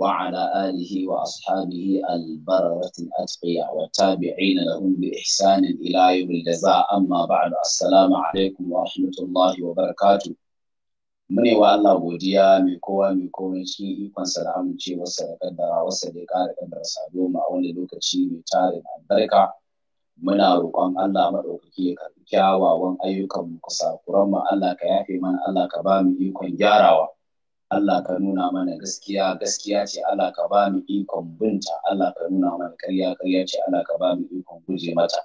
وعلى آله وأصحابه البررة الأتقياء والتابعين لهم بإحسان إلى يوم الجزاء أما بعد السلام عليكم ورحمة الله وبركاته mune wa Allah godiya mai kowa mai komai shi ikon sa da amincewarsa da kaddara wasu da kara kaddara sado ma wani lokaci mai tarin albarka muna roƙon Allah maɗaukaki ya karɓi kyawawan ayyukan mu kusa kuran mu Allah ka yafe mana Allah ka ba mu ikon gyarawa Allah ka nuna mana gaskiya gaskiya ce Allah ka ba mu ikon binta Allah ka nuna mana ƙarya ƙarya ce Allah ka ba mu ikon guje mata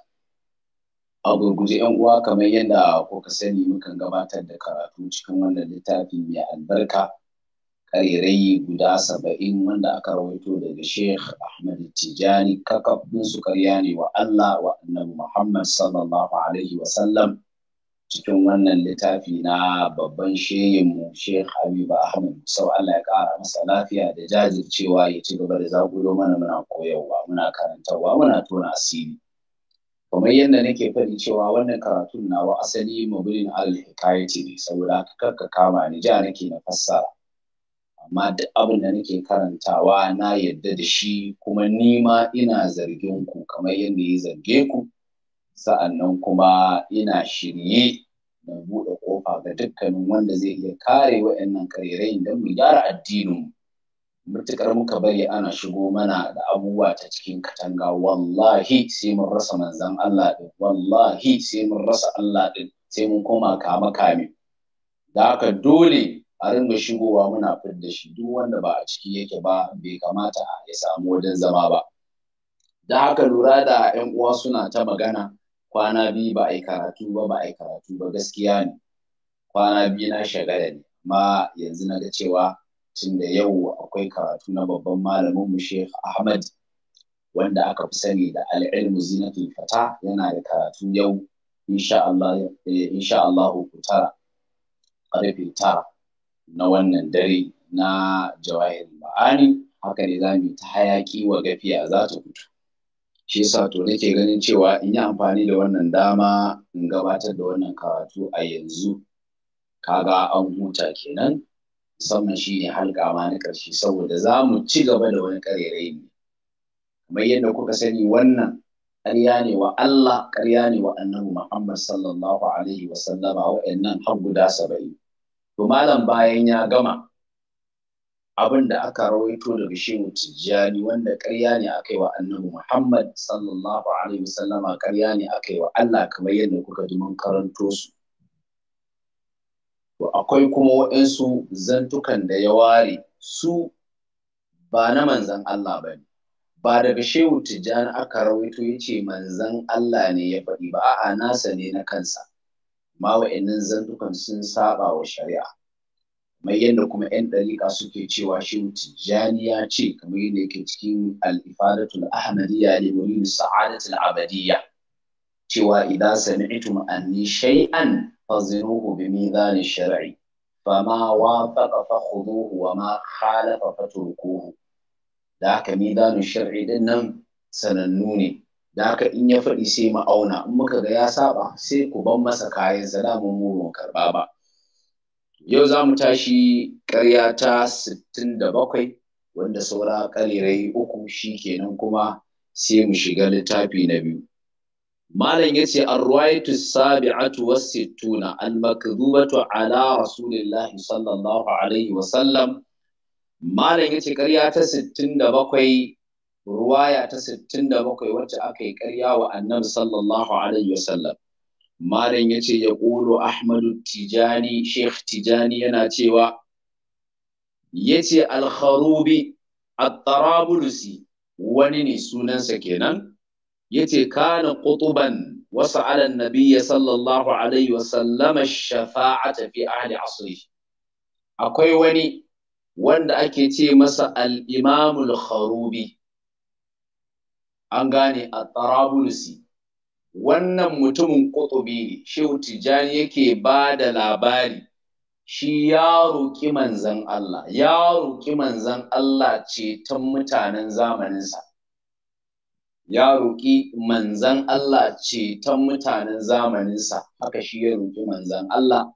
a gurguje yan uwa kamar yadda ka sani mukan gabatar da karatu cikin wannan littafi mai albarka ƙarirai guda saba'in wanda aka rawaito daga Sheikh Ahmad Tijani kakaf su ƙarya ne wa Allah wa Annabi Muhammad sallallahu alaihi wa sallam cikin wannan littafi na babban mu Sheikh Habiba Ahmad sau Allah ya ƙara masa lafiya da jajircewa ya ci gaba da zagulo mana muna koyarwa muna karantarwa muna tona asiri kamar yadda nake faɗi cewa wannan karatun na nawa asali mabirin al-hikayati ne saboda haka ka kama ni ja nake na fassara amma duk abin da nake karantawa na yadda da shi kuma ni ma ina zargin ku kamar yadda ya zarge ku sa'annan kuma ina shirye na buɗe ƙofa ga dukkanin wanda zai iya kare wa'annan karerai don mu gyara addinin mutukar muka bari ana shigo mana da abubuwa ta cikin katanga wallahi sai mun rasa manzan Allah ɗin wallahi sai mun rasa Allah ɗin sai mun koma kama kame da haka dole a ringa shigowa muna fidda shi duk wanda ba a ciki yake ba bai kamata ya samu wajen zama ba da haka lura da 'yan uwa suna ta magana kwana biyu ba a yi karatu ba ba a karatu ba gaskiya ne kwana biyu na shagala ne amma yanzu na ga cewa tun da yau akwai karatu na babban malamin mu Sheikh Ahmad wanda aka fi sani da al-ilmu zinatul fata yana da karatu yau insha Allah eh, insha Allah tara tara na wannan dare na jawahir ma'ani haka ne za mu ta hayaki wa gafiya za ta fito shi yasa to nake ganin cewa in yi amfani da wannan dama in gabatar da wannan karatu a yanzu kaga an huta kenan musamman shi ne halka ma na ƙarshe saboda za mu ci gaba da wani ƙarerai ne kamar yadda kuka sani wannan ƙarya ne wa Allah ƙarya ne wa annabi Muhammad sallallahu alaihi wa sallama har guda saba'in to malam bayan ya gama abin da aka rawaito daga shehu tijjani wanda ƙarya ne aka yi wa annabi muhammad sallallahu alaihi wasallama ƙarya ne aka yi wa allah kamar yadda kuka ji mun karanto su to akwai kuma waɗansu zantukan da ya ware su ba na manzan allah ba ne ba daga shehu tijjani aka rawaito ya ce manzan allah ne ya faɗi ba a'a nasa ne na kansa ma wa'annan zantukan sun saba wa shari'a kamar yadda kuma 'yan ɗariƙa suke cewa shi tijjani ya ce kamar yadda yake cikin al'ifadatul ahmadiyya ne wani sa'adatul abadiyya cewa idan sami'tum anni shay'an fazinuhu bi mizani shar'i ma wafaqa khuduhu wa ma khalafa turkuhu da haka mizanu shar'i din nan sanannu ne da haka in ya faɗi sai mu auna in muka ga ya saba sai ku ban masa kayan salamun mu karɓa ba yau za mu tashi ƙarya ta 67 wanda saura ƙarirai uku shi kenan kuma sai mu shiga littafi na biyu malam ya ce arwaitu sabi'atu an maka al-makdhubatu ala rasulillah sallallahu alaihi wa sallam malam ya ce ƙarya ta 67 ruwaya ta 67 wacce aka yi ƙarya wa annabi sallallahu alaihi wa sallam malam ya ce ya ƙolo ahmadu tijani sheikh tijani yana cewa ya ce alharubi attarabulusi wani ne sunansa kenan ya ce kana ƙutuban wasu alan nabiya sallallahu alaihi wasallama shafa'ata fi ahli asri akwai wani wanda ake ce masa al'imamul kharubi an gane attarabulusi wannan mutumin kutubi shehu tijjani yake ba da labari shi ya roƙi manzan Allah ya roƙi manzan Allah ceton mutanen zamaninsa ya roƙi manzan Allah ceton mutanen zamaninsa haka shi ya roƙi manzan Allah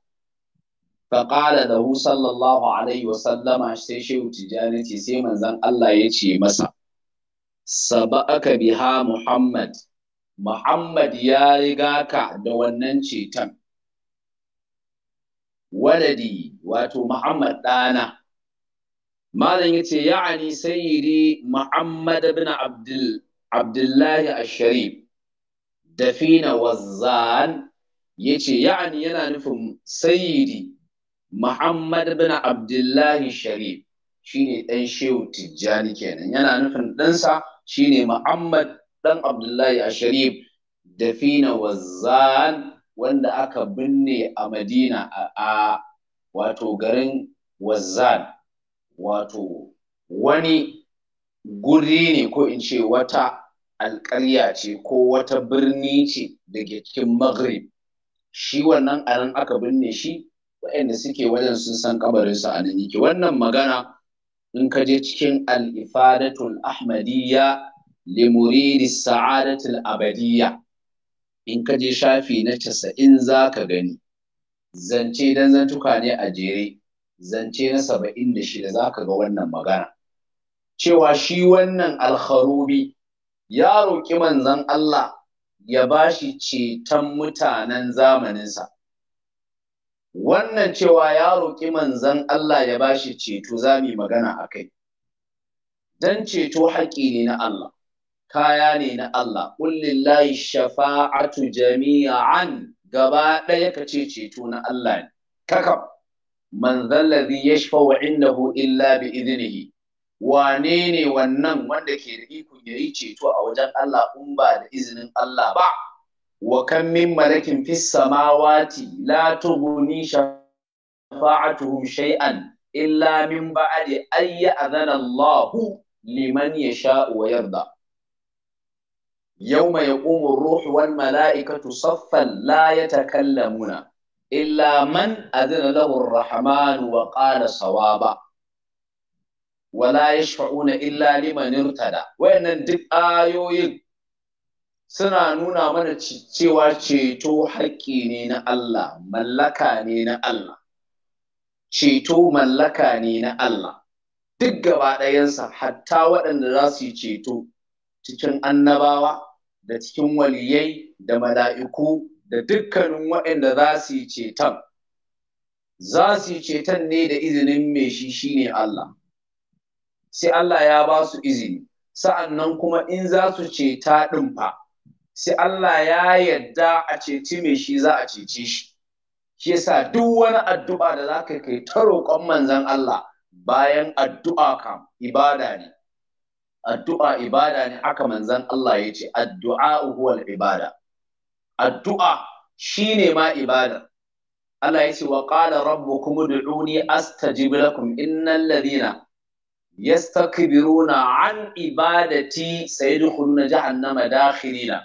faƙala da hu sallallahu alaihi sallama, sai shehu tijjani ce sai manzan Allah ya ce masa saba'aka biha Muhammad Muhammad ya riga ka da wannan ceton. Waladi wato Muhammad ɗana. Malam ya ce, Ya'ani sayyidi Muhammad bin Abdullahi Asharif, dafina wazzan ya ce, Ya'ani yana nufin sayyidi Muhammad bin Abdullahi Sharif, shi ne ɗan Shehu Tijjani kenan, yana nufin ɗansa shi ne Muhammad dan Abdullahi Asharif da Fina Wazzan wanda aka binne a Madina a wato garin Wazzan wato wani guri ne ko in ce wata alƙarya ce ko wata birni ce daga cikin Maghrib shi wannan anan aka binne shi waɗanda suke wajen sun san kabarinsa a nan yake wannan magana in ka je cikin al-ifadatul ahmadiyya limuridi sa'adatul abadiyya in ka je shafi na casa'in za ka gani zance dan zantuka ne a jere zance na saba'in da shida za ka ga wannan magana cewa shi wannan alkharubi ya roƙi manzan Allah ya ba shi ceton mutanen zamaninsa wannan cewa ya roƙi manzan Allah ya ba shi ceto za mu magana a kai dan ceto haƙƙi ne na Allah kaya ne na Allah kullillahi shafa'atu jami'an gaba ɗaya ka ce ceto na Allah ne kakab man zallazi wa indahu illa bi izinihi wane ne wannan wanda ke da ikon yayi ceto a wajen Allah in ba da izinin Allah ba wa kan min malakin fis samawati la tughni shafa'atuhum shay'an illa min ba'adi ayya adana Allahu liman yasha'u wa yarda يوم يقوم الروح والملائكة صفا لا يتكلمون إلا من أذن له الرحمن وقال صوابا ولا يشفعون إلا لمن ارتدى وإن دك آيوين suna nuna mana cewa ceto haƙƙi ne na Allah, mallaka ne na Allah. Ceto mallaka ne na Allah. Duk gaba ɗayansa hatta waɗanda za su yi ceto cikin annabawa da cikin waliyai da mala'iku da dukkanin waɗanda za su yi ceton za su yi ceton ne da izinin mai shi shi ne Allah sai Allah ya ba su izini sa'an nan kuma in za su ceta ɗin fa sai Allah ya yadda a ceci mai shi za a cece shi shi sa duk wani addu'a da za ka kai ta roƙon manzan Allah bayan addu'a kam ibada ne addu'a ibada ne aka manzan Allah ya ce addu'a huwal ibada addu'a shine ma ibada Allah ya ce wa qala rabbukum ud'uni astajib lakum innal ladina yastakbiruna an ibadati sayadkhuluna jahannama dakhilina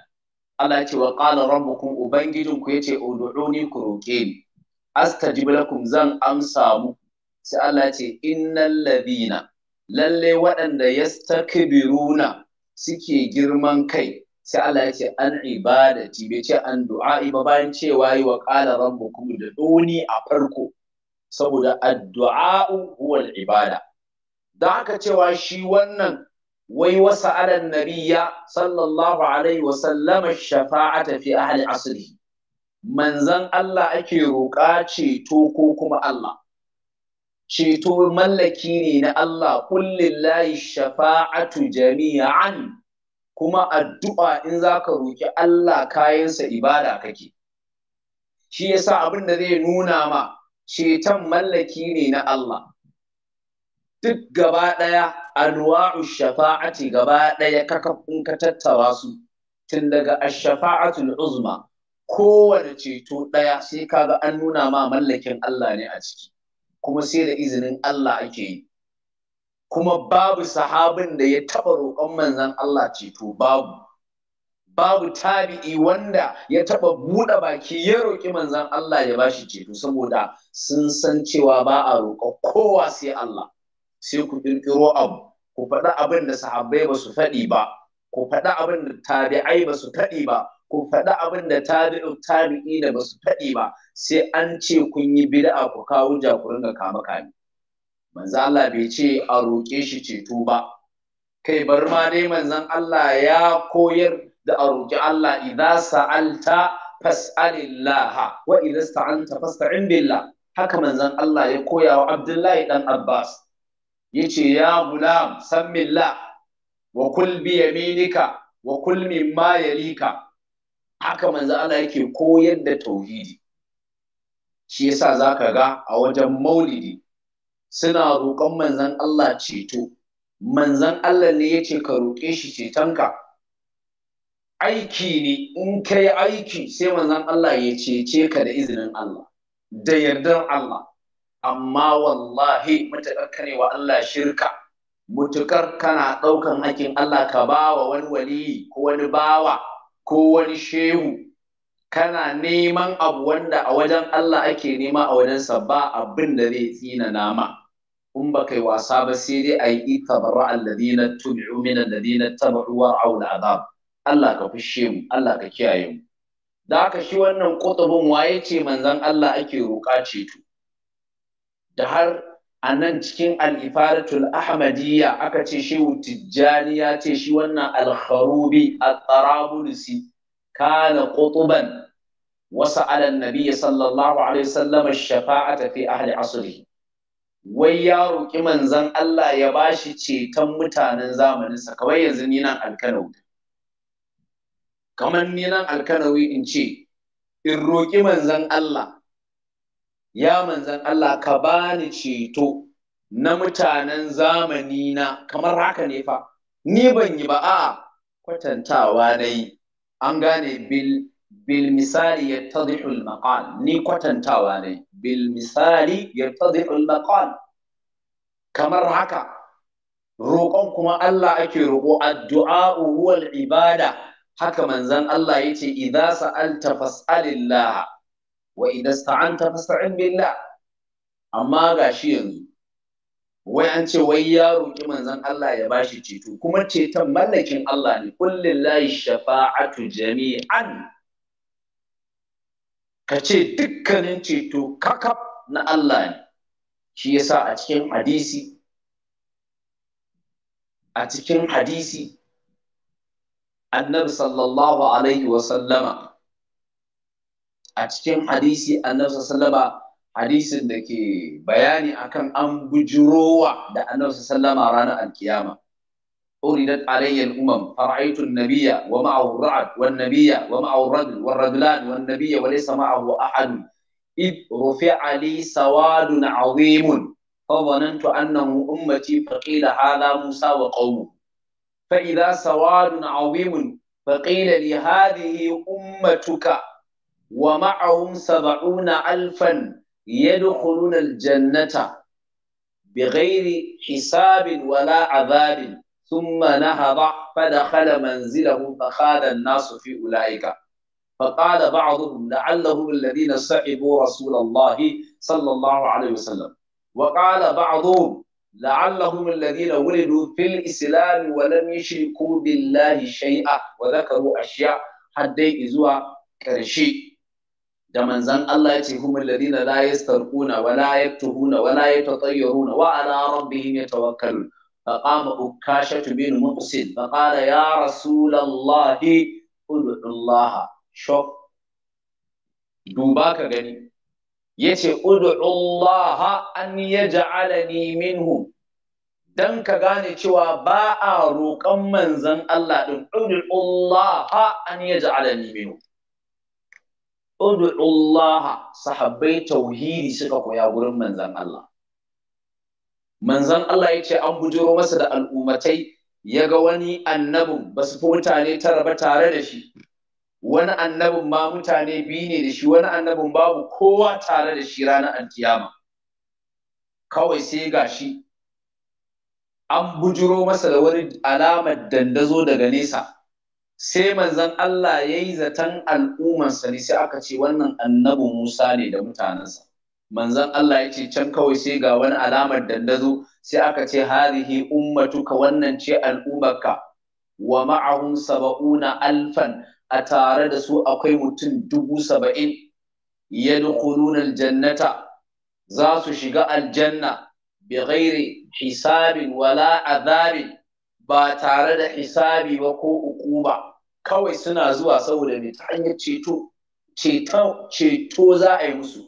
Allah ya ce wa qala rabbukum ubangijinku yace ud'uni ku roke ni astajib lakum zan amsa muku sai Allah ya ce innal ladina lalle waɗanda yastakbiruna suke girman kai sai Allah ya ce an ibadati bai ce an du'a'i ba bayan cewa yi wa qala rabbukum da duni a farko saboda addu'a huwa ibada da haka cewa shi wannan wai wasa alan nabiyya sallallahu alaihi wa sallama shafa'ata fi ahli asri manzan Allah ake roƙa ceto ko kuma Allah ceto mallaki ne na Allah kullillahi shafa'atu jami'an kuma addu'a in zaka roki Allah kayansa ibada kake shi yasa abin da zai nuna ma ceton mallaki ne na Allah duk gaba ɗaya anwa'u shafa'ati gaba ɗaya kaka in ka tattara su tun daga ash-shafa'atul uzma kowane ceto ɗaya sai kaga an nuna ma mallakin Allah ne a ciki kuma sai da izinin Allah ake yi kuma babu sahabin da ya taɓa roƙon manzan Allah ceto babu babu tabi'i wanda ya taɓa buɗe baki ya roƙi manzan Allah ya ba bashi ceto saboda sun san cewa ba a roƙa kowa sai Allah sai ku ƙirƙiro abu ku faɗi abin da sahabbai ba su faɗi ba ku faɗi abin da tabi'ai ba su faɗi ba ku faɗi abin da tabi'u tabi'i da ba su faɗi ba sai an ce kun yi bid'a ku kawo jakurin ga kama kame manzo Allah bai ce a roƙe shi ceto ba kai bar ma dai manzon Allah ya koyar da a roƙi Allah idza sa'alta fas'alillah wa idza sta'anta fasta'in billah haka manzon Allah ya koya wa Abdullahi dan Abbas yace ya gulam la. wa kul bi yaminika wa kul mimma yalika haka manzo Allah yake koyar da tauhidi shi yasa zaka ga a wajen maulidi suna roƙon manzon Allah ceto manzon Allah ne yace ka roƙe shi cetonka aiki ne in kai aiki sai manzon Allah ya cece ka da izinin Allah da yardar Allah amma wallahi mutakar kare wa Allah shirka mutukar kana ɗaukan hakin Allah ka bawa wani wali ko wani bawa ko wani shehu kana neman abu wanda a wajen Allah ake nema a wajensa ba abin da zai tsina nama in ba kai wasa ba sai dai a yi tabarra alladina tubi'u min alladina tabu'u wa aula azab Allah ka fushe mu Allah ka kiyaye mu da haka shi wannan kotobin waye ce manzon Allah ake roƙa ceto da har a nan cikin al'ifaratul ahmadiyya aka ce shehu tijjani ya ce shi wannan alharubi a tsarabulusi kana ƙutuban wasu alan nabiya sallallahu alaihi sallama shafa'ata tafi ahli asiri wai ya roƙi manzan Allah ya ba shi ceton mutanen zamaninsa kawai yanzu ni nan alkanawi kamar ni nan alkanawi in ce in roƙi manzan Allah ya manzan Allah ka bani ceto na mutanen zamani na kamar haka ne fa ni ban yi ba a kwatantawa na yi an gane bil bil misali yattadihu al maqal ni kwatantawa na yi bil misali yattadihu al maqal kamar haka roƙon kuma Allah ake roƙo addu'a huwal ibada haka manzan Allah yace idza sa'alta fas'alillah wa idan sta'anta sa’in billah amma ga shi yanzu wai an ce wai ya roƙi manzon Allah ya ba shi ceto kuma ceton mallakin Allah ne layi shafa'atu jami'an ka ce dukkanin ceto kakaf na Allah ne shi yasa a cikin hadisi a cikin hadisi annabi sallallahu alaihi wa a cikin hadisi annabi sallama hadisin da ke bayani akan an bujurowa da annabi sallama ranar alkiyama uridat alayya al-umam fara'aytu an-nabiyya wa ma'ahu ra'd wan-nabiyya wa ma'ahu rajul wan-rajulan wan-nabiyya wa laysa ma'ahu ahad id rufi'a li sawadun 'azimun فظننت أنه أمتي فقيل هذا موسى وقومه فإذا سواد عظيم فقيل لهذه ummatuka. wa ma'ahum sab'una alfan yadkhuluna aljannata bighairi hisabin wala azabin thumma nahada fadakhala manzilahum fakhada an-nasu fi ulaika فقال بعضهم لعلهم الذين صعبوا رسول الله صلى الله عليه وسلم وقال بعضهم لعلهم الذين ولدوا في الإسلام ولم يشركوا بالله شيئا وذكروا أشياء حتى إذوا كرشي da manzan Allah ya ce humul ladina la yastarquna wa la yaktuhuna wa la yatatayyaruna wa ala rabbihim yatawakkalun فقام أكاشة بن مقسل فقال يا رسول الله ادع الله شوف دوباك غني يتي ادع الله أن يجعلني منهم dan ka gane cewa ba a roƙon manzan Allah ɗin, ɗin an ya ja'ala Udu'ullaha sahabai tauhidi suka koya wurin manzan Allah. Manzan Allah ya ce an bujiro masa da al'ummatai ya ga wani annabin ba su fi mutane tara ba tare da shi. Wani annabin ma mutane biyu ne da shi wani annabin babu kowa tare da shi ranar alkiyama. Kawai sai ga shi an bujiro masa da wani alamar dandazo daga nesa. sai manzon Allah ya yi zaton al'ummarsa ne sai aka ce wannan annabu Musa ne da mutanensa manzon Allah ya ce can kawai sai ga wani alamar dandazo sai aka ce harihi ummatuka wannan ce al'ummarka wa ma'ahun saba'una alfan a tare da su akwai mutum dubu saba'in yadkhuluna aljannata za su shiga aljanna bi ghairi hisabin wala azabin ba tare da hisabi ba ko ba, kawai suna zuwa saboda mai ta hanyar ceto ceto za a yi musu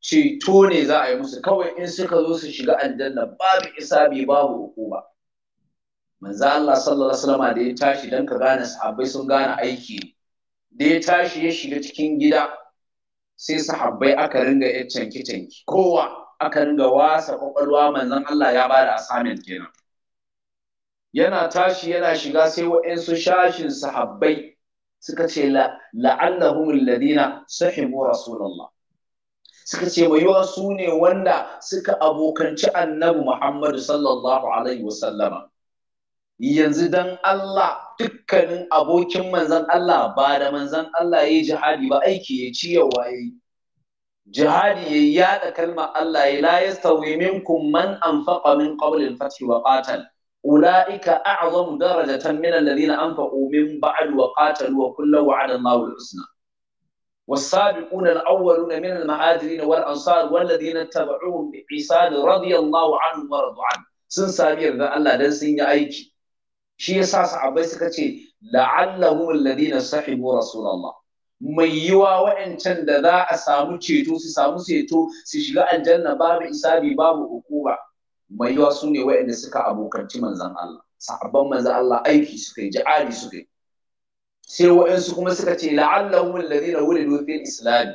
ceto ne za a yi musu kawai in suka zo su shiga aljanna babu hisabi babu ukuba manzo Allah sallallahu alaihi da ya tashi dan ka gane sahabbai sun gane aiki da ya tashi ya shiga cikin gida sai sahabbai aka ringa yan canki canki kowa aka ringa wasa kwakwalwa manzon Allah ya bada assignment kenan yana tashi yana shiga sai waɗansu shashin sahabbai suka ce la'annahum alladhina sahibu rasulullah suka ce mai yiwa su ne wanda suka abokanci annabi Muhammadu sallallahu alaihi wasallama yanzu dan Allah dukkanin abokin manzan Allah ba da manzan Allah yayi jihadi ba aiki ya ciyarwa yayi jihadi ya yada kalmar Allah ya la yastawi minkum man anfaqa min qabl al-fath wa ulaika a'zamu darajatan min alladhina anfaqu min ba'd wa qatalu wa kullu wa'ada Allahu al والسابقون الأولون من المهاجرين والأنصار والذين اتبعوهم بإحسان رضي الله عنهم ورضوا عنه sun sami yarda Allah dan sun yi aiki shi yasa sahabbai suka ce la'allahu alladhina sahibu rasulullah mai yiwa wa'ancan da za a samu ceto su samu ceto su shiga aljanna babu isabi babu hukuma mai yawa su ne waɗanda suka abokanci manzan Allah sa'abban manzan Allah aiki suka yi ja'ali suka yi sai wa'ansu kuma suka ce la'allahu alladhina wulidu fil islam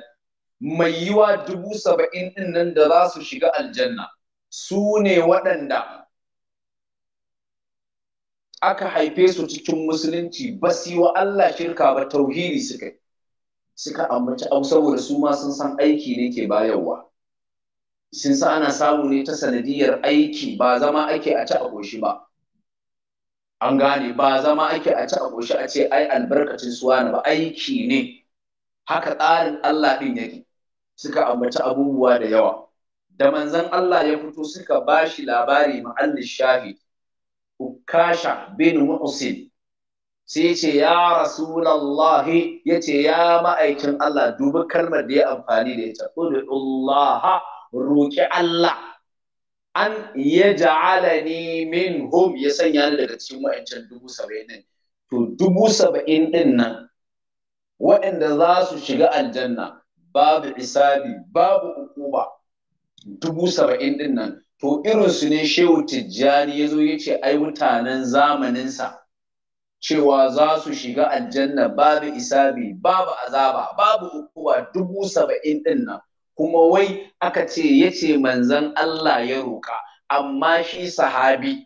mai yiwa dubu saba'in din nan da za su shiga aljanna su ne waɗanda aka haife su cikin musulunci ba su wa Allah shirka ba tauhidi suka suka ambaci au saboda su ma sun san aiki ne ke bayarwa sun sa ana samu ne ta sanadiyar aiki ba zama ake a ci a ba an gane ba zama ake a ci a goshi a ce ai albarkacin suwana ba aiki ne haka tsarin Allah din yake suka ambaci abubuwa da yawa da manzan Allah ya fito suka ba shi labari ma'allin shahid ukasha bin Mu'usin. sai ce ya rasulallahi ya ce ya ma'aikin Allah dubi kalmar da ya amfani da ita Allah roƙi Allah an ya ja'alani min hum ya sanya ni daga cikin wa'ancan dubu saba'in din to dubu saba'in din nan waɗanda za su shiga aljanna babu isabi babu hukuma dubu saba'in din nan to irinsu ne shehu tijjani ya zo ya ce ai mutanen zamaninsa cewa za su shiga aljanna babu isabi babu azaba babu ukuwa dubu saba'in din nan kuma wai aka ce yace manzan Allah ya roƙa amma shi sahabi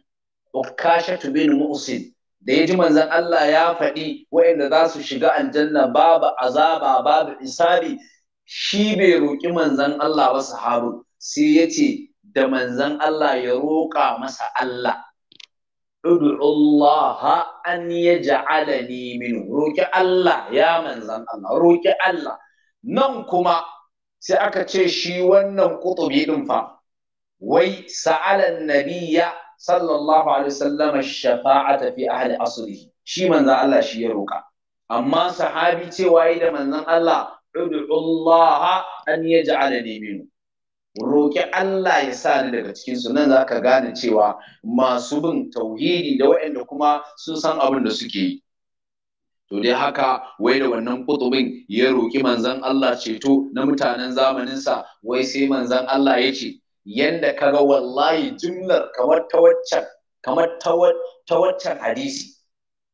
Ukashatu bin Mu'sin da ya ji manzon Allah ya faɗi wa'inda za su shiga aljanna babu azaba babu isari shi bai roƙi manzan Allah ba sahabu sai ya ce da manzan Allah ya roƙa masa Allah Udu'ullaha an ya adani min roƙi Allah ya manzan Allah roƙi Allah nan kuma sai aka ce shi wannan kutubi din fa wai sa'alan nabiyya sallallahu alaihi wasallam shafa'ata fi ahli asli shi manzon Allah shi ya roka amma sahabi cewa yi da manzon Allah ud'ullaha an ni minhu roki Allah ya sa ni daga cikin su nan zaka gane cewa masu bin tauhidi da waɗanda kuma sun san abin da suke yi to dai haka wai da wannan kutubin ya roki manzan Allah ceto na mutanen zamaninsa wai sai manzan Allah ya ce yanda ga wallahi jumlar kamar ta waccan kamar ta waccan hadisi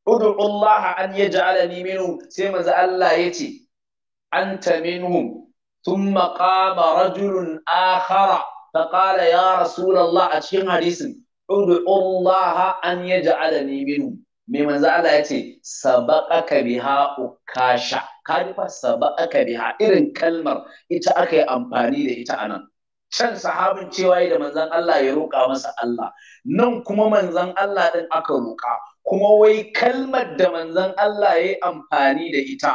ud'u Allah an yaj'alani sai manzon Allah ya ce anta minhum thumma qama rajulun akhara فقال a cikin hadisin. أشين حديث an ya أن يجعلني منهم Mai manzo Allah ya ce sabaqaka biha ukasha kaji fa sabaqaka biha irin kalmar ita aka yi amfani da ita anan can sahabin cewa da manzon Allah ya roƙa masa Allah nan kuma Manzan Allah din aka roƙa kuma wai kalmar da Manzan Allah ya yi amfani da ita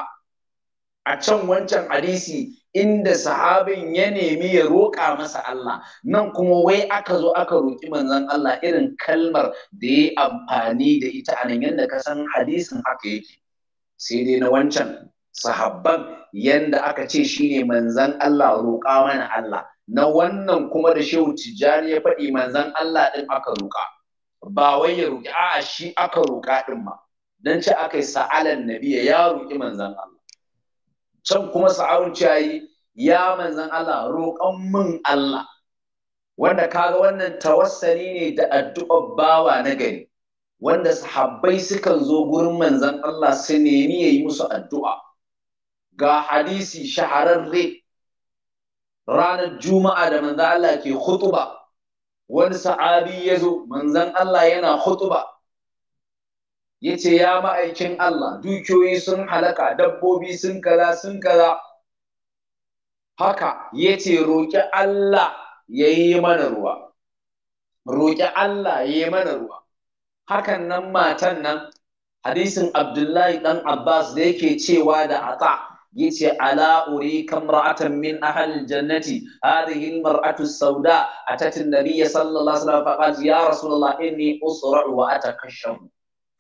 a can wancan hadisi inda sahabin ya nemi ya roƙa masa Allah nan kuma wai aka zo aka roƙi manzon Allah irin kalmar da ya amfani da ita a nan yadda ka san hadisin haka yake sai dai na wancan sahabban yanda aka ce shi ne manzon Allah roƙa mana Allah na wannan kuma da shehu tijjani ya faɗi manzon Allah ɗin aka roƙa ba wai ya roƙi a'a shi aka roƙa ɗin ma dan ce aka yi sa'alan nabiya ya roƙi manzon Allah can kuma sa'awun ciyayi ya manzan Allah roƙon mun Allah wanda kaga wannan tawassali ne da addu'ar bawa na gari wanda sahabbai suka zo gurin manzan Allah su nemi yi musu addu'a ga hadisi shahararre ranar juma'a da manzan Allah ke khutuba wani sa'abi ya zo manzan Allah yana khutuba ya ce ya ma'aikin Allah dukiyoyi sun halaka dabbobi sun kaza sun kaza haka ya ce roƙi Allah ya yi mana ruwa roƙi Allah ya yi mana ruwa hakan nan matan nan hadisin Abdullahi Ɗan Abbas da yake cewa da ata yace ala'uri urika imra'atan min ahli jannati hadhihi almar'atu as-sauda atat an-nabiy sallallahu alaihi wasallam faqad ya rasulullah inni usra'u wa atakashafu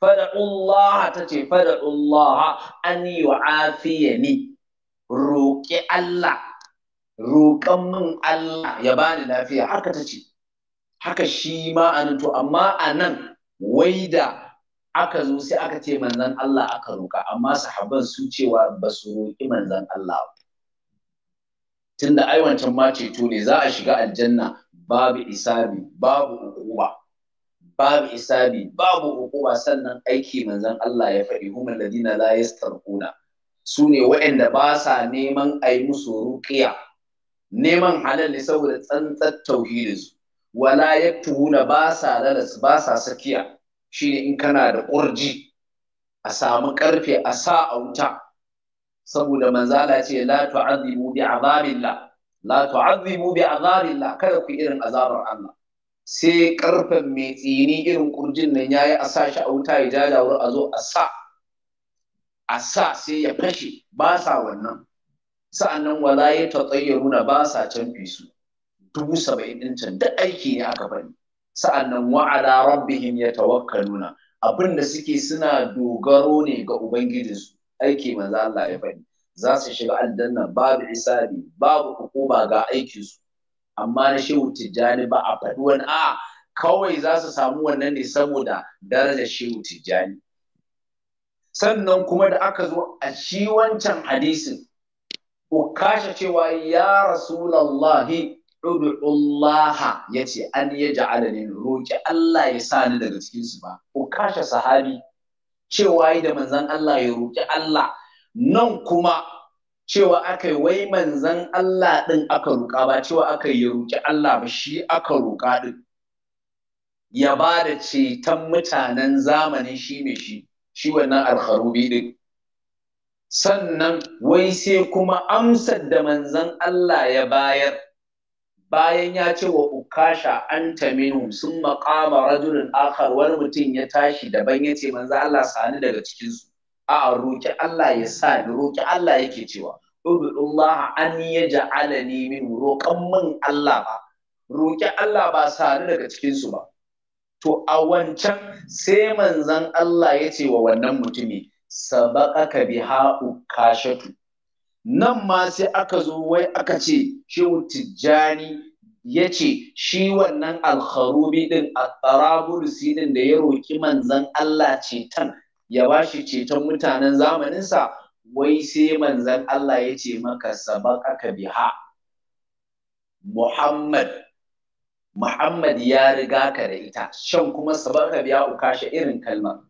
fada'ullaha ta ce fada'ullaha an yi wa ni, roƙi Allah roƙon min Allah ya bani lafiya haka ta ce haka shi ma amma a nan wai da aka zo sai aka ce manzan Allah aka roƙa amma sahabban su cewa ba su roƙi manzan Allah ba tunda ai ma ceto ne za a shiga aljanna babu isabi babu uquba babu isabi babu hukuma sannan aiki manzon Allah ya faɗi humul ladina la yastarquna su ne waɗanda ba sa neman a yi musu ruqiya neman halal ne saboda tsantsar tauhidin su wala yaktuhuna ba sa lalas ba sa sakiya shine in kana da ƙurji a samu ƙarfe a sa a wuta saboda manzala ce la tu'azzimu bi la tu'azzimu kada ku irin azabar Allah sai karfen mai tsini irin kurjin nan ya yi a sa shi a wuta ya jajawar a zo a sa a sa sai ya fashe ba sa wannan sa'annan wala ya tatayyaruna ba sa canfi su dubu saba'in din can duk aiki ne aka bani sa'annan wa'ala rabbihim wakka abin da suke suna dogaro ne ga ubangijinsu aiki manzo Allah ya bani za su shiga aljanna babu isabi babu hukuma ga aikinsu amma na shehu tijjani ba a faɗi wani a kawai za su samu wannan ne saboda darajar shehu tijjani sannan kuma da aka zo a shi wancan hadisin ukasha cewa ya rasulallahi udullaha ya ce an ya ja'ala ne roƙi Allah ya sa ni daga su ba ukasha sahabi cewa yi da manzon Allah ya roƙi Allah nan kuma cewa aka yi wai manzan Allah ɗin aka roƙa ba cewa aka yi roƙi Allah ba shi aka roƙa ɗin ya ba da ceton mutanen zamanin shi mai shi shi wannan alharubi ɗin sannan wai sai kuma amsar da manzan Allah ya bayar bayan ya ce wa ukasha an sun maƙama rajulun akhar wani mutum ya tashi daban ya ce manzan Allah sani daga cikinsu a roƙi Allah ya sa ni roƙi Allah yake cewa Allah an ya ne min roƙon min Allah ba roƙi Allah ba sani daga cikin su ba to a wancan sai manzan Allah ya ce wa wannan mutumi sabaqaka biha ukashatu nan ma sai aka zo wai aka ce shi tijjani ya ce shi wannan alkharubi ɗin a din da ya roƙi manzan Allah ceton ya ba shi ceton mutanen zamaninsa wai sai manzan Allah ya ce maka aka biha Muhammad Muhammad ya riga ka da ita shan kuma biya biha kashe irin kalmar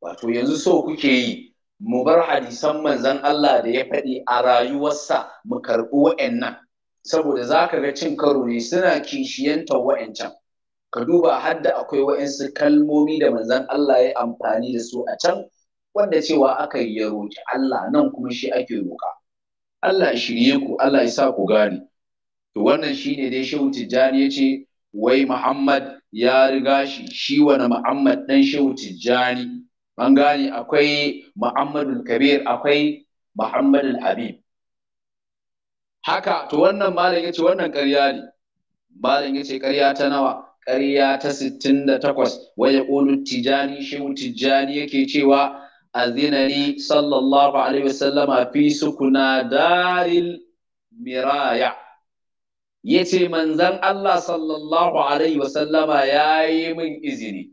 wato yanzu so kuke yi mu bar hadisan manzan Allah da ya faɗi a rayuwarsa mu karɓi wa'annan saboda za ka ga cin karo ne suna kishiyanta wa'ancan ka duba har da akwai wa'ansu kalmomi da manzan Allah ya amfani da su a can wanda cewa aka yi ya roƙi Allah nan kuma shi ake roƙa Allah shirye ku Allah ya sa ku gane to wannan shine dai Shehu Tijjani yace wai Muhammad ya riga shi shi wani Muhammad dan Shehu Tijjani an gane akwai Muhammadul Kabir akwai Muhammadul Habib haka to wannan malam yace wannan ƙarya ne malam yace ƙarya ta nawa ƙarya ta 68 waya qulu tijani shehu tijani yake cewa azinani sallallahu alaihi wasallama fi sukuna daril miraya ce manzan Allah sallallahu alaihi ya yayi min izini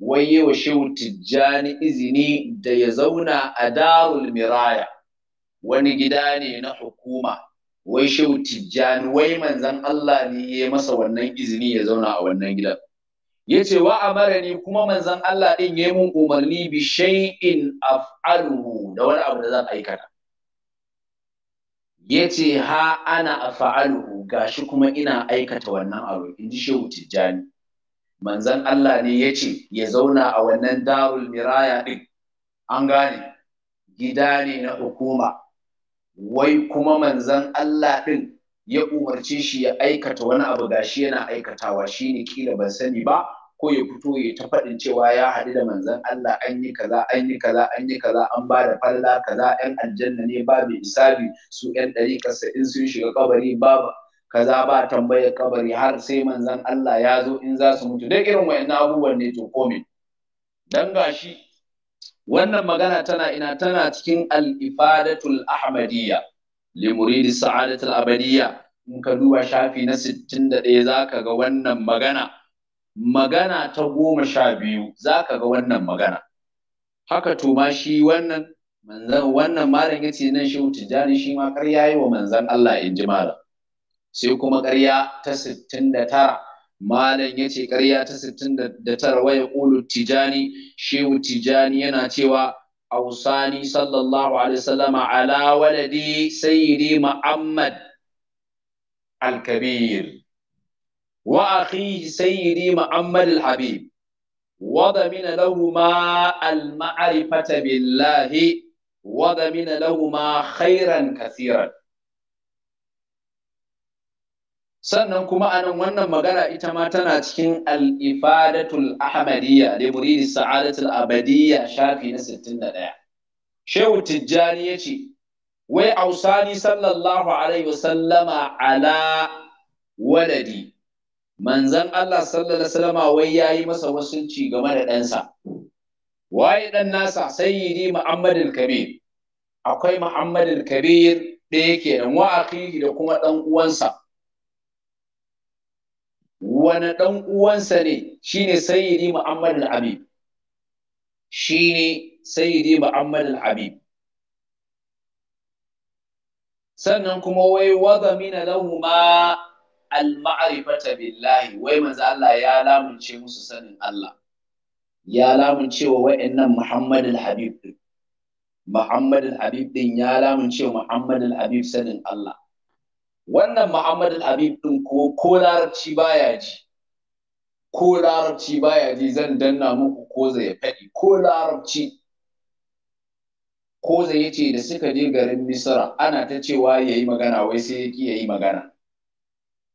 waye wa shehu tijjani izini da ya zauna a darul miraya wani gida ne na hukuma wai shehu tijjani wai manzon Allah ne ya masa wannan izini ya zauna a wannan gidan yace wa amarani kuma manzon Allah din yayi mun umarni bi shay'in af'aluhu da wani abu da zan aikata yace ha ana af'aluhu gashi kuma ina aikata wannan abu inji shehu tijjani manzon Allah ne yace ya zauna a wannan darul miraya din an gane gida ne na hukuma wai kuma manzon Allah din ya umarce shi ya aikata wani abu gashi yana aikatawa shine kila ban sani ba ko ya fito ya ta faɗin cewa ya haɗu da manzon Allah an yi kaza an yi kaza an yi kaza an ba da falla kaza yan aljanna ne babu isabi su yan ƙasa in sun shiga kabari ba kaza ba tambayar kabari har sai manzon Allah ya zo in za su mutu dai irin wayannan abubuwan ne to kome dan gashi wannan magana tana ina tana cikin al-ifadatul ahmadiyya li muridi sa'adatul abadiyya in ka duba shafi na 61 zaka ga wannan magana magana ta goma sha biyu za ka ga wannan magana haka to ma shi wannan manzan wannan malam yace nan shi tijani shi ma ƙarya yi wa manzan Allah in ji malam sai kuma ƙarya ta 69 malam yace ƙarya ta 69 waya qulu tijani shehu tijani yana cewa ausani sallallahu alaihi wasallama ala waladi sayyidi muhammad Alkabir. وأخيه سيدي محمد الحبيب وضمن لهما المعرفة بالله وضمن لهما خيرا كثيرا sannan kuma a nan wannan magana ita ma tana cikin alifadatul ifadatul ahmadiyya da muridi sa'adatul abadiyya shafi na 61 shehu tijjani ya ce wai ausani sallallahu alaihi wasallama ala waladi manzan Allah sallallahu alaihi wasallam wai yayi masa wasunci game da ɗansa waye ɗan nasa sayyidi muhammadul kabir akwai muhammadul kabir ɗaya dan wa akhihi da kuma ɗan uwansa wani ɗan uwansa ne shine sayyidi Muhammad al-Habib shine sayyidi Muhammad al-Habib sannan kuma wai wa mina lahu ma al-ma'rifata billahi wai manzo Allah ya lamunce musu sanin Allah ya lamunce wa wayannan Muhammad al-Habib din Muhammad al-Habib din ya lamunce Muhammad al-Habib sanin Allah wannan Muhammad al-Habib din ko ko larabci baya ji ko larabci baya ji zan danna muku ko zai faɗi ko larabci ko zai yace da suka je garin Misra ana ta cewa yayi magana wai sai yaki yayi magana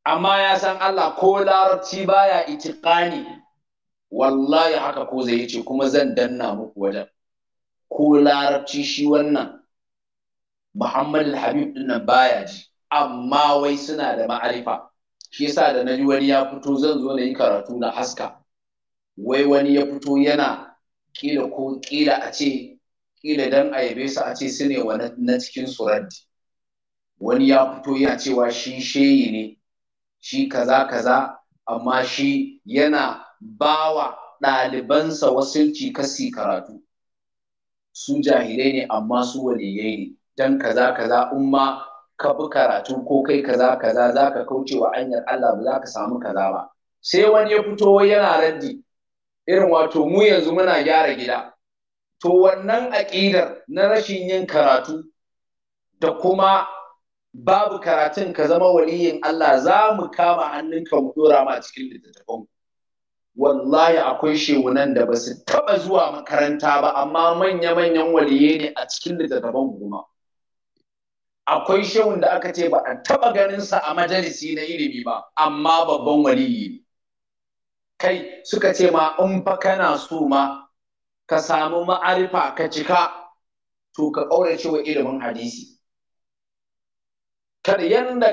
amma ya san Allah ko larabci baya itiqani wallahi haka ko zai ce kuma zan danna muku wajen ko larabci shi wannan Muhammad al-Habib din nan baya ji amma wai suna da ma'arifa shi yasa da ji wani ya fito zan zo na yi karatu na haska wai wani ya fito yana kila ko kila a ce kila dan a yabe a ce su ne na cikin suraddi wani ya fito yana cewa shi sheyi ne shi kaza kaza amma shi yana bawa ɗalibansa wasilci kasi karatu su jahilai ne amma su waliyai ne dan kaza kaza umma ka bi karatu ko kai kaza kaza za ka kauce wa hanyar Allah ba za ka samu kaza ba sai wani ya fito yana raddi irin wato mu yanzu muna gyara gida to wannan aƙidar na rashin yin karatu da kuma babu karatun ka zama waliyin Allah za mu kama hannunka mu dora ma cikin littattafan wallahi akwai nan da ba su taba zuwa makaranta ba amma manya-manyan waliye ne a cikin littattafan goma akwai shehun da aka ce ba a taba ganin sa a majalisi na ilimi ba amma babban waliyi ne kai suka ce ma in fa kana so ma ka samu ma'arifa ka cika to ka kaurace wa ilimin hadisi kar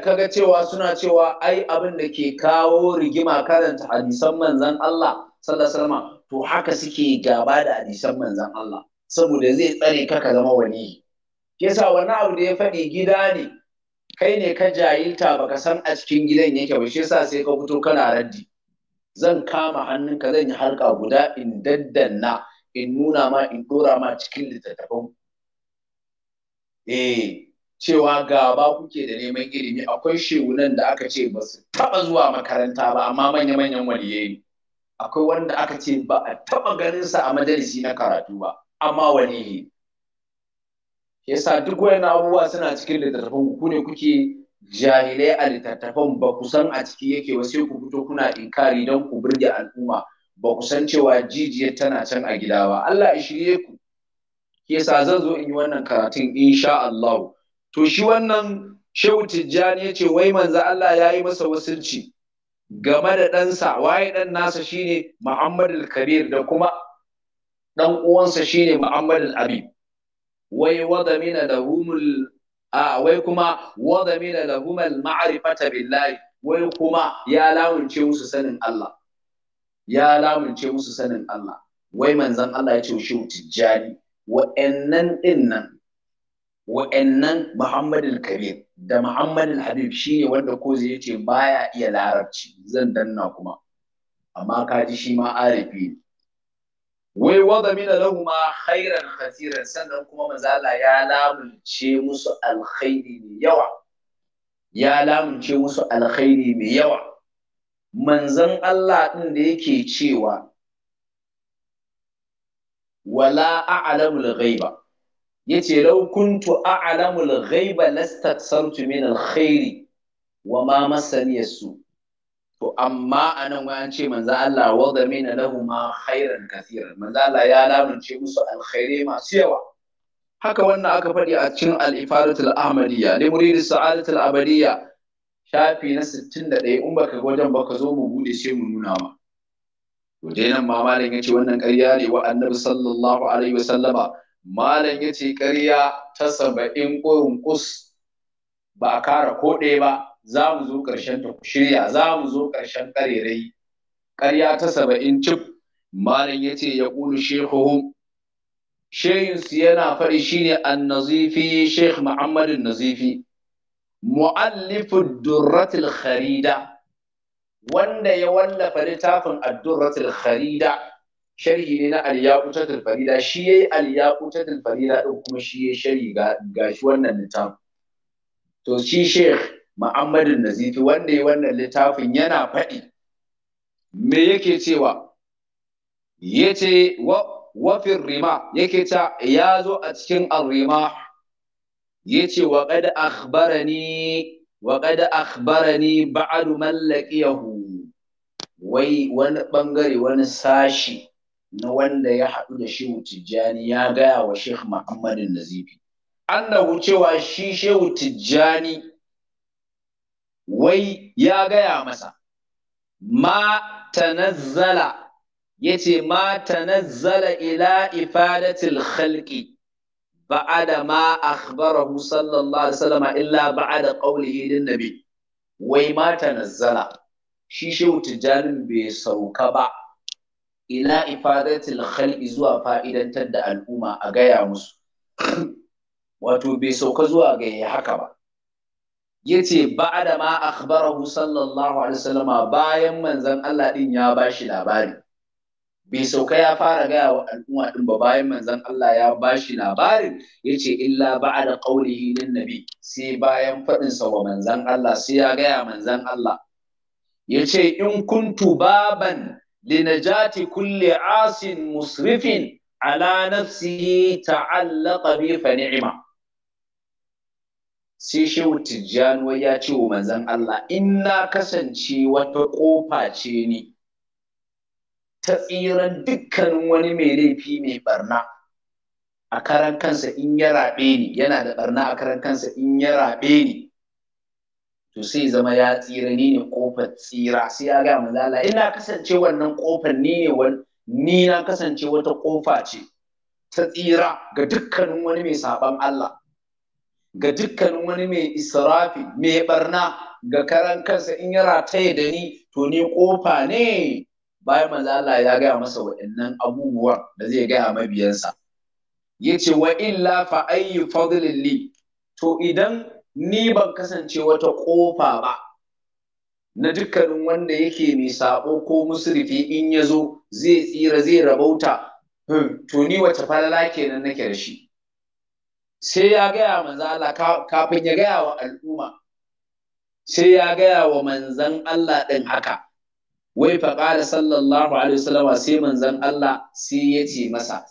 ka ga cewa suna cewa ai abin da ke kawo rigima karanta hadisan manzon Allah sallallahu to haka suke gaba da hadisan manzon Allah saboda zai tsare ka ka zama wani yasa wani abu da ya faɗi gida ne kai ne ka jahilta baka san a cikin gidan yake ba shi yasa sai ka fito kana raddi zan kama hannun ka zan yi harka guda in daddanna in nuna ma in dora ma cikin littattafan eh cewa gaba kuke da neman ilimi akwai shehunan da aka ce ba su taɓa zuwa makaranta ba amma manya-manyan waliye ne akwai wanda aka ce ba a taɓa ganinsa a majalisi na karatu ba amma waliye yasa duk wayan abubuwa suna cikin littattafan ku ne kuke jahilai a littattafan ba ku san a ciki yake ba sai ku fito kuna inkari don ku burge al'umma ba ku san cewa jijiyar tana can a gida ba Allah ya shirye ku yasa zan zo in yi wannan karatun insha Allah to shi wannan shehu tijjani ya ce wai manzo Allah ya yi masa wasilci game da ɗansa waye ɗan nasa shine Muhammad kabir da kuma ɗan uwansa shine Muhammad abib wai da lahumul a wai kuma wadamina lahumal ma'rifata billahi wai kuma ya lamunce musu sanin Allah ya lamunce musu sanin Allah wai manzon Allah ya ce shehu tijjani wa'annan ɗin nan wa'annan Muhammad kabir da Muhammad habib shine wanda ko zai ce baya iya larabci zan danna kuma amma ji shi ma arifi ne wai wada mina ma khairan khasiran sannan kuma mazala ya lamunce musu alkhairi mai yawa ya lamunce musu alkhairi mai yawa manzon Allah din da yake cewa wala a'lamul ghaiba yace laukuntu a'lamul ghaiba lastaksartu min alkhairi wa ma masani yasu to amma anan wa an ce manzo Allah wa zamina lahu ma khairan kaseeran manzo Allah ya lamunce musu alkhairi masu yawa haka wannan aka faɗi a cikin al-ifadatul ahmadiyya li murid sa'adatul abadiyya shafi na 61 in baka wajen baka zo mu bude sai mu nuna ma to dai nan ma malam yace wannan ƙarya ne wa annabi sallallahu alaihi wasallama malam ya ce ƙarya ta saba'in ƙurin kus ba a kara ko ba za mu zo ƙarshen ta shirya za mu zo ƙarshen ƙarerai ƙarya ta saba'in cif malam ya ce ya ƙulu shehuhum shehinsu yana faɗi shine an nazifi sheikh nazifi mu'allifin durratul kharida wanda ya wallafa littafin addurratul kharida sharhi ne na al-yaqutatul farida shi yayi al-yaqutatul farida din kuma shi yayi sharhi ga shi wannan littafin to shi sheikh Muhammadu Nazifi wanda ya wannan littafin yana faɗi me yake cewa Ya ce wafin rima yake ta ya zo a cikin al Ya yace wa qad akhbarani wa qad akhbarani ba'd wai wani ɓangare wani sashi na wanda ya haɗu da shehu tijjani ya gaya wa sheikh muhammadin nazifi annahu cewa shi shehu tijjani wai ya gaya masa ma tanazzala yace ma tanazzala ila ifadatil khalqi ba'ada ma akhbarahu sallallahu alaihi wasallam illa ba'ada qawlihi lin nabi wai ma tanazzala shi shehu tijjanin bai sauka ba ila ifadatil khalqi zuwa fa'idantar da al'umma a gaya musu wato bai sauka zuwa ga ya haka ba yace ba'da ma akhbarahu sallallahu alaihi wasallam bayan manzon Allah din ya bashi labari bai sauka ya fara gaya wa al'umma din ba bayan manzon Allah ya bashi labarin yace illa ba'da qawlihi lin nabi sai bayan fadin sa wa manzon Allah sai ya gaya manzon Allah yace in kuntu baban linajati kulle asin musrifin ala nafsihi ta'allaqa bi fa ni'ima sai shehu tijjani ya ce wa manzon Allah in na kasance wata ƙofa ce ni ta tsiran dukkanin wani mai laifi mai barna a karan kansa in ya raɓe ni yana da barna a karan kansa in ya raɓe ni to sai zama ya tsira ni ne kofar tsira sai ya ga malala ina kasance wannan kofar ni ne ni na kasance wata kofa ce ta tsira ga dukkanin wani mai saban Allah ga dukkanin wani mai israfi mai barna ga karan kansa in ya taya da ni to ni kofa ne bayan malala ya gaya masa waɗannan abubuwan da zai gaya mabiyansa yace wa illa fa ayyu fadlin to idan ni ban kasance wata ƙofa ba na dukkanin wanda yake mai sabo ko musrifi in ya zo zai tsira zai rabauta hmm, to ni wace falala kenan nake da shi sai ya gaya manzan Allah kafin ya gaya wa al'umma sai ya gaya wa manzan Allah ɗin haka wai faƙala sallallahu alaihi wasallam sai manzan Allah sai ya ce masa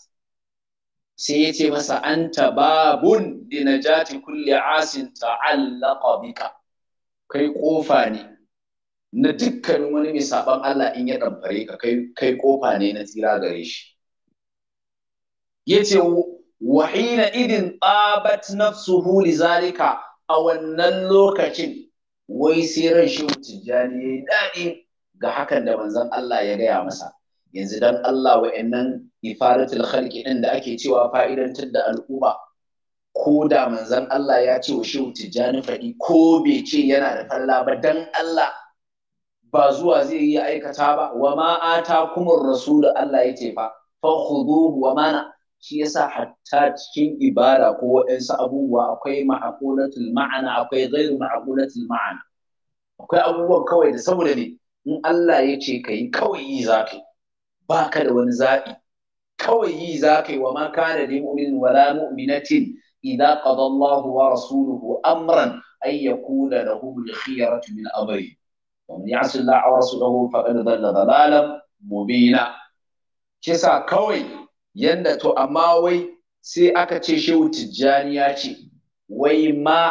sai ya ce masa ta babun na najati kulle asin ta'allaqa bika kai kofa ne na dukkanin wani mai saban Allah in ya ɗanfare ka kai ƙofa kofa ne na tsira gare shi yace wa na idin tabat na li zalika a wannan lokacin wai sai ran shi tijjani yayi daɗi ga hakan da manzon Allah ya gaya masa yanzu dan Allah wa'annan ifaratul khalqi din da ake cewa fa'idantar da al'umma ko da manzon Allah ya ce wa shehu tijjani faɗi ko bai ce yana da falla ba dan Allah ba zuwa zai yi aikata ba wa ma kuma rasulu Allah ya ce fa fa khuduhu wa mana shi yasa hatta cikin ibada ko waɗansu abubuwa akwai ma'aqulatul ma'ana akwai ghairu ma'aqulatul ma'ana akwai abubuwan kawai da saboda ne in Allah ya ce kai kawai yi zaka ba ka da wani zaɓi kawai yi za ka yi wa ma kana da mu'min wala mu'minatin idza qada Allahu wa rasuluhu amran ay yakuna lahu al-khiyaratu min amri wa man ya'si Allah wa rasulahu faqad dhalla dhalalan mubina kisa kawai yanda to amma wai sai aka ce shehu tijjani ya ce wai ma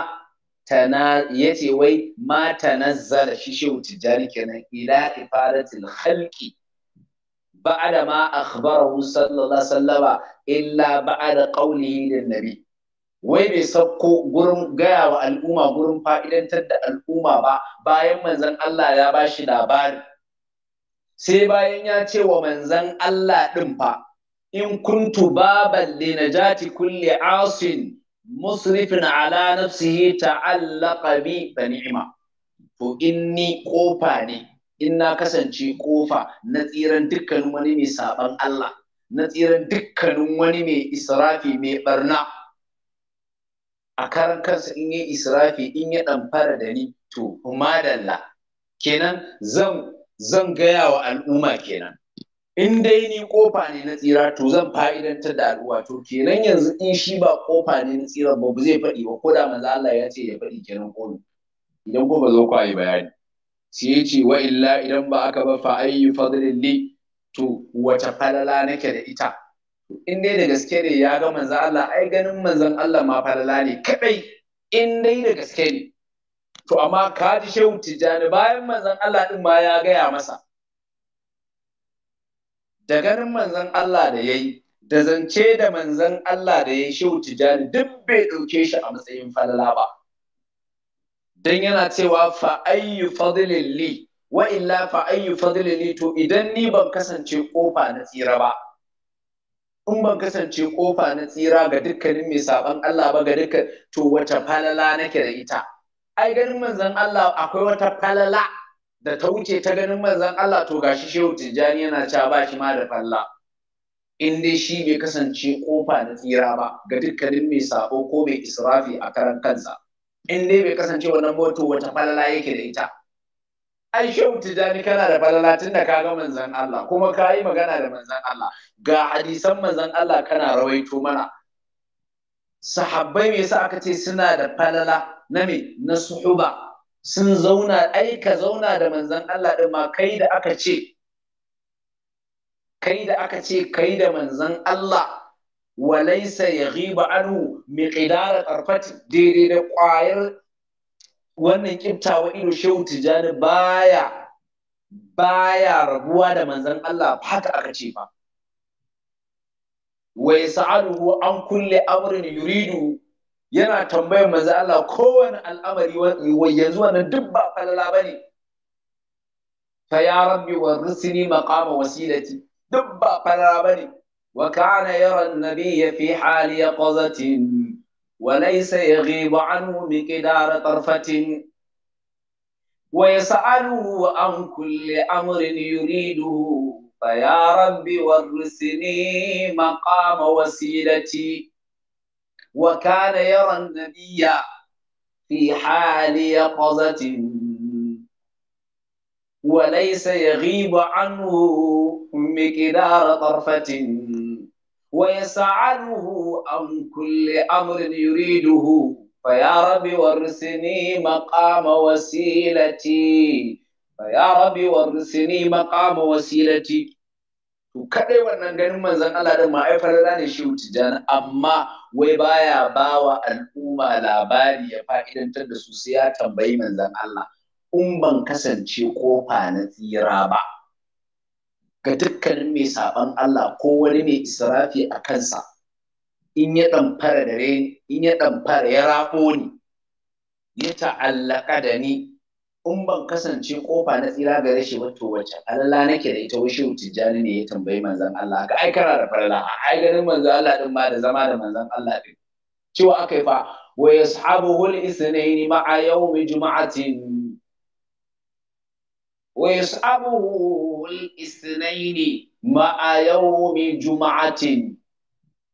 ya ce wai ma tanazzala shi shehu tijjani kenan ila ifadatil khalqi Ba'ada ما أخبره صلى الله عليه وسلم إلا بعد wai bai sauko gurin gaya wa al'umma gurin fa'idantar da al'umma ba bayan manzan Allah ya ba shi labari sai bayan ya ce wa manzan Allah ɗin fa in kuntu baban li najati kulli asin musrifin ala nafsihi ta'allaqa bi fa ni'ima to inni ne in na kasance kofa na tsiran dukkanin wani mai saban Allah na tsiran dukkanin wani mai israfi mai barna a karan kansa in yi israfi in ya ɗamfara da ni to madalla kenan zan gaya wa al'umma kenan in dai ni kofa ne na tsira to zan fa'idantar da al'umma to kenan yanzu in shi ba kofa ne na tsira ba zai faɗi ba ko da manzo Allah ya ce ya faɗi kenan ko idan ko ba zo ku yi bayani sai ce wa illa idan ba aka ba fa ayyu fadlin li to wace falala nake da ita in dai da gaske ne ya ga manzan Allah ai ganin manzan Allah ma falala ne kadai in dai da gaske ne to amma ka ji shehu jani bayan manzan Allah din ma ya gaya masa da ganin manzan Allah da yayi da zance da manzan Allah da yayi shehu jani duk bai ɗauke shi a matsayin falala ba dan yana cewa fa ayyu fadlin li wa illa fa ayyu fadlin li to idan ni ban kasance kofa na tsira ba in ban kasance kofa na tsira ga dukkanin mai saban Allah ba ga dukkan to wata falala nake da ita ai ganin manzon Allah akwai wata falala da ta wuce ta ganin manzon Allah to gashi Shehu Tijjani yana cewa ba shi ma da falala in dai shi bai kasance kofa na tsira ba ga dukkanin mai sabo ko mai israfi a karan kansa in dai bai kasance wannan moto wata falala yake da ita ai shehu tijani kana da falala tun da ga manzan Allah kuma ka yi magana da manzan Allah ga hadisan manzan Allah kana rawaito mana sahabbai me yasa aka ce suna da falala na me na suhuba sun zauna ai ka zauna da manzan Allah din ma kai da aka ce kai da aka ce kai da manzan Allah wa ya riba anhu ƙidara tarfati daidai da ƙwayar wannan kiftawa ido shehu tijani baya baya rabuwa da manzan Allah haka aka ce fa wa yas'aluhu an kulle amrin yuridu yana tambayar manzan Allah kowane al'amari yanzu wannan duk ba falala bane fa ya rabbi warrisni maqama wasilati duk ba falala ne. وكان يرى النبي في حال يقظة وليس يغيب عنه مقدار طرفة ويسأله عن كل أمر يريده فيا ربي ورسني مقام وسيلتي وكان يرى النبي في حال يقظة وليس يغيب عنه مقدار طرفة ويسعله عن كل أمر يريده فيا رب ورثني مقام وسيلتي فيا رب ورثني مقام وسيلتي to kadai wannan ganin manzon Allah da ma'aifar ne shi wuce amma wai baya bawa al'umma labari ya fa'idantar da su sai ya tambayi manzon Allah in ban kasance kofa na tsira ba ga dukkanin mai saban Allah ko wani mai israfi a kansa in ya fara da in ya rafo ya rabo ni ya ta'allaka da ni in ban kasance kofa na tsira ga rashi ba to wace Allah nake da ita wushe tijjani ne ya tambayi manzon Allah ka ai kana da farla ai ganin manzon Allah din ma da zama da manzan Allah ɗin. cewa akai fa wa yashabuhu al-ithnayn ma'a yawmi juma'atin wa yas'abuhu مع يوم ma'a ومعه من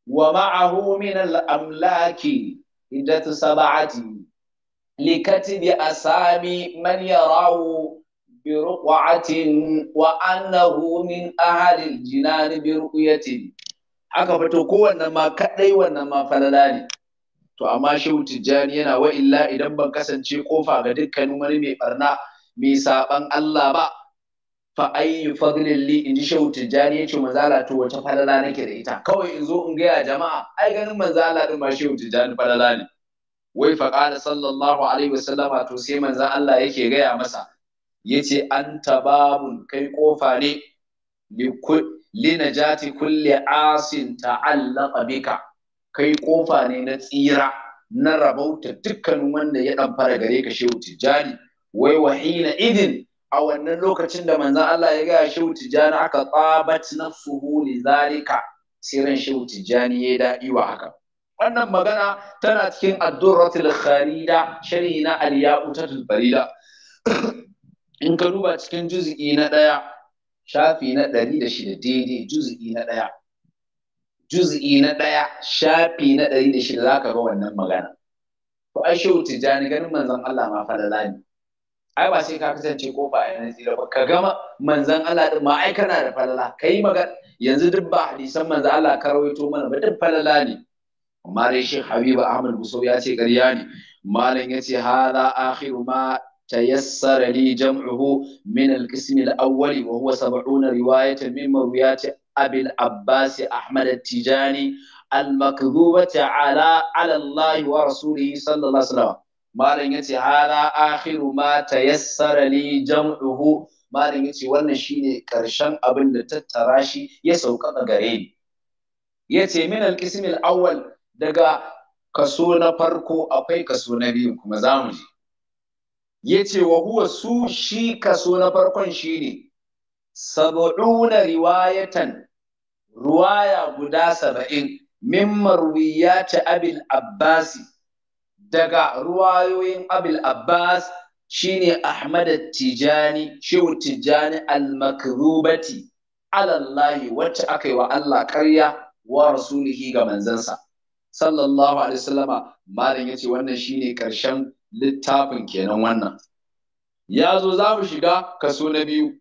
wa ma'ahu سبعة amlaki لكتب أسامي من يراه برقعة وأنه من أهل الجنان برؤية aka fito kowanne ma kadai wannan ma falala ne to amma shehu tijjani yana wa illa idan ban kasance kofa ga dukkanin wani mai ɓarna. bai saban Allah ba fa ayyu fadlin li inji shehu tijjani yace manzala to wace falala nake da ita kawai in zo in gaya jama'a ai ganin manzala din ma shehu tijjani falala ne wai fa qala sallallahu alaihi wasallam to sai manzan Allah yake gaya masa yace anta babun kai kofa ne li najati kulli asin ta'allaqa kai ƙofa ne na tsira na rabauta dukkanin wanda ya ɗan fara gare ka shehu tijjani wai wahina idin a wannan lokacin da manzan Allah ya gaya shehu jani aka tsabat suhu ne zalika siran shehu jani ya daɗi wa haka wannan magana tana cikin addurratul kharida sharhi na al ta barida in ka duba cikin juz'i na ɗaya shafi na ɗari da shida daidai juz'i na ɗaya juz'i na ɗaya shafi na ɗari da shida za ka ga wannan magana Ko ai shehu jani ganin manzan Allah ma falala ne ai ba sai ka kasance ko a yana tsira ba ka gama manzan Allah din ma ai da falala kai magana yanzu duk ba hadisan manzan Allah ka rawaito mana ba duk falala ne amma dai shi Ahmad Gusau ya ce ƙarya ne malam ya ce hadha akhiru ma tayassara li jam'uhu min al-qism al-awwal wa huwa 70 riwayatan min mawiyat abbas Ahmad al-Tijani al-makdhubata ala ala Allah wa rasulihi malam yace hada akhiru ma tayassara li jam'uhu malam yace wannan shine karshen abin da tattara shi ya sauƙaƙa gare ni yace min al-qism al-awwal daga kaso na farko akwai kaso na biyu kuma zamu ji yace wa huwa su shi kaso na farkon shine sab'una riwayatan ruwaya guda saba'in min marwiyati abil abbasi daga ruwayoyin Abil Abbas shine Ahmad Tijani, Shehu Tijani al-Makrubati, alallahi wacce aka yi wa Allah karya wa rasulihi ga manzansa. Sallallahu Alaihi Wasallama, malam ya ce wannan shine ƙarshen littafin kenan wannan. Ya zo za mu shiga kaso na biyu,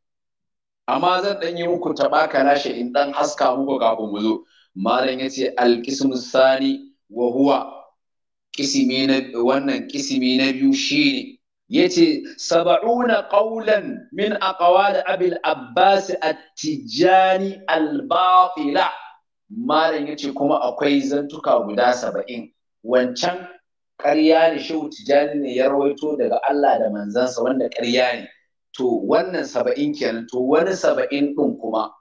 amma zan ɗan yi muku taɓa kalashe in ɗan haska muku kafin mu zo. Malam ya ce alƙismus sani wa huwa kisimi na wannan kisimi na biyu shine yace sab'una qawlan min aqwal abil abbas at-tijani al-batila malam yace kuma akwai zantuka guda saba'in wancan ƙarya ne shehu tijani ne ya rawaito daga Allah da manzansa wanda ƙarya ne to wannan saba'in kenan to wani saba'in ɗin kuma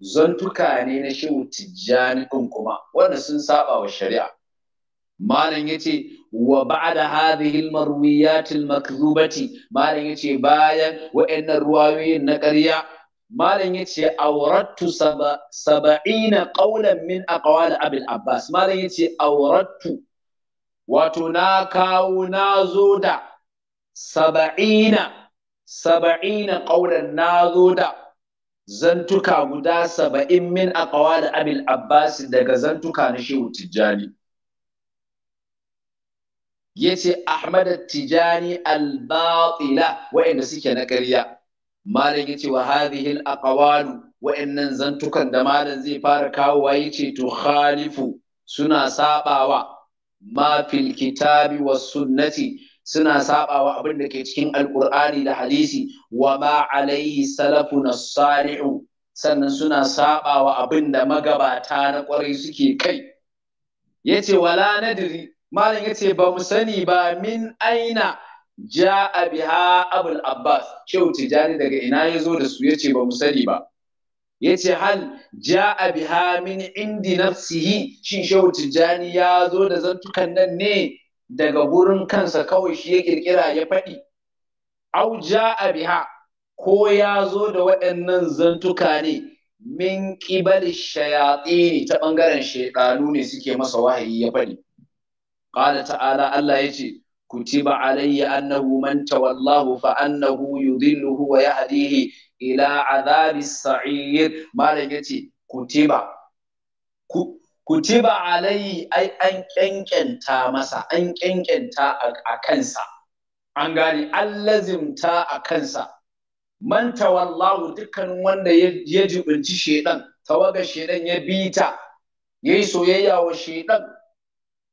zantuka ne na shehu tijjani ɗin kuma wanda sun saba wa shari'a malam yace wa ba'da hadhihi al-marwiyat al-makdhubati malam yace bayan wa'annan ruwayoyin na ƙarya malam yace awrattu saba'ina qawlan min aqwal abul abbas malam yace awrattu wato na kawo na zo da saba'ina saba'ina qawlan na zo da zantuka guda saba'in min aqwal abul abbas daga zantuka na shehu tijjani yace Ahmad Tijani al-Batila suke na ƙarya malam yace wa hadhihi al-aqwalu wa'annan zantukan da malam zai fara kawowa yace to khalifu suna sabawa ma fil kitabi was sunnati suna sabawa abin da ke cikin alkur'ani da hadisi wa ma alaihi salafun salihu sannan suna sabawa abin da magabata na kwarai suke kai yace wala nadri malam ya ce ba mu sani ba min aina ja biha abul abbas shehu tijani daga ina ya zo da su ya ce ba mu sani ba ya ce hal ja biha min indi nafsihi shin shehu tijani ya zo da zantukan nan ne daga wurin kansa kawai shi ya kirkira ya faɗi au ja biha ko ya zo da waɗannan zantuka ne min ƙibar shayaɗi ta ɓangaren shaiɗanu ne suke masa wahayi ya faɗi qala ta'ala Allah yace kutiba alayya annahu man tawallahu fa annahu yudhilluhu wa yahdihi ila adhabis sa'ir malam yace kutiba kutiba alayhi ai an kyankyanta masa an kyankyanta a kansa an gane an lazimta a kansa man tawallahu dukkan wanda ya jibinci shedan tawaga shedan ya bi bita yayi soyayya wa shedan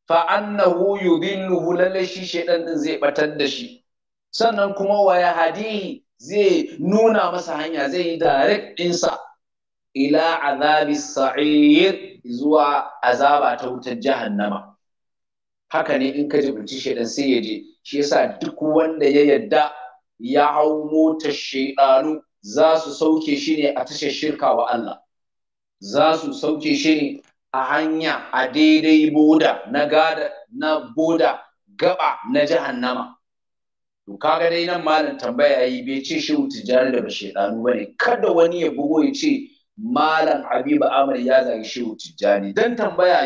fa annahu yudilluhu lalle shi shaidan din zai batar da shi sannan kuma waya yahdihi zai nuna masa hanya zai yi direct sa ila azabi sa'ir zuwa azaba ta wutar jahannama haka ne in ka jibinci shedan sai ya je shi yasa duk wanda ya yadda ya hau motar shedanu za su sauke shi ne a tashar shirka wa Allah za su sauke shi ne a hanya a daidai boda na gada na boda gaba na jahannama to kaga dai nan malam tambaya yi bai ce shi tijjani daga ba ne, kada wani ya bugo ya ce malam habiba amr ya zagi shehu tijjani dan tambaya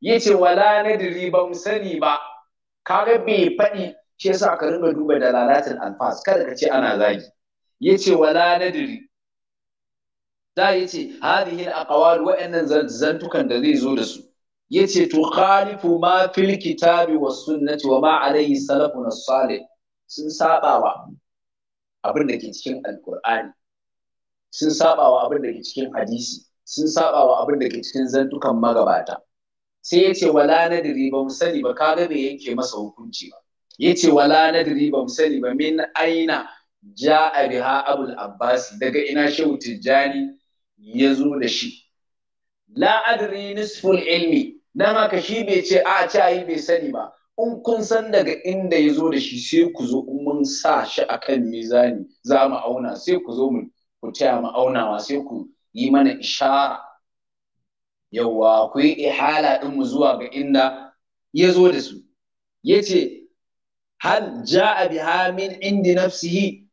yayi ce, wala nadri ba mu sani ba kaga bai faɗi shi yasa ka ringa duba da dalalatin alfas kada ka ce ana zagi Ya ce, wala nadri da ya ce hadhihi al-aqwal wa'annan zantukan da zai zo da su yace to khalifu ma fil kitabi was sunnati wa ma alayhi salafun salih sun sabawa abin da ke cikin alqur'ani sun sabawa abin da ke cikin hadisi sun sabawa abin da ke cikin zantukan magabata sai yace wala nadri ba mu sani ba kaga me yanke masa hukunci ba yace wala nadri ba mu sani ba min aina ja'a biha abul abbas daga ina shehu tijjani ya zo da shi la adri nisful ilmi na haka shi bai ce a ce yi bai sani ba in kun san daga inda ya zo da shi sai ku zo in mun sa shi a akan mizani za mu auna sai ku zo mu kutaya taya mu aunawa sai ku yi mana ishara Yawwa ku yi ihala din mu zuwa ga inda ya zo da su Ya ce hal ja'a biha min indi nafsihi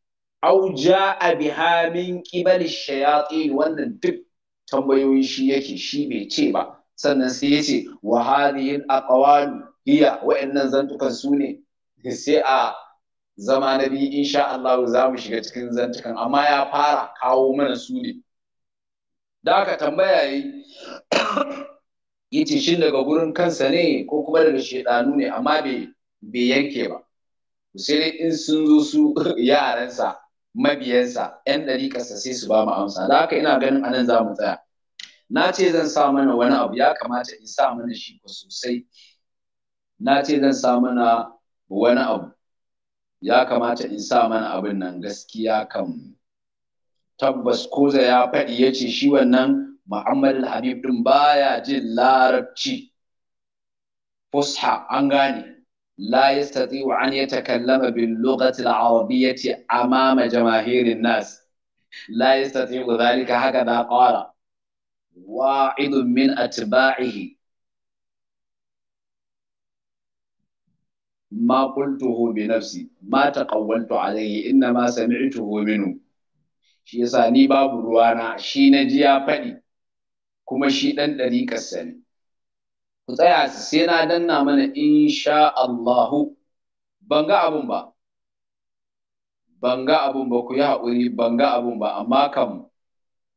Auja ja'a biha min qibal shayatin wannan duk tambayoyin shi yake shi bai ce ba sannan sai ya ce wa hadhihi aqwalu hiya wa'annan zantukan su ne sai a zama na biyu insha Allah za mu shiga cikin zantukan amma ya fara kawo mana su ne da aka tambaya yi yace shin daga gurin kansa ne ko kuma daga shedanu ne amma bai yanke ba sai in sun zo su yaransa mabiyansa yan ƙasa sai su ba mu amsa da haka ina ganin anan za mu tsaya na ce zan sa mana wani abu ya kamata in sa mana shi ko sosai na ce zan sa mana wani abu ya kamata in sa mana abin nan gaskiya kan tabbas koza ya faɗi ya ce shi wannan mu'ammal habib din baya jin larabci fusha an gane لا يستطيع أن يتكلم باللغة العربية أمام جماهير الناس لا يستطيع ذلك هكذا قال واحد من أتباعه ما قلته بنفسي ما تقولت عليه إنما سمعته منه shi yasa ni babu ruwana shi na ji ya faɗi kuma shi ɗan ɗari sani ku tsaya sai na danna mana insha Allahu ban ga abun ba ban ga abun ba ku yi haƙuri ban ga abun ba amma kam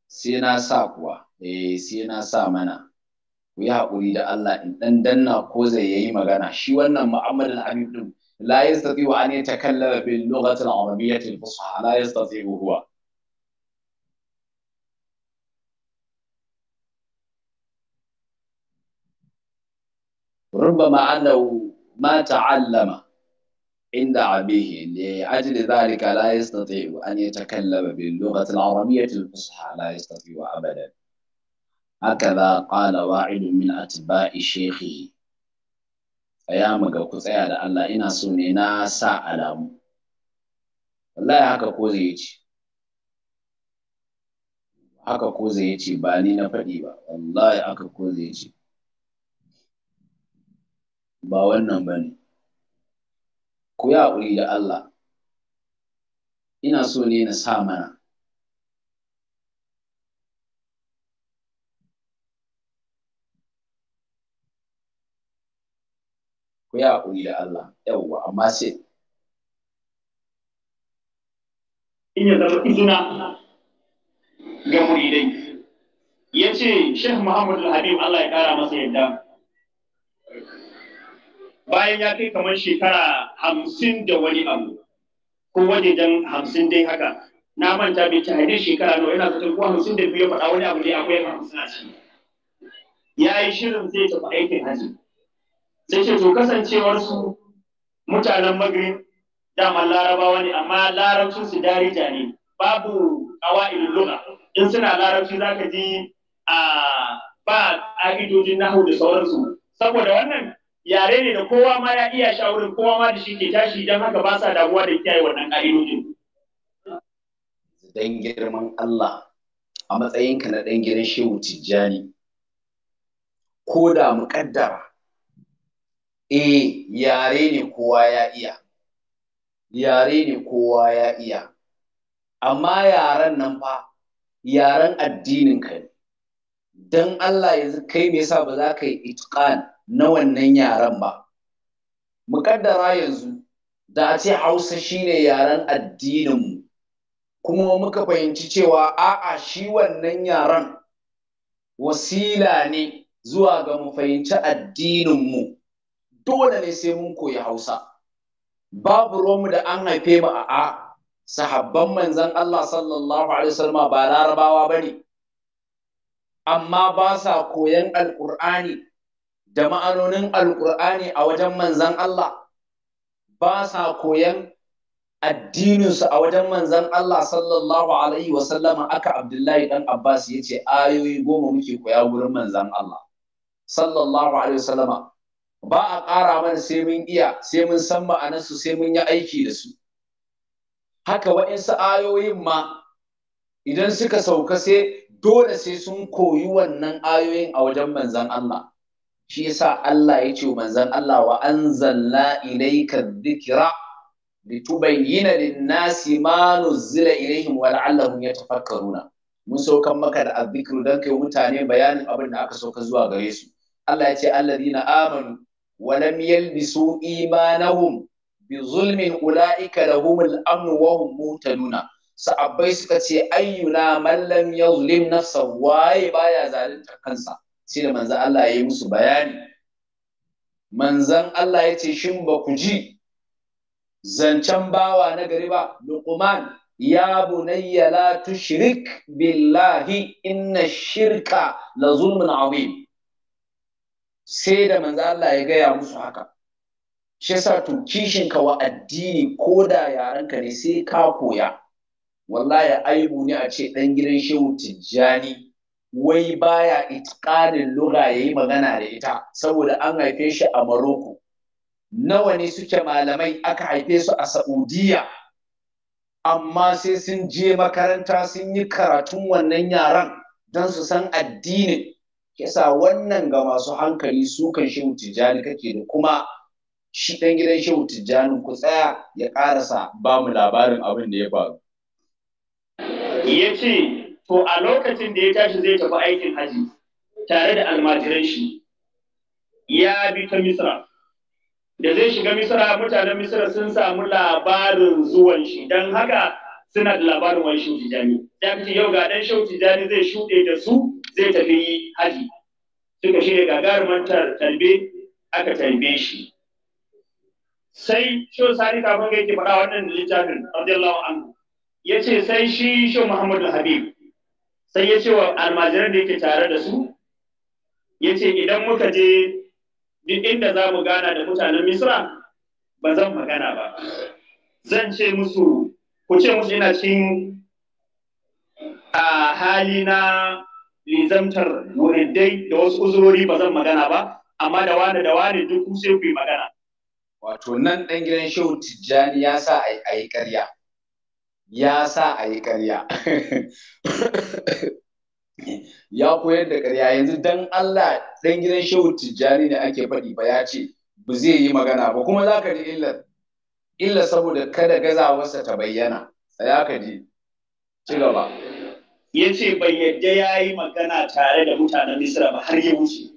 sai na sa kuwa eh sai na sa mana ku yi haƙuri da Allah in dan danna ko zai yayi magana shi wannan Muhammad al ɗin din la yastati wa an yatakallama bil lughati al-arabiyyati al-fusha la yastati huwa ربما أنه ما تعلم عند عبيه لأجل ذلك لا يستطيع أن يتكلم باللغة العربية الفصحى لا يستطيع أبدا هكذا قال واحد من أتباع شيخه فيا maga ku tsaya da Allah ina so ne na sa alamu wallahi haka ko zai ce haka ko zai ce ba ni na faɗi ba wallahi haka ko zai ce ba wannan ba ne ku yi haƙuri da Allah ina so ne na sa mana ku yi haƙuri da Allah yawwa amma sai in ya zama izina ga muridai ya ce Sheikh Muhammadu Habib Allah ya ƙara masa yadda bayan ya kai kamar shekara hamsin da wani abu ko wajejen hamsin dai haka na manta bai ci haidin shekara nawa yana zaton ko hamsin da biyu faɗa wani abu dai akwai hamsin a ciki ya yi shirin zai tafi aikin haji sai ce to kasancewar su mutanen magrib dama larabawa ne amma larabcin su darija ne babu kawa'il lugha in suna larabci za ka ji a ah, ba a nahu da sauransu saboda wannan yare ne da kowa ma ya iya shawarin kowa ma da shi ke tashi don haka ba sa damuwa da kiyaye wannan ƙa'idojin. Dan girman Allah a matsayinka na ɗan gidan Shehu Tijjani, ko da muƙaddara, eh yare ne kowa ya iya, yare ne kowa ya iya, amma yaren nan fa yaren addinin ka ne. Don Allah yanzu kai me yasa ba za ka yi itqan na wannan yaren ba muƙaddara yanzu da a ce hausa shine yaren addininmu kuma muka fahimci cewa a'a shi wannan yaren wasila ne zuwa ga mu fahimci addininmu dole ne sai mun koyi hausa babu romu da an haife mu a'a sahabban manzan Allah sallallahu alaihi wasallam ba larabawa bane amma ba sa koyon Alƙur'ani. da ma'anonin alƙur'ani a wajen manzan Allah ba sa koyan addininsu a wajen manzan Allah sallallahu alaihi wasallama aka Abdullahi dan Abbas ya ce ayoyi goma muke koya wurin manzan Allah sallallahu alaihi wasallama ba a ƙara mana sai mun iya sai mun san ma'anarsu sai mun yi aiki da su haka waɗansu ayoyin ma idan suka sauka sai dole sai sun koyi wannan ayoyin a wajen manzan Allah shi yasa Allah ya ce manzon Allah wa anzalna ilayka dhikra litubayyana lin-nasi ma nuzila ilayhim wa la'allahum yatafakkaruna mun sauka maka da azzikru dan kai mutane bayanin abin da aka sauka zuwa gare su Allah ya ce alladina amanu wa lam yalbisu imanahum bi zulmin ulaika al-amn wa hum muhtaduna sa'abbai suka ce ayyuna man lam yuzlim nafsahu waye baya zalunta kansa sai da manzan Allah ya yi musu bayani manzan Allah ya ce shin ba ku ji zancen bawa na gari ba luqman ya bunayya la tushrik billahi inna shirka la zulmin sai da manzan Allah ya gaya musu haka shi sa kishin wa addini ko da yarenka ne sai ka koya wallahi aibu ne a ce ɗan gidan shehu tijjani wai baya itqanin lura yi magana da ita saboda an haife shi a Maroko nawa ne suke malamai aka haife su a Saudiya amma sai sun je makaranta sun yi karatun wannan yaran don su san addinin Kisa wannan ga masu hankali su kan shehu tijjani kake da kuma shi ɗan gidan shehu tijjani ku tsaya ya ƙarasa ba mu labarin abin da ya faru ya ce to a lokacin da ya tashi zai tafi aikin haji tare da almajiran shi ya bi ta misra da zai shiga Misira mutanen misra sun samu labarin zuwan shi don haka suna da labarin wani shi tijani ya fi yau ga dan shau tijani zai shuɗe da su zai tafi yi haji suka shirya gagarumin tarbe aka tarbe shi sai shi sani kafin ga yake faɗa wannan littafin radiyallahu anhu ya ce sai shi shi muhammadu habib sai ya ce wa almajiran da yake tare da su ya ce idan muka je duk inda za mu gana da mutanen misra ba zan magana ba zan ce musu ku ce musu ina cikin a hali na lizamtar muridai da wasu uzurori ba zan magana ba amma da wani da wani duk sai ku yi magana wato nan ɗan gidan shehu tijjani ya sa a yi ƙarya ya sa a yi ƙarya ya koyar da ƙarya yanzu dan Allah ɗan gidan shehu tijjani ne ake faɗi ba ya ce ba zai yi magana ba kuma za ka ji illar illa saboda kada gazawarsa ta bayyana tsaya ka ji ci gaba ya ce bai yadda ya yi magana tare da mutanen Misira ba har ya wuce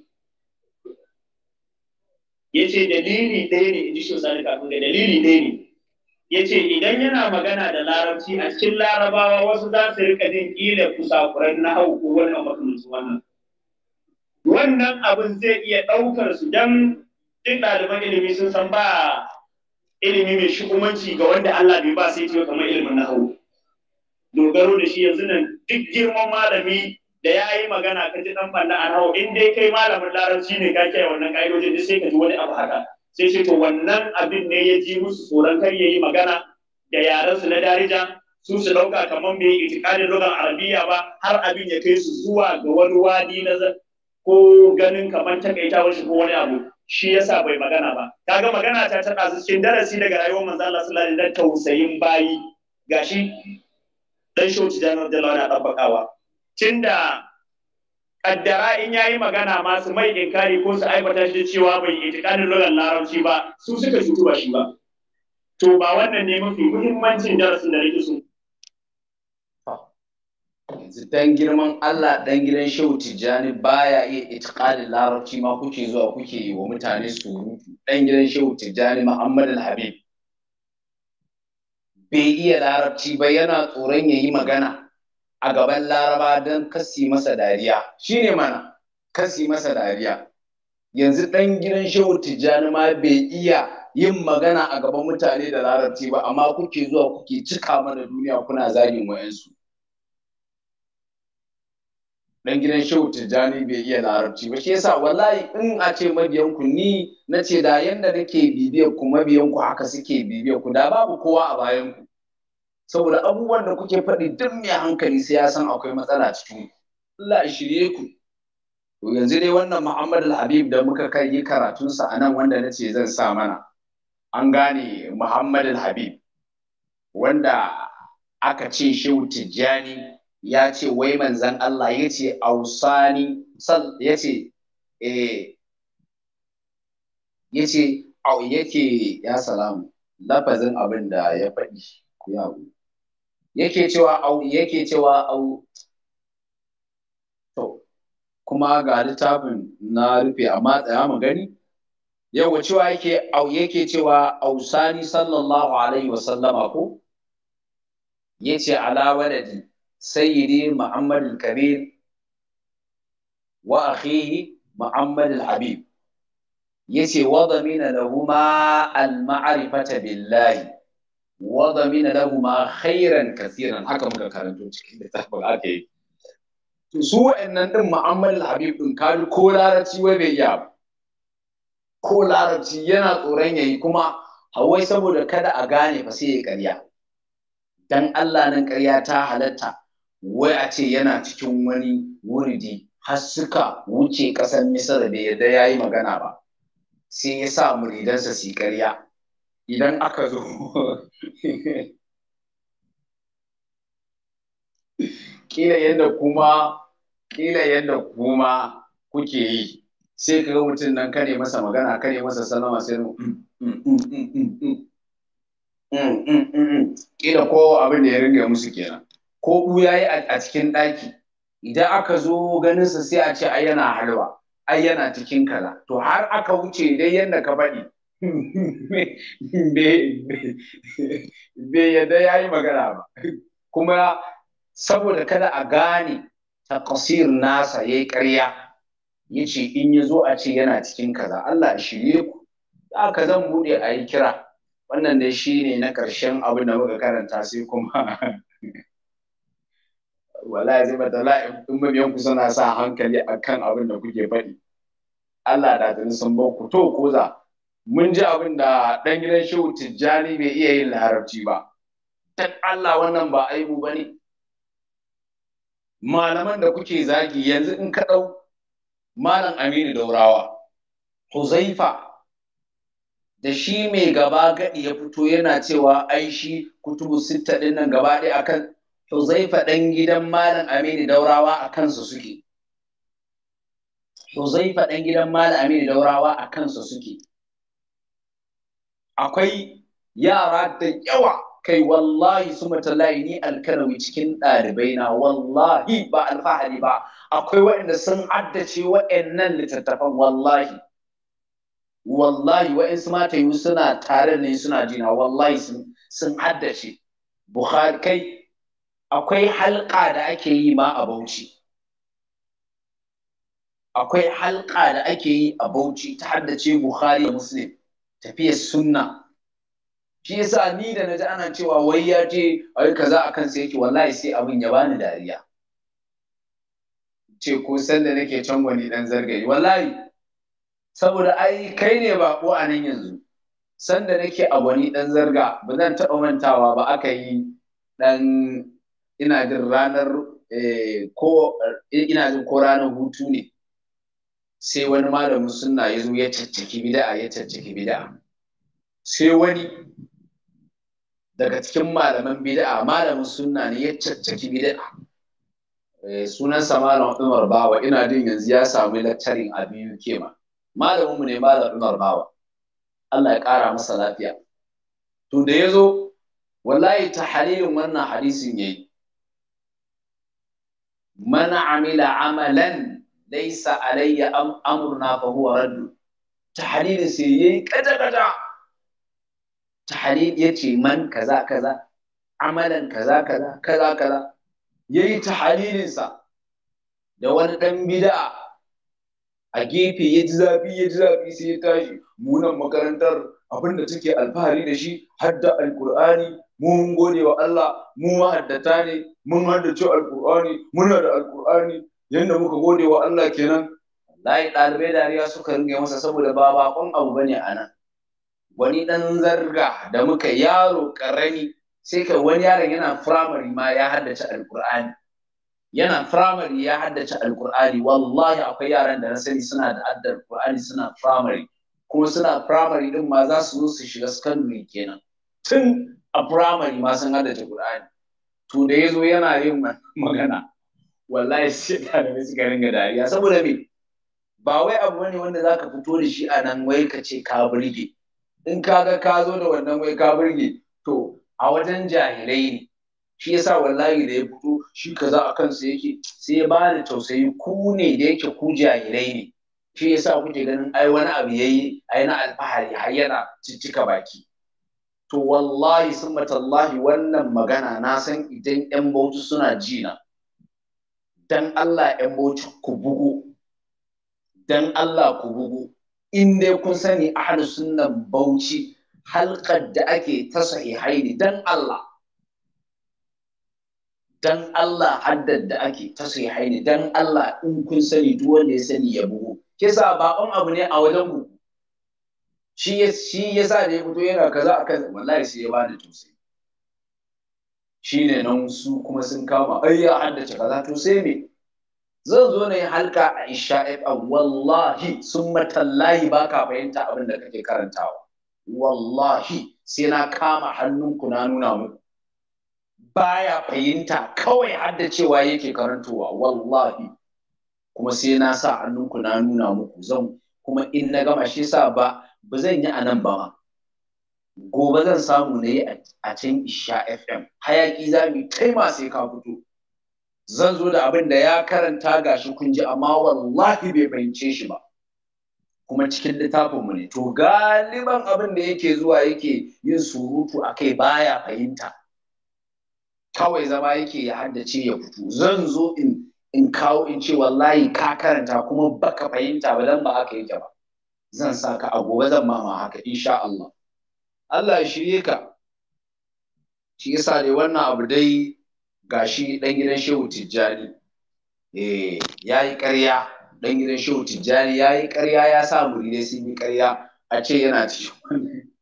ya ce dalili ɗaya ne in ji shi kafin ga dalili ɗaya ne ya ce idan yana magana da larabci a cikin larabawa wasu za su rika jin ƙila kusakuran na hau ko wani wannan wannan abin zai iya ɗaukar su don duk ɗaliban ilimi sun san ba ilimi mai shukumanci ga wanda Allah bai ba sai ce kamar ilimin na hau dogaro da shi yanzu nan duk girman malami da ya yi magana ka ji ɗan a hau in dai kai malamin larabci ne ka kiyaye wannan ƙa'idojin duk sai ka ji wani abu haka sai shi wannan abin ne ya ji musu tsoron kar ya yi magana da su na darija su su ɗauka kamar bai itikadi lugar arabiya ba har abin ya kai su zuwa ga wani wadi na ko ganin kamar takaitawar shi ko wani abu shi yasa bai magana ba kaga magana ta ta ɗazu cikin darasi daga rayuwar manzo Allah sallallahu alaihi wasallam tausayin bayi gashi dan da janar da na ɗabbakawa tunda kaddara in yayi magana ma su mai inkari ko su aibata shi cewa bai itikadin lugar larabci ba su suka cutu ba shi ba to ba wannan ne mafi muhimmancin darasin da nake so yanzu dan girman Allah dan gidan Shehu Tijjani baya iya itiqadin larabci ma kuke zuwa kuke yi wa mutane surutu dan gidan Shehu Tijjani Muhammad Al-Habib bai iya larabci ba yana tsoron yayi magana a gaban laraba don kasi masa dariya shine mana kasi masa dariya yanzu ɗan gidan shehu tijjani ma bai iya yin magana a gaban mutane da larabci ba amma kuke zuwa kuke cika mana duniya kuna zagin wayansu Ɗan gidan shehu tijjani bai iya larabci ba shi yasa wallahi in a ce mabiyanku ni na ce da yanda nake bibiyar ku mabiyanku haka suke bibiyar ku da babu kowa a bayan ku saboda abubuwan da kuke faɗi duk mai hankali sai ya san akwai matsala cikin Allah shirye ku to yanzu dai wannan Muhammad al-Habib da muka kai karatun sa anan wanda nace ce zan sa mana an gane Muhammad al-Habib wanda aka ce shehu Tijjani ya ce wai manzan Allah ya ce ausani ya ce eh ya ce yake ya salamu lafazin abin da ya faɗi ku yawo yake cewa au yake cewa au to kuma ga littafin na rufe amma tsaya mu gani yawa cewa yake au yake cewa ausani sallallahu alaihi wasallama ko yace ala waladi sayyidi muhammad al-kabir wa akhihi muhammad al-habib yace wa damina lahuma al-ma'rifata billahi wa zamina lahu ma khairan kasiran haka muka karanto cikin littafin aka yi su wa'annan ɗin mu'ammal habib din kaji ko larabci wai bai iya ko larabci yana tsoron yayi kuma hawai saboda kada a gane fa sai ya karya dan Allah nan karya ta halatta wai a ce yana cikin wani wuridi har suka wuce ƙasar Misar bai yarda ya yi magana ba, sai ya sa muridansa su karya. idan aka zo kila yadda kuma kila yadda kuma kuke yi sai ka ga mutum nan kane masa magana kane masa salama sai mu kila ko abin da ya ringa musu kenan ko ɓuya yi a cikin ɗaki idan aka zo ganinsa sai a ce ai yana halwa ai yana cikin kaza to har aka wuce dai yadda ka faɗi bai yadda ya yi magana ba kuma saboda kada a gane takasir nasa ya yi ƙarya ya ce in ya zo a ce yana cikin kaza Allah shirye ku aka zan buɗe a yi kira wannan dai shi ne na ƙarshen abin da muka karanta sai kuma wala zai bata la'in in ku suna sa hankali akan abin da kuke faɗi Allah da ta sun ba ku to ko za mun ji abin da ɗan gidan shehu tijjani bai iya yin larabci ba Tan Allah wannan ba aibu ba ne malaman da kuke zagi yanzu in ka ɗau malam aminu daurawa huzaifa da shi mai gaba gadi ya fito yana cewa ai shi kutubu sitta ɗin nan gaba ɗaya akan huzaifa ɗan gidan malam aminu daurawa a kansa suke huzaifa ɗan gidan malam aminu daurawa a kansa suke akwai yara da yawa kai wallahi su matalayi ni alkanawi cikin ɗalibai na wallahi ba alfahari ba akwai waɗanda sun addace waɗannan littattafan wallahi wallahi waɗansu mata yi suna tare ne suna jina wallahi sun addace bukhari kai akwai halka da ake yi ma a bauchi akwai halka da ake yi a bauchi ta haddace bukhari da muslim tafiyar sunna shi yasa ni da na naji ana cewa wai ya ce yi kaza akan sai yake wallahi sai abin ya bani dariya ce ko san da nake can gwani dan zargari wallahi saboda ai kai ne ba ko a nan yanzu sanda da nake a gwani dan zarga ba zan taɓa mantawa ba aka yi dan ina jin ranar eh, ko eh, ina jin ko ranar hutu ne sai wani malamin suna ya zo ya caccaki bid'a ya caccaki bid'a sai wani daga cikin malaman bid'a malamin suna ne ya caccaki bid'a eh, sunansa malam Umar Bawa ina jin yanzu ya samu lantarin a biyu kema malamin mu ne malam Umar Bawa Allah ya kara masa lafiya to da zo wallahi halilin wannan hadisin yayi man amila amalan laisa alayya am amruna fa huwa radd tahlil sai yayi kada kada tahlil yace man kaza kaza amalan kaza kaza kaza kaza yayi tahlilin sa da wani dan bid'a a gefe ya ji zafi ya ji zafi sai ya tashi munan makarantar abin abinda take alfahari da shi hadda alqur'ani mun gode wa Allah mu haddata ne mun haddace alqur'ani muna da alqur'ani yanda muka gode wa Allah kenan wallahi ɗalibai dariya suka ringe masa saboda ba bakon abu bane a nan wani ɗan zarga da muka yaro ƙarami sai ka wani yaron yana firamare ma ya haddace alƙur'ani yana firamare ya haddace alƙur'ani wallahi akwai yaran da na sani suna da addar alƙur'ani suna firamare kuma suna firamare din ma za su zo su shiga secondary kenan tun a firamare ma sun haddace alƙur'ani to da ya yana yin magana wallahi sai ɗalibai suka ringa dariya saboda me ba wai abu ne wanda zaka fito da shi a nan wai ka ce ka burge in ka ga ka zo da wannan wai ka burge to a wajen jahilai ne shi yasa wallahi da ya fito shi kaza a kansa yake sai ya ba tausayi ku ne da yake ku jahilai ne shi yasa kuke ganin ai wani abu yayi ai na alfahari har yana cicika baki to wallahi matallahi wannan magana na san idan yan bautu suna ji na dan Allah ‘yan boci ku bugu, dan Allah ku bugu, in dai kun sani ahadu sunan bauchi halkar da ake ta sahihaini dan Allah. Dan Allah haddar da ake ta sahihaini dan Allah in kun sani duk wanda ya sani ya bugu. Kisa ba on abu ne a wajen ku. Shi ya sa da ya fito yana kaza akan wallahi sai ya bani tausayi. Shi ne nan su kuma sun kama ai ya haddace kaza to sai me zan zo na yi halka a isha'i wallahi sun matallahi ba ka fahimta abin da kake karantawa wallahi sai na kama hannunku na nuna muku baya fahimta kawai hadda cewa yake karantowa wallahi kuma sai na sa hannunku na nuna muku zan kuma in na gama shi sa ba ba zan yi anan ba gobe zan samu na yi a can isha fm hayaki za mu ma sai ka fito zan zo da abin da ya karanta gashi kun ji amma wallahi bai fahimce shi ba kuma cikin littafin mu ne to galiban abin da yake zuwa yake yin surutu a kai baya fahimta kawai zama yake ya haddace ya fito zan zo in in kawo in ce wallahi ka karanta kuma baka fahimta ba dan ba haka yake ba zan saka a gobe zan ma haka insha Allah Allah ya shirye ka shi yasa dai wannan abu dai gashi dan gidan Shehu Tijjani eh yayi ƙarya dan gidan Shehu Tijjani yayi ƙarya ya sa muridai sun yi ƙarya a ce yana cikin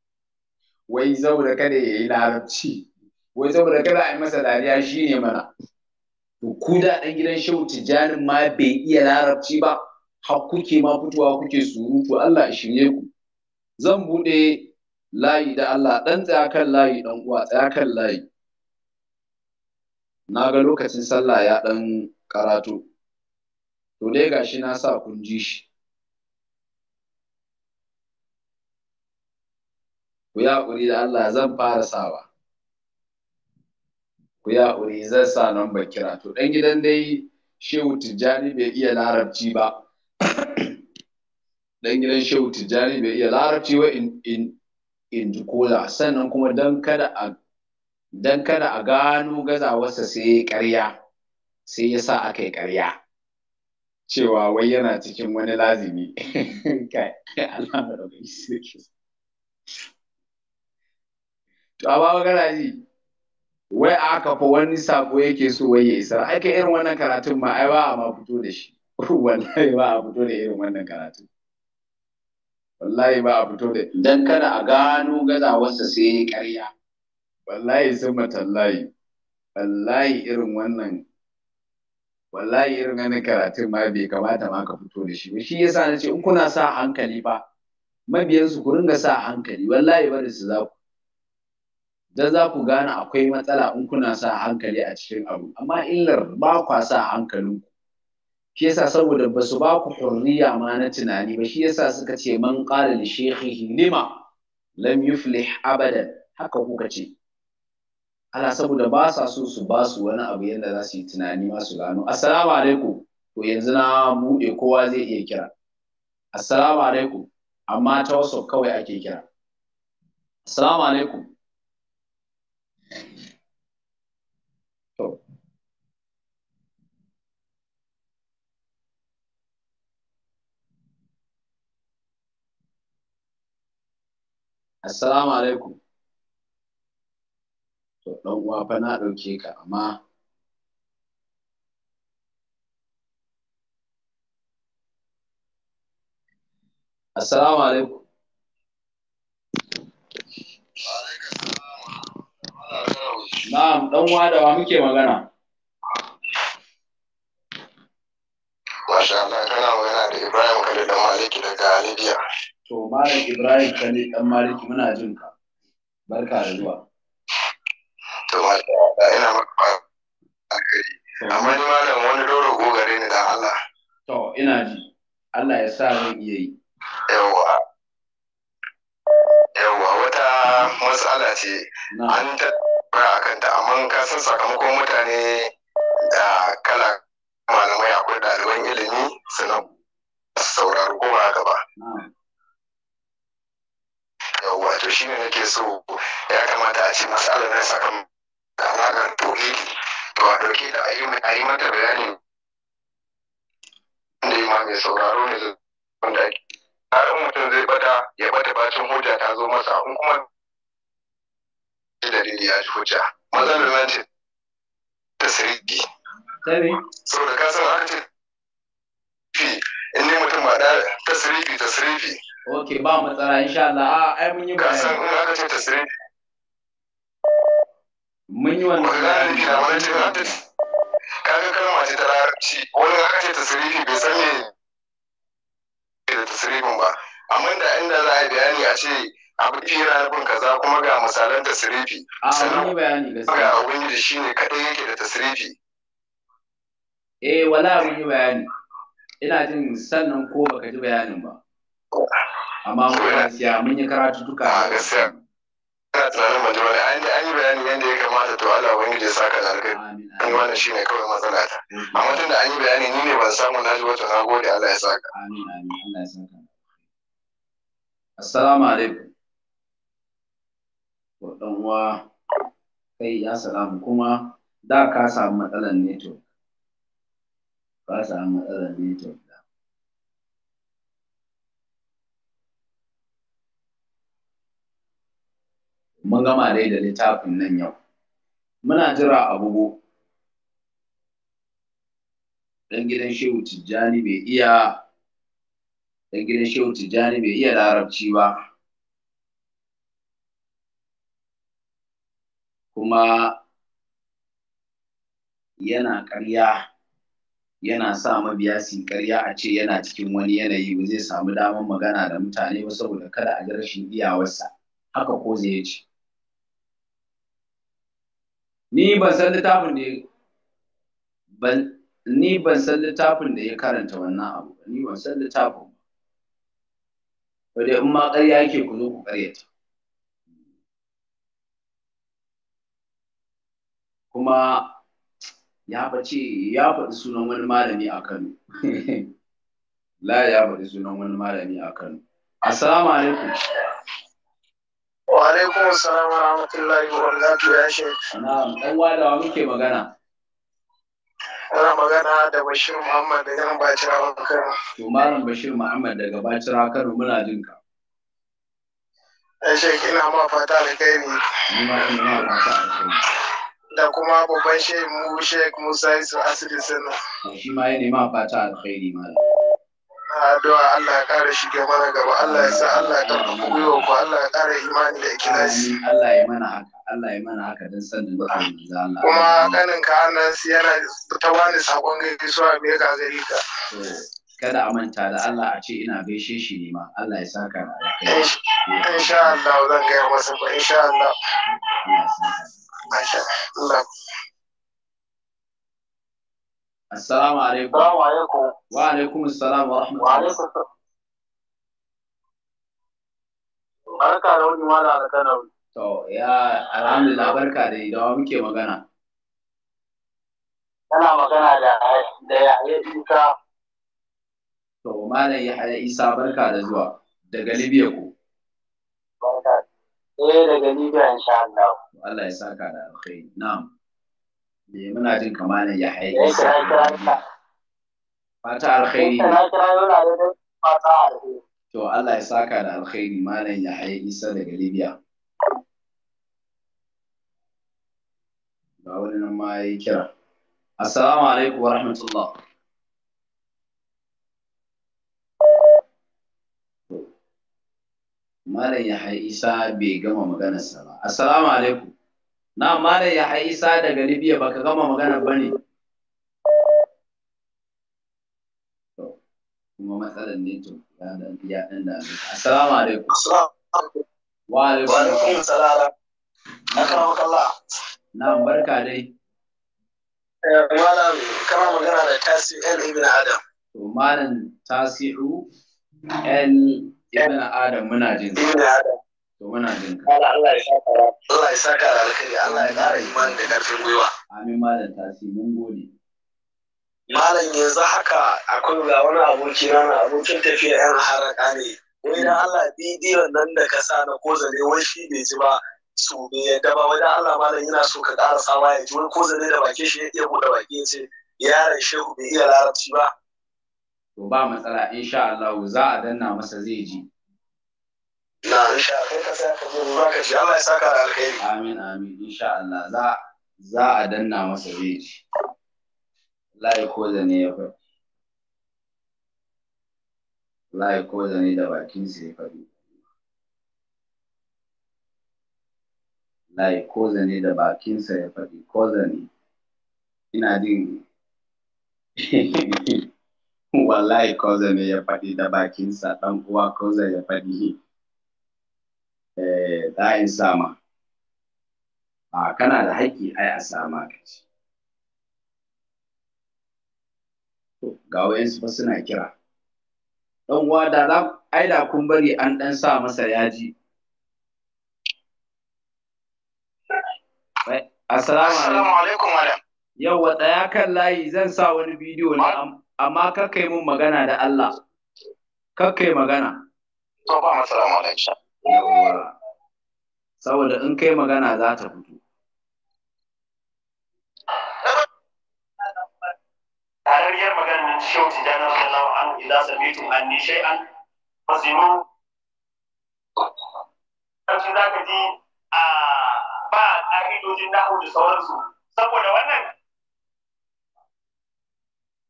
wai saboda kada ya yi larabci wai saboda kada a yi masa dariya shi ne mana to ku da ɗan gidan shehu Tijjani ma bai iya larabci ba har kuke ma fitowa kuke surutu Allah ya shirye ku zan buɗe layi da Allah ɗan tsaya kan layi ɗan uwa tsaya kan layi na ga lokacin sallah ya ɗan karatu to dai gashi na sa kun ji shi ku ya ƙuri da Allah zan fara sawa ku ya ƙuri zan sa nan ba kira to ɗan gidan dai shehu tijjani bai iya larabci ba ɗan gidan shehu tijjani bai iya larabci wa in in ji kola sannan kuma don kada a gano gazawarsa sai sai ya sa aka yi karya cewa wai yana cikin wani lazimi to a bawa garaji wai aka fa wani sako yake so wai ya isa aiki irin wannan karatun ma ai ba a ma fito da shi wallahi ba a fito da irin wannan karatun wallahi ba a fito da dan kada a gano gazawarsa sai ƙarya wallahi sun matallahi wallahi irin wannan wallahi irin wani karatun ma bai kamata ma ka fito da shi shi yasa na ce in kuna sa hankali ba mabiyansu ku ringa sa hankali wallahi bari su za ku dan za ku gane akwai matsala in kuna sa hankali a cikin abu amma illar ba kwa sa hankalinku shi yasa saboda ba su ba ku hurriya ma na tunani ba shi yasa suka ce man qala li shaykhihi lima lam yuflih abadan haka kuka ce Ala saboda ba sa so su ba su wani abu yadda za su yi tunani ma su gano assalamu alaikum to yanzu na buɗe kowa zai iya kira assalamu alaikum amma ta wasu kawai ake kira assalamu alaikum assalamu alaikum to ɗan uwa fa na ɗauke ka amma assalamu alaikum Na'am, ɗan uwa da wa muke magana? Masha Allah, kana magana da Ibrahim Khalid Maliki daga Libya. To Malam Ibrahim ka ne ɗan Maliki muna jin ka. Barka da zuwa. To ina maka alkhairi. Amma ni malam wani doro gogare ne dan Allah. To ina ji. Allah ya sa zan iya yi. Yawwa. Yawwa wata matsala ce. An tattara a kanta amma ka san sakamakon mutane da kala malamai akwai ɗaliban ilimi suna sauraro ko ba haka ba. wato shi ne nake so ya kamata a ce matsalar na sakamakon alaƙar tauhidi to a ɗauke da a yi mata bayani da ma mai sauraro ne wanda ake harin mutum zai bata ya bata bacin hujja ta zo masa in kuma da dalili ya ji hujja matsalar nan ce ta sirri saboda ka san har ce in ne mutum ba da ta sirifi. ok ba matsala insha Allah a ah, ai mun yi Ka kasan in aka ce sire. mun yi wannan bayani na wani ce ta kaga kalma ce ta larabci wani aka ce ne bai san me da tasirin ba amma da inda za a yi bayani a ce abu kira na bin kaza kuma ga misalan tasirifi ah, sannan ga da shine kadai yake da tasirifi eh wala mun yi bayani ina jin sannan ko baka ji bayanin ba amma mu gaskiya mun yi karatu duka a gaskiya ina tunanin ban ji bane an yi bayani yadda ya kamata to Allah ubangiji ya saka da alkhairi kan wannan shine kawai matsala ta amma tunda an yi bayani ni ne ban samu na ji wato na gode Allah ya saka amin amin Allah ya saka assalamu alaikum to dan uwa kai ya salamu kuma da ka samu matsalar network ka samu matsalar network mun gama dai da littafin nan yau muna jira a bugu dan gidan shehu tijjani bai iya dan gidan shehu tijjani bai iya larabci ba kuma yana ƙarya yana sa mabiya su ƙarya a ce yana cikin wani yanayi ba zai samu damar magana da mutane ba saboda kada a ji rashin iyawarsa haka ko zai ce ni ban san littafin da ban ni ban san littafin da ya karanta wannan abu ni ban san littafin ba dai in ma ƙarya yake ku zo ku ƙaryata kuma ya bace ya faɗi sunan wani malami a Kano la ya faɗi sunan wani malami a Kano assalamu alaikum wa alaikum assalam wa rahmatullahi wa barakatuh ya shek na'am dan wadawa muke magana Ana magana da Bashir Muhammad daga nan Bacirawa Kano. To Malam Bashir Muhammad daga Bacirawa Kano muna jin ka. Shek ina ma fata da kai ne. ma Da kuma babban shek mu shek Musa Yusuf Asiri Sana. Shi ma ya ma fata alkhairi malam. addu'a Allah ya kara shi ke mana gaba Allah ya sa Allah ya karfafa gwiwa ku Allah ya kara imani da ikilasi Allah ya mana haka Allah ya mana haka dan sanin da Allah kuma kanin ka Anas yana ta bani sakon gaisuwa me ka gari ka kada a manta da Allah a ce ina gaishe shi ne ma Allah ya saka da kai insha Allah zan ga masa insha Allah Allah Assalamu alaikum. Assalamu alaikum. Wa alaikum assalam wa rahmatullahi. Barka da wani mala alkanawi. To, ya alhamdulillah barka da idan muke magana. Kana magana da da Yahya Isa. To, malam Yahya Isa barka da zuwa daga Libya ko. Eh daga Libya insha Allah. Allah ya saka da alkhairi. Na'am. me eh, muna jin kamar ya eh, haike fata alkhairi to Allah ya saka da alkhairi malam ya haifi isa daga Libya ga wani nan ma yayi kira assalamu alaikum wa rahmatullah malam ya haifi isa bai gama maganarsa ba assalamu alaikum na mala ya haisa daga libya baka gama magana ba ne kuma matsalar ne to ya dan ya dan da assalamu alaikum wa alaikum assalam akramu kallah na barka dai eh, malam kana magana da tasiru el ibn adam to malam tasiru el ibn adam muna jin ibn adam To muna jin ka. Allah ya saka Allah ya saka da alkhairi Allah ya ƙara imani da ƙarfin gwiwa. Amin malam tasi mun gode. Malam yanzu haka akwai ga wani aboki na abokin tafiya yan haraka ne. Wai da Allah bidiyo nan da ka sa na kozane ne wai shi bai ji ba su bai yadda ba wai da Allah malam yana so ka ƙara sawa ya ji wai koza ne da bakin shi ya iya buɗe baki ya ce yaron shehu bai iya larabci ba. To ba matsala insha Allah za a danna masa zai ji. na insha kai ka sa ka zo ka ji Allah ya saka da alkhairi amin amin insha Allah za za a danna masa beji wallahi ko da ne ya faɗi wallahi ko da ne da bakin sa ya faɗi wallahi ko da ne da bakin sa ya faɗi ko ne ina jin wallahi ko da ne ya faɗi da bakin sa dan uwa ko ya faɗi za eh, sama a kana da haƙƙi ai a sama ka ci ga wayansu fa suna kira Ɗan uwa da za ai da kun bari an ɗan sa masa yaji eh, assalamu alaikum madam yau tsaya kan layi zan sa wani bidiyo ne amma kakkai mun magana da Allah kakkai magana to ba matsala yawwa saboda in kai magana za ta fito tarariyar maganar shehu an radiyallahu anhu idan samitu anni shay'an fasinu karshe za ka ji a ba ƙa'idojin nahu da sauransu saboda wannan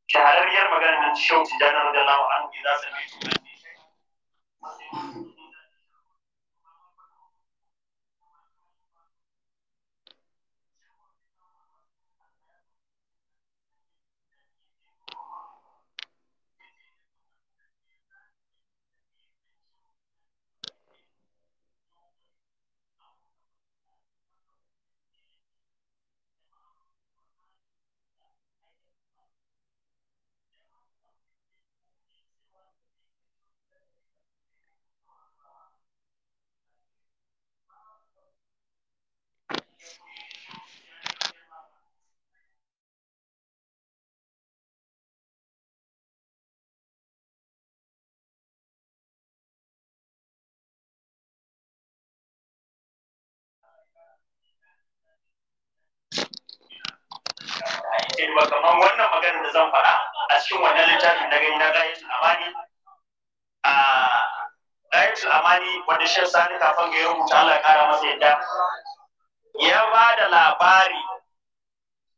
shahararriyar maganar da tijjani an anhu idan samitu anni shay'an fasinu cewa kamar wannan maganar da zan faɗa a cikin wannan littafin na gani na gayatul amani a gayatul amani wanda shan sani kafin ga ya rubuta Allah kara masa yadda ya ba da labari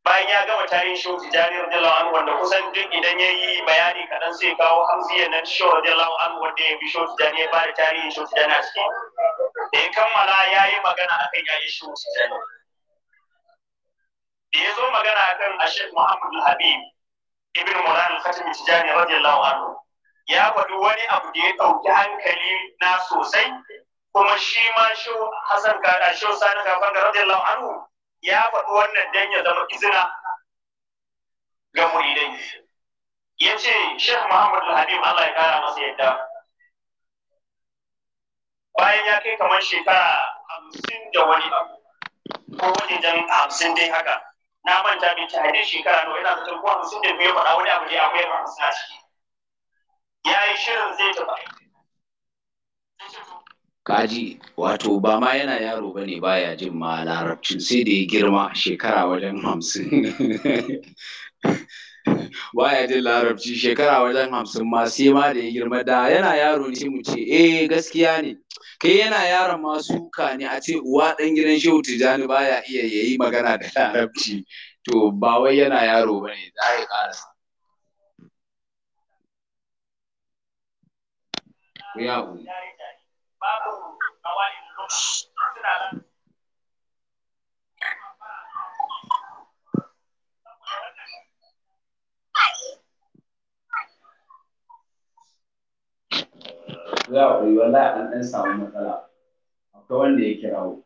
bayan ya gama tarihin shehu tijani radiyallahu anhu wanda kusan duk idan ya yi bayani kaɗan sai kawo hamziya na shehu radiyallahu anhu wanda ya bi shehu tijani ya ba da tarihin shehu tijani a ciki da ya kammala ya yi magana akan yayin shehu tijani da ya zo magana akan ashek muhammad habib ibn muran al tijani radiyallahu anhu ya faɗi wani abu da ya ɗauki hankali na sosai kuma shi ma shi hasan kada shi sani kafan ga radiyallahu anhu ya faɗi wannan dan ya zama izina ga muridai ya ce shek muhammad al-habib allah ya kara masa yadda bayan ya kai kamar shekara hamsin da wani abu ko wajen hamsin dai haka na manta bin hadin shekara nawa yana zaton kuma hamsin da biyu faɗa wani abu ne akwai ba hamsin a ciki ya yi shirin zai tafi kaji wato ba ma yana yaro ba ne ba ya jin ma larabcin sai da ya girma shekara wajen hamsin baya jin larabci shekara wajen hamsin ma sai ma da ya girma da yana yaro ne mu ce eh gaskiya ne kai yana yaron ma suka ne a ce uwa ɗan gidan shehu tijani baya iya yayi magana da larabci to ba wai yana yaro ba ne za ya ƙarasa ku za a ƙuri wallahi an ɗan samu matsala akwai wanda ya kirawo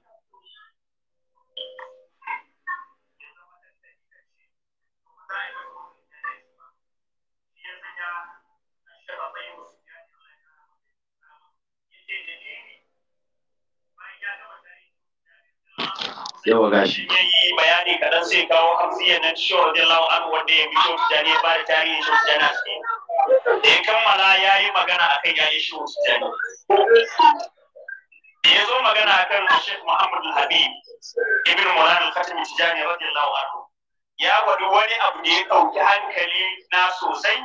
yawa gashi ya yi bayani kadan sai kawo hamziyar na shi radiyallahu anhu wanda ya fito da ne ba da tarihi shi da na da ya kammala ya yi magana akan yayin shi da ne da ya zo magana akan Sheikh Muhammad Habib ibn Mulan al-Khatami Tijani radiyallahu anhu ya faɗi wani abu da ya ɗauki hankali na sosai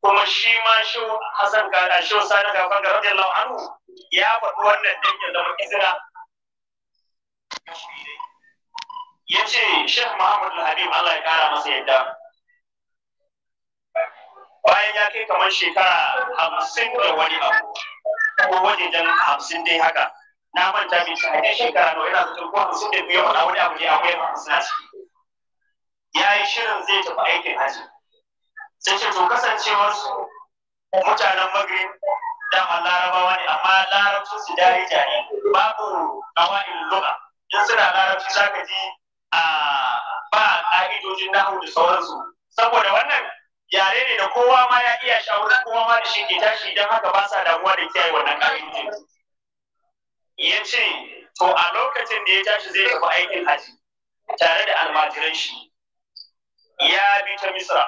kuma shi ma shi Hassan Kada shi Sani Gafar da radiyallahu anhu ya faɗi wannan dan ya zama izina ya ce Sheikh Muhammad Habib Allah ya kara masa yadda bayan ya kai kamar shekara hamsin da wani abu ko wajejen hamsin dai haka na manta ta shahadin shekara nawa yana zuwa ko hamsin da biyu wani abu ne akwai hamsin a ciki ya yi shirin zai tafi aikin haji sai ce to kasancewar su mutanen magrib dama larabawa ne amma larabcin su darija ne babu kawai lugha in suna larabci zaka ji ba ƙa'idojin nahu da sauransu saboda wannan yare ne da kowa ma ya iya shawarar kowa ma da shi ke tashi don haka ba sa damuwa da kiyaye wannan ƙa'idojin ya ce to a lokacin da ya tashi zai tafi aikin haji tare da almajiran shi ya bi ta misra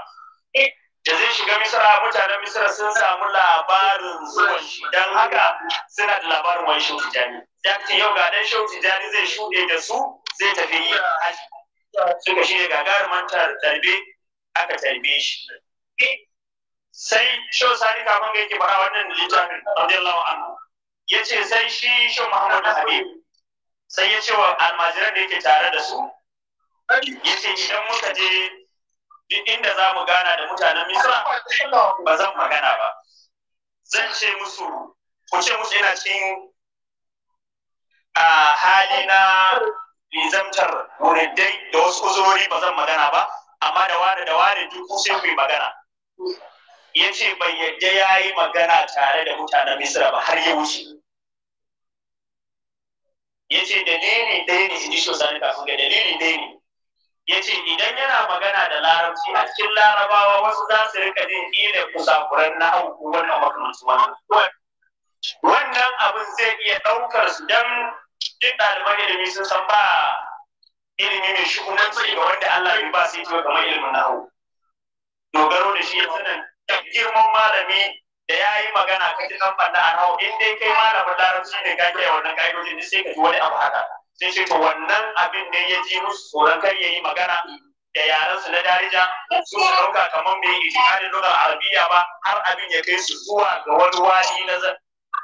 da zai shiga misra mutanen misra sun samu labarin zuwan shi don haka suna da labarin wani shauti jani yau ga dan shauti jani zai shuɗe da su zai tafi yi haji suka manta da tarbe aka tarbe shi sai sho sani kafin ga yake fara wannan littafin radiyallahu anhu ya ce sai shi sho muhammadu habib sai ya ce wa almajiran da yake tare da su ya ce idan muka je duk inda za mu gana da mutanen misra ba zan magana ba zan ce musu ku ce musu ina cikin a ah, hali na lizamtar muridai da wasu uzurori ba zan magana ba amma da ware da ware duk sai ku yi magana ya ce bai yadda ya yi magana tare da mutanen misira ba har ya wuce ya ce dalili dai ne so shosani kafin ga dalili dai ne ya ce idan yana magana da larabci a cikin larabawa wasu za su rika jin ila kusakuran na hau ko wannan makamancin wannan wannan abin zai iya ɗaukar su dan duk ɗaliban ilimi sun san ba ilimi mai shugabanci ga wanda Allah bai ba sai to kamar ilimin nahu dogaro da shi sanan girman malami da ya yi magana ka ji kan banda an hau in dai kai malamin larabci ne ka kiyaye wannan ka'idojin ne sai ka ji wani abu haka sai ce to wannan abin ne ya ji musu tsoron kar ya yi magana da yaran su na darija su ɗauka kamar bai yi itikadin lugar arabiya ba har abin ya kai su zuwa ga wani wani na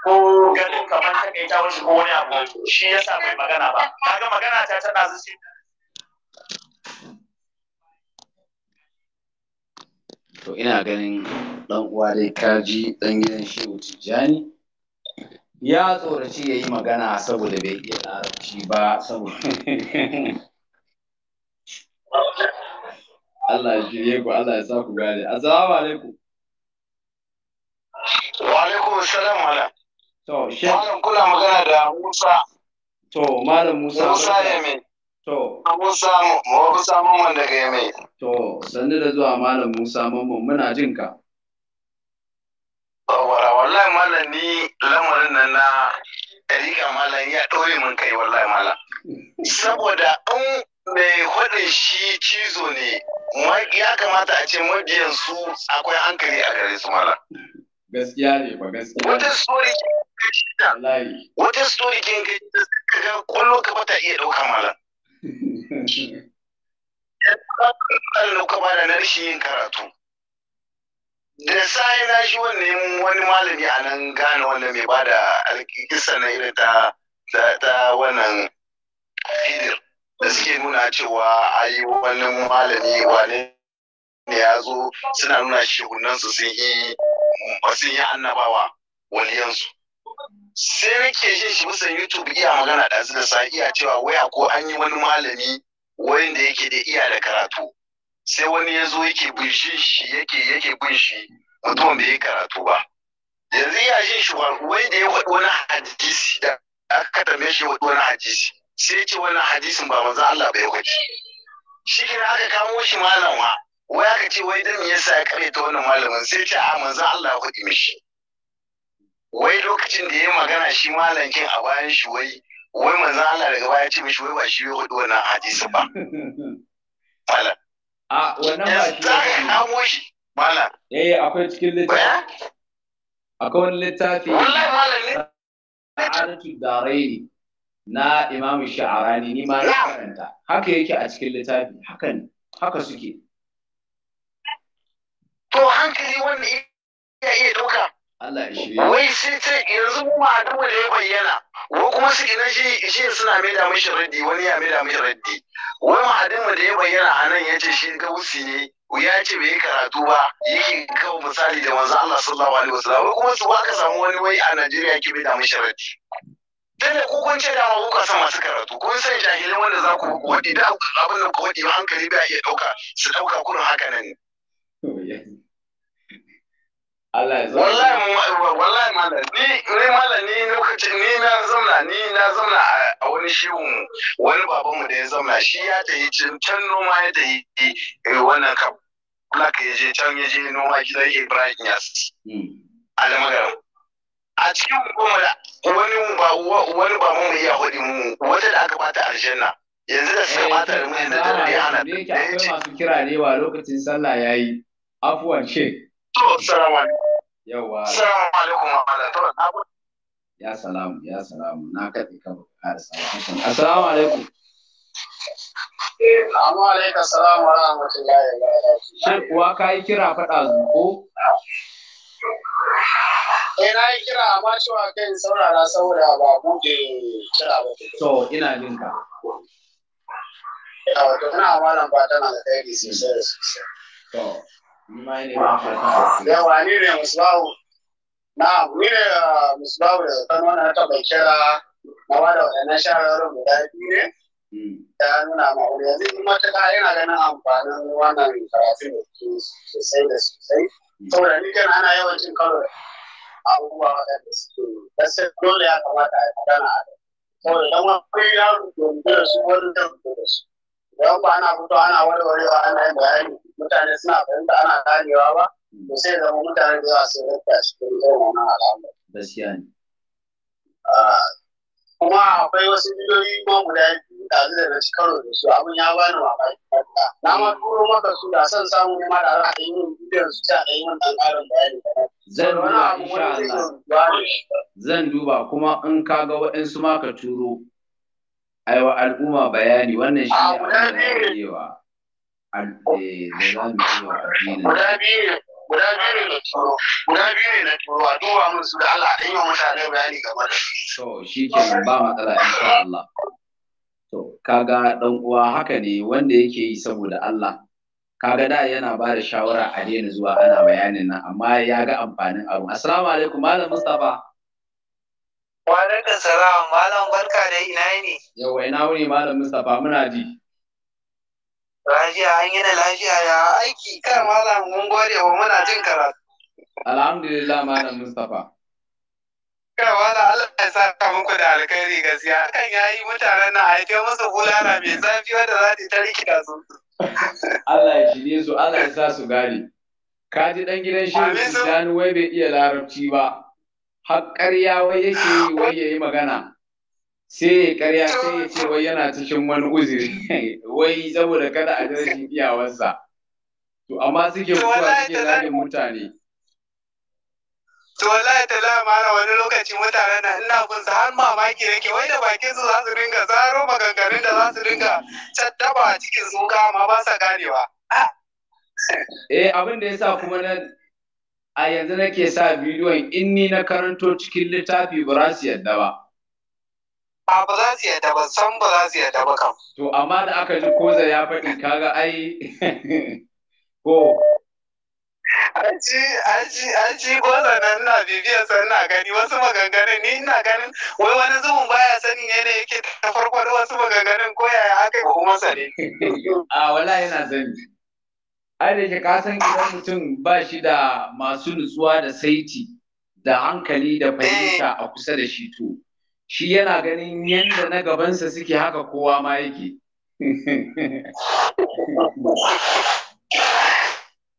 ko ganin kamar ta kai ta mashi ko wani abu shi yasa bai magana ba kaga magana ta tana zuci to ina ganin dan uwa dai kaji dan gidan shehu tijjani ya tsoraci ya yi magana saboda bai iya larabci ba saboda Allah ya shirye ku Allah ya sa ku gane assalamu alaikum wa alaikum assalam wala To, shi. Malam kuna magana da Musa. To, Malam Musa. Musa ya mai. To. Musa Musa Mamman daga ya mai. To, sannu da zuwa Malam Musa Mamman muna jin ka. Wala wallahi malam ni lamarin nan na rika malam ya ɗore min kai wallahi malam. Saboda in mai hudun shi cizo ne ya kamata a ce mabiyan su akwai hankali a gare su malam. Gaskiya ne ba gaskiya. Wata story shida wata story ke ga kaga kwallo ka bata iya dauka malam yan dauka ba da na rashin yin karatu da sai na shi wannan wani malami a nan gane wanda mai bada alkisa na irin ta ta wannan hidir da suke nuna cewa a ayi wannan malami wani ne ya zo suna nuna shi su sun yi annabawa waliyansu sai nake jin shi musan YouTube iya magana da da sa iya cewa waya ko an yi wani malami wanda yake da iya da karatu sai wani ya zo yake bin shi shi yake yake bin shi mutum bai yi karatu ba yanzu iya jin shi wai da ya faɗi wani hadisi da aka tambaye shi faɗi wani hadisi sai ce wannan hadisin ba manzo Allah bai kwaci shi kira aka kamo shi malam wai aka ce wai dan me yasa ya kare ta wannan malamin sai ce a manzo Allah ya kwaci mishi wai lokacin da ya magana shi malankin a bayan shi wai wai manzo Allah daga baya ce mishi wai ba shi ya hudu wannan hadisi ba. Malam. A wannan ba shi ya shi. Eh akwai cikin littafi. Akwai wani littafi. Wallahi malam ne. Sa'adatu Daraini na Imam Sha'arani ni ma na karanta. Haka yake a cikin littafi. Hakan haka suke. To hankali wanda ya iya ɗauka. Wai sai ce yanzu mu Adamu da ya bayyana, ko kuma su ina shi shi suna mai da mishi raddi wani ya mai da mishi raddi. Wai Adamu da ya bayyana a nan ya ce shi gausi ne ya ce bai karatu ba yake kawo misali da manzo Allah sallallahu alaihi wasallam wai kuma su aka samu wani wai a Najeriya ke mai da mishi raddi. Dan ko kun ce da ku ka san masu karatu kun san jahilin wanda za ku wadi da abin da ku wadi hankali ba iya dauka su dauka kurin haka nan. Allah ya wallahi wallahi ni ni malam ni lokacin ni na zauna ni na zauna a wani shehun wani babanmu da ya zauna shi ya tayi can noma ya tayi wannan kaf Black ya je can ya je noma gidan Ibrahim Yas. Almagaram. A cikin goma wani ba wani ba mu ya hudu mu wata da aka bata aljanna. Yanzu da suka bata da mai da dare ana. Ne Me akwai masu kira ne wa lokacin sallah yayi. Afuwan shek. To, salamu alaikum. Yawa. Salamu alaikum, malam. Ya salamu, ya salamu. Na kaɗe ka bukari salamu. Assalamu alaikum. Amma alaikum salamu wa rahmatullahi wa barakatuh. Shin kuwa ka yi kira faɗa zuko? Eh na yi kira amma cewa kai saurara saboda ba buɗe kira ba. To, ina jin ka. Ina wato ina malam ba tana da kai sosai da sosai. To, Yawa ni ne Musulawu. Na ni ne uh, Musulawu da Kano na taɓa kira na bada waɗannan shahararrun guda biyu ne. Hmm. Ya nuna ma wuri yanzu in matuƙa yana ganin amfanin wannan karatun da ke sosai da sosai. Hmm. Saboda ni kan ana yawan cin karo abubuwa waɗanda suke gaskiya dole ya kamata a yi magana a kai. Saboda idan wani ya rubuta da su wani ya rubuta da su. da ba ana fito ana warwarewa ana yin bayani mutane suna fahimta ana ganewa ba to sai zama mutane da yawa sun rika cikin irin wannan al'amari gaskiya ne ah, kuma akwai wasu bidiyoyi ma guda biyu da zai da ci karo da su abin ya bani mamaki na ma turo maka su da son samu kuma da za a yi min bidiyon su sai a yi min dan karin bayani zan duba insha Allah zan duba kuma in ka ga waɗansu ma ka turo ai wa al'umma bayani wannan shi ne guda biyu guda biyu guda biyu ne guda biyu ne na turo a duba mun su da Allah dan yi mutane bayani gaba da to shi ke ba matsala in insha Allah to kaga dan uwa haka ne wanda yake yi saboda Allah kaga da yana ba da shawara a daina zuwa ana bayanin nan amma ya ga amfanin abu assalamu alaikum malam Mustapha Wa alaikum salam malam barka da ina ne? Yawwa ina wuni malam Mustapha muna ji. Lafiya an yi da lafiya ya aiki kar malam mun gode wa muna jin karatu. Alhamdulillah malam Mustapha. Kai wala Allah ya saka muku da alkhairi gaskiya hakan ya yi mutanen na haife musu hulana mai zafi wanda za ta rikita su. Allah ya shirye su Allah ya sa su gane. Ka ji dan gidan shi Sani wai bai iya larabci ba. har ƙarya wai yake yi wai yayi magana sai ya ƙarya sai ya ce wai yana cikin wani uzuri wai saboda kada a shi iyawarsa to amma suke mutuwa suke zaɓin mutane to wallahi ta lamara wani lokaci mutane na ina bin su har mamaki nake wai da bakin su za su ringa zaro maganganun da za su ringa caddaba a cikin suka amma ba sa ganewa eh abin da ya sa kuma na a yanzu nake sa bidiyon in ni na karanto cikin littafi ba za su yadda ba. A ba za su yadda ba, san ba za su yadda ba kam. To, amma da aka ji koza ya faɗi kaga ai, ko. Aji, aji, aji koza na bibiyar san na gani wasu maganganun ni ina ganin wai wani zubin baya sanin yana yake ta farko da wasu maganganun ko yaya aka yi ko kuma sani. A wala yana sani. ai da ke kasan idan mutum ba shi da masu nutsuwa da saiti da hankali da fahimta a kusa da shi to shi yana ganin yadda na gabansa suke haka kowa ma yake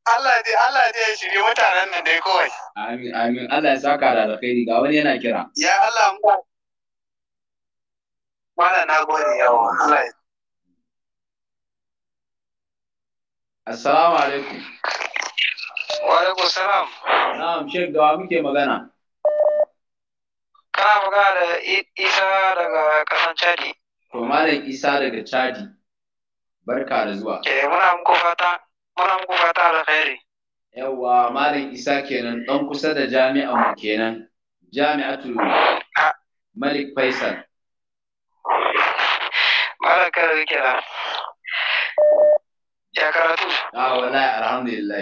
Allah dai Allah dai ya shirye mutanen nan dai kawai. Amin amin Allah ya saka da alkhairi ga wani yana kira. Ya Allah mu. Mala na gode yawa Allah ya Assalamu alaikum. Wa alaikum salam. Na'am, Sheikh da wa muke magana? Kana magana da Isa daga kasan Chadi. To Malam Isa daga Chadi. Barka da zuwa. Eh, muna muku fata, muna muku fata khairi. Yawwa, Malam Isa kenan dan kusa da jami'a mu kenan. Jami'atul Malik Faisal. Malam Kano kenan. ya karatu a wallahi alhamdulillah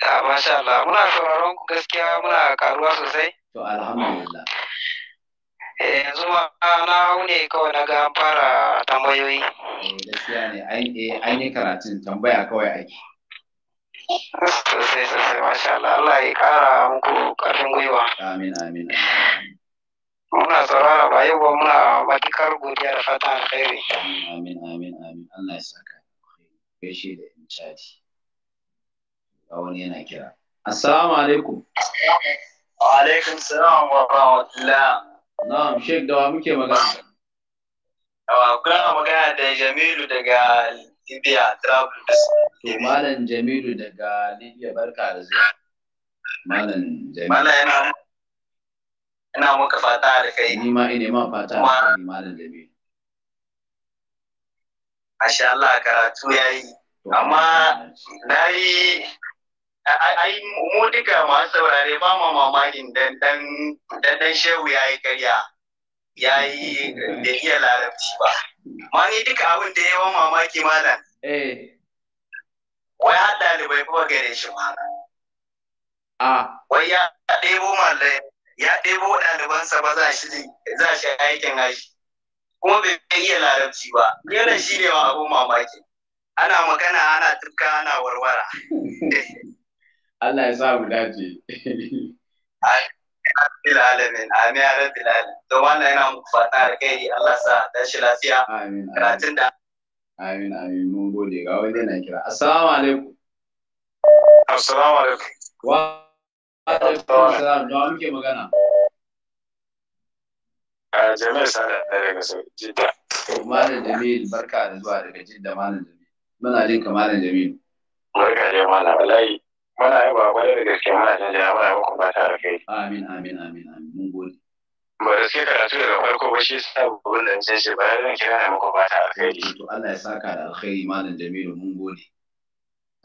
ya masha Allah muna sauraron gaskiya muna karuwa sosai to alhamdulillah eh yanzu ma na hau kawai na ga fara tambayoyi eh, gaskiya ne ai eh, ne karatun tambaya kawai ake sosai sosai masha Allah Allah ya kara muku karfin gwiwa amin amin muna saurara ba yau ba muna bakikar godiya da fatan alkhairi amin gaishe da in chati ga wani yana kira assalamu alaikum wa alaikum salam wa rahmatullah na'am sheik da wa muke magana Awa kuna magana da Jamilu daga Libya Travelers. To Malam Jamilu daga Libya barka da zuwa. Malam Jamilu. Malam yana ina muka fata da kai. Ni ma ina ma fata da kai Malam Jamilu. Masha Allah karatu ya yi. Amma na yi ai mu duka masu saurare ba ma mamakin dan dan shehu ya yi karya ya yi da iya larabci ba. Ma ni duka abin da ya yawan mamaki malam. Eh. Wai har ɗalibai kuma gare shi ma. Wai ya ɗebo malai ya ɗebo ɗalibansa ba za shi aikin haji. kuma bai iya larabci ba wannan shi ne abun mamaki ana magana ana tufka ana warwara Allah ya sa mu dace Alalamin, amin ya rabbi alamin. Da wannan yana muku fata alkhairi Allah sa dashi lafiya. Amin. Karatun da Amin amin mun gode ga wani yana kira. Assalamu alaikum. Assalamu alaikum. Wa alaikum assalam. Da muke magana. Jamil Sada daga Jidda. Malam Jamil barka da zuwa daga Jidda Malam Jamil. Muna jin ka Malam Jamil. Barka da Malam Alayi. Muna yi ba kwarai da gaske muna jin jira muna muku fata da kai. Amin amin amin amin mun gode. Ba da suke karatu daga farko ba shi sa babban da jin shi bayan zan kira da muku fata da kai. To Allah ya saka da alkhairi Malam Jamil mun gode.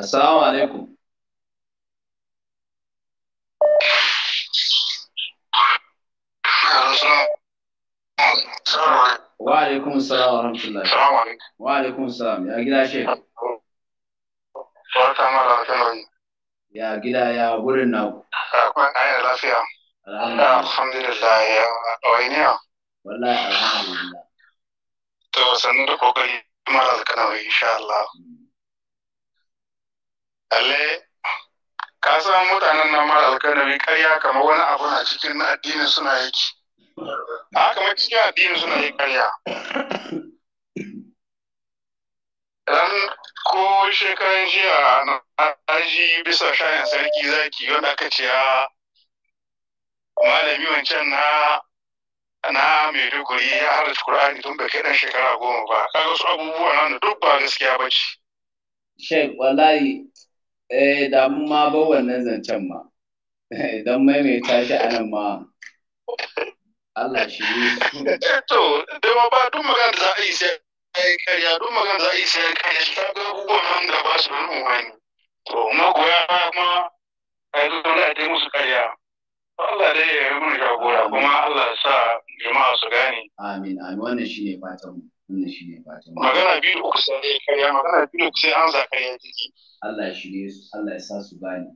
Assalamu alaikum. Assalamu Wa alaikum salam wa rahmatullahi. salam. Ya gida shek. Barka Ya gida ya wurin naku. Akwai ayyar lafiya. Alhamdulillah ya ɗawainiya. Wallahi alhamdulillah. To sannu da kokari mara alkanawa insha Allah. Hmm. ka san mutanen nan mara alkanawi karya kamar wani abu na cikin addinin suna yake. Ah, a kamar cikin suna yi karya dan ko shekaran jiya na ji bisa shayin sarki zaki wanda aka ce ya malami wancan na na maiduguri ya halarci kur'ani tun bai kai dan shekara goma ba kaga wasu abubuwa na duk ba gaskiya ba ce shek wallahi eh da mu ma ba wannan zancen ma idan maimaita shi anan ma Allah shi ne to da ma ba duk magana za a yi sai ai karya duk magana za a yi sai karya shi ga abubuwan nan da ba su nan wani to magoya ma ai dole a dai musu karya Allah dai ya yi mun jagora kuma Allah sa jama'a su gane amin amin wannan ne fatan mu wannan ne fatan mu magana biyu uku sai karya magana biyu uku sai an za karya jiki Allah shi ne Allah ya sa su gane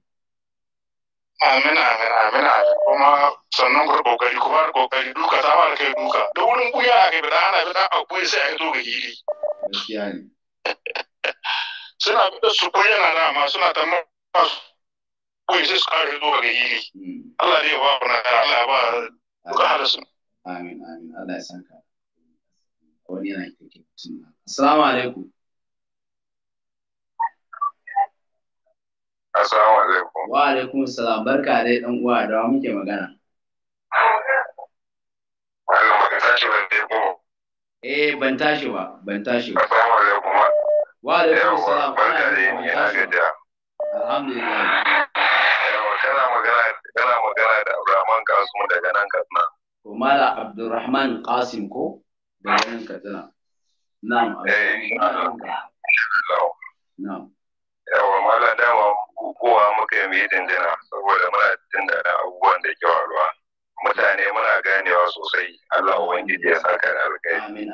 Amin amin amin kuma sannan ku kokari ku fara kokari duka ta fara kai duka da wurin kuya a kai da hana bi da akwai sai a yi ga hili. Suna bi da su kuya na dama suna ta su, kuya sai su kare zuwa ga hili. Hmm. Allah ne ya ba ku na Allah ya ba duka hada su. Amin amin Allah ya sanka. Wani yana kyautu. Assalamu alaikum. Assalamu alaikum. Wa alaikum salam barka dai dan uwa da muke magana. Wannan ba tashi ba dai ko. Eh ban tashi ba, ban tashi ba. Assalamu alaikum. Wa alaikum salam. Barka dai ni na gajiya. Alhamdulillah. Yawa kana magana kana magana da Abdurrahman Kasim daga nan Katsina. To Mala Abdurrahman Kasim ko? Daga nan Katsina. Na'am. Eh. Na'am. Yawa mala dama bukukuwa muka yi mai dindina saboda muna jin daɗin abubuwan da ke faruwa mutane muna ganewa sosai Allah ubangiji ya saka da alkhairi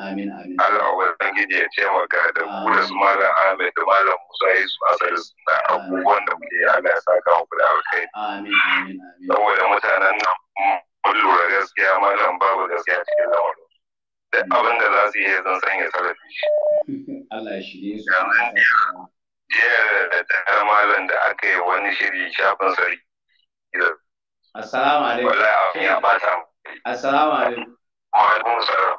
Allah ubangiji ya taimaka da ku su malam Ahmed da malam Musa ya su asar da abubuwan da muke Allah ya saka muku da alkhairi saboda mutanen nan mun lura gaskiya malam babu gaskiya cikin lamarin da abin da za su yi zan sanya shi. Allah ya shirye su jiyar da tare malam da aka yi wani shiri shafin sarki. Assalamu alaikum. Wallahi abin ya bata. Assalamu alaikum. Wa alaikum salam.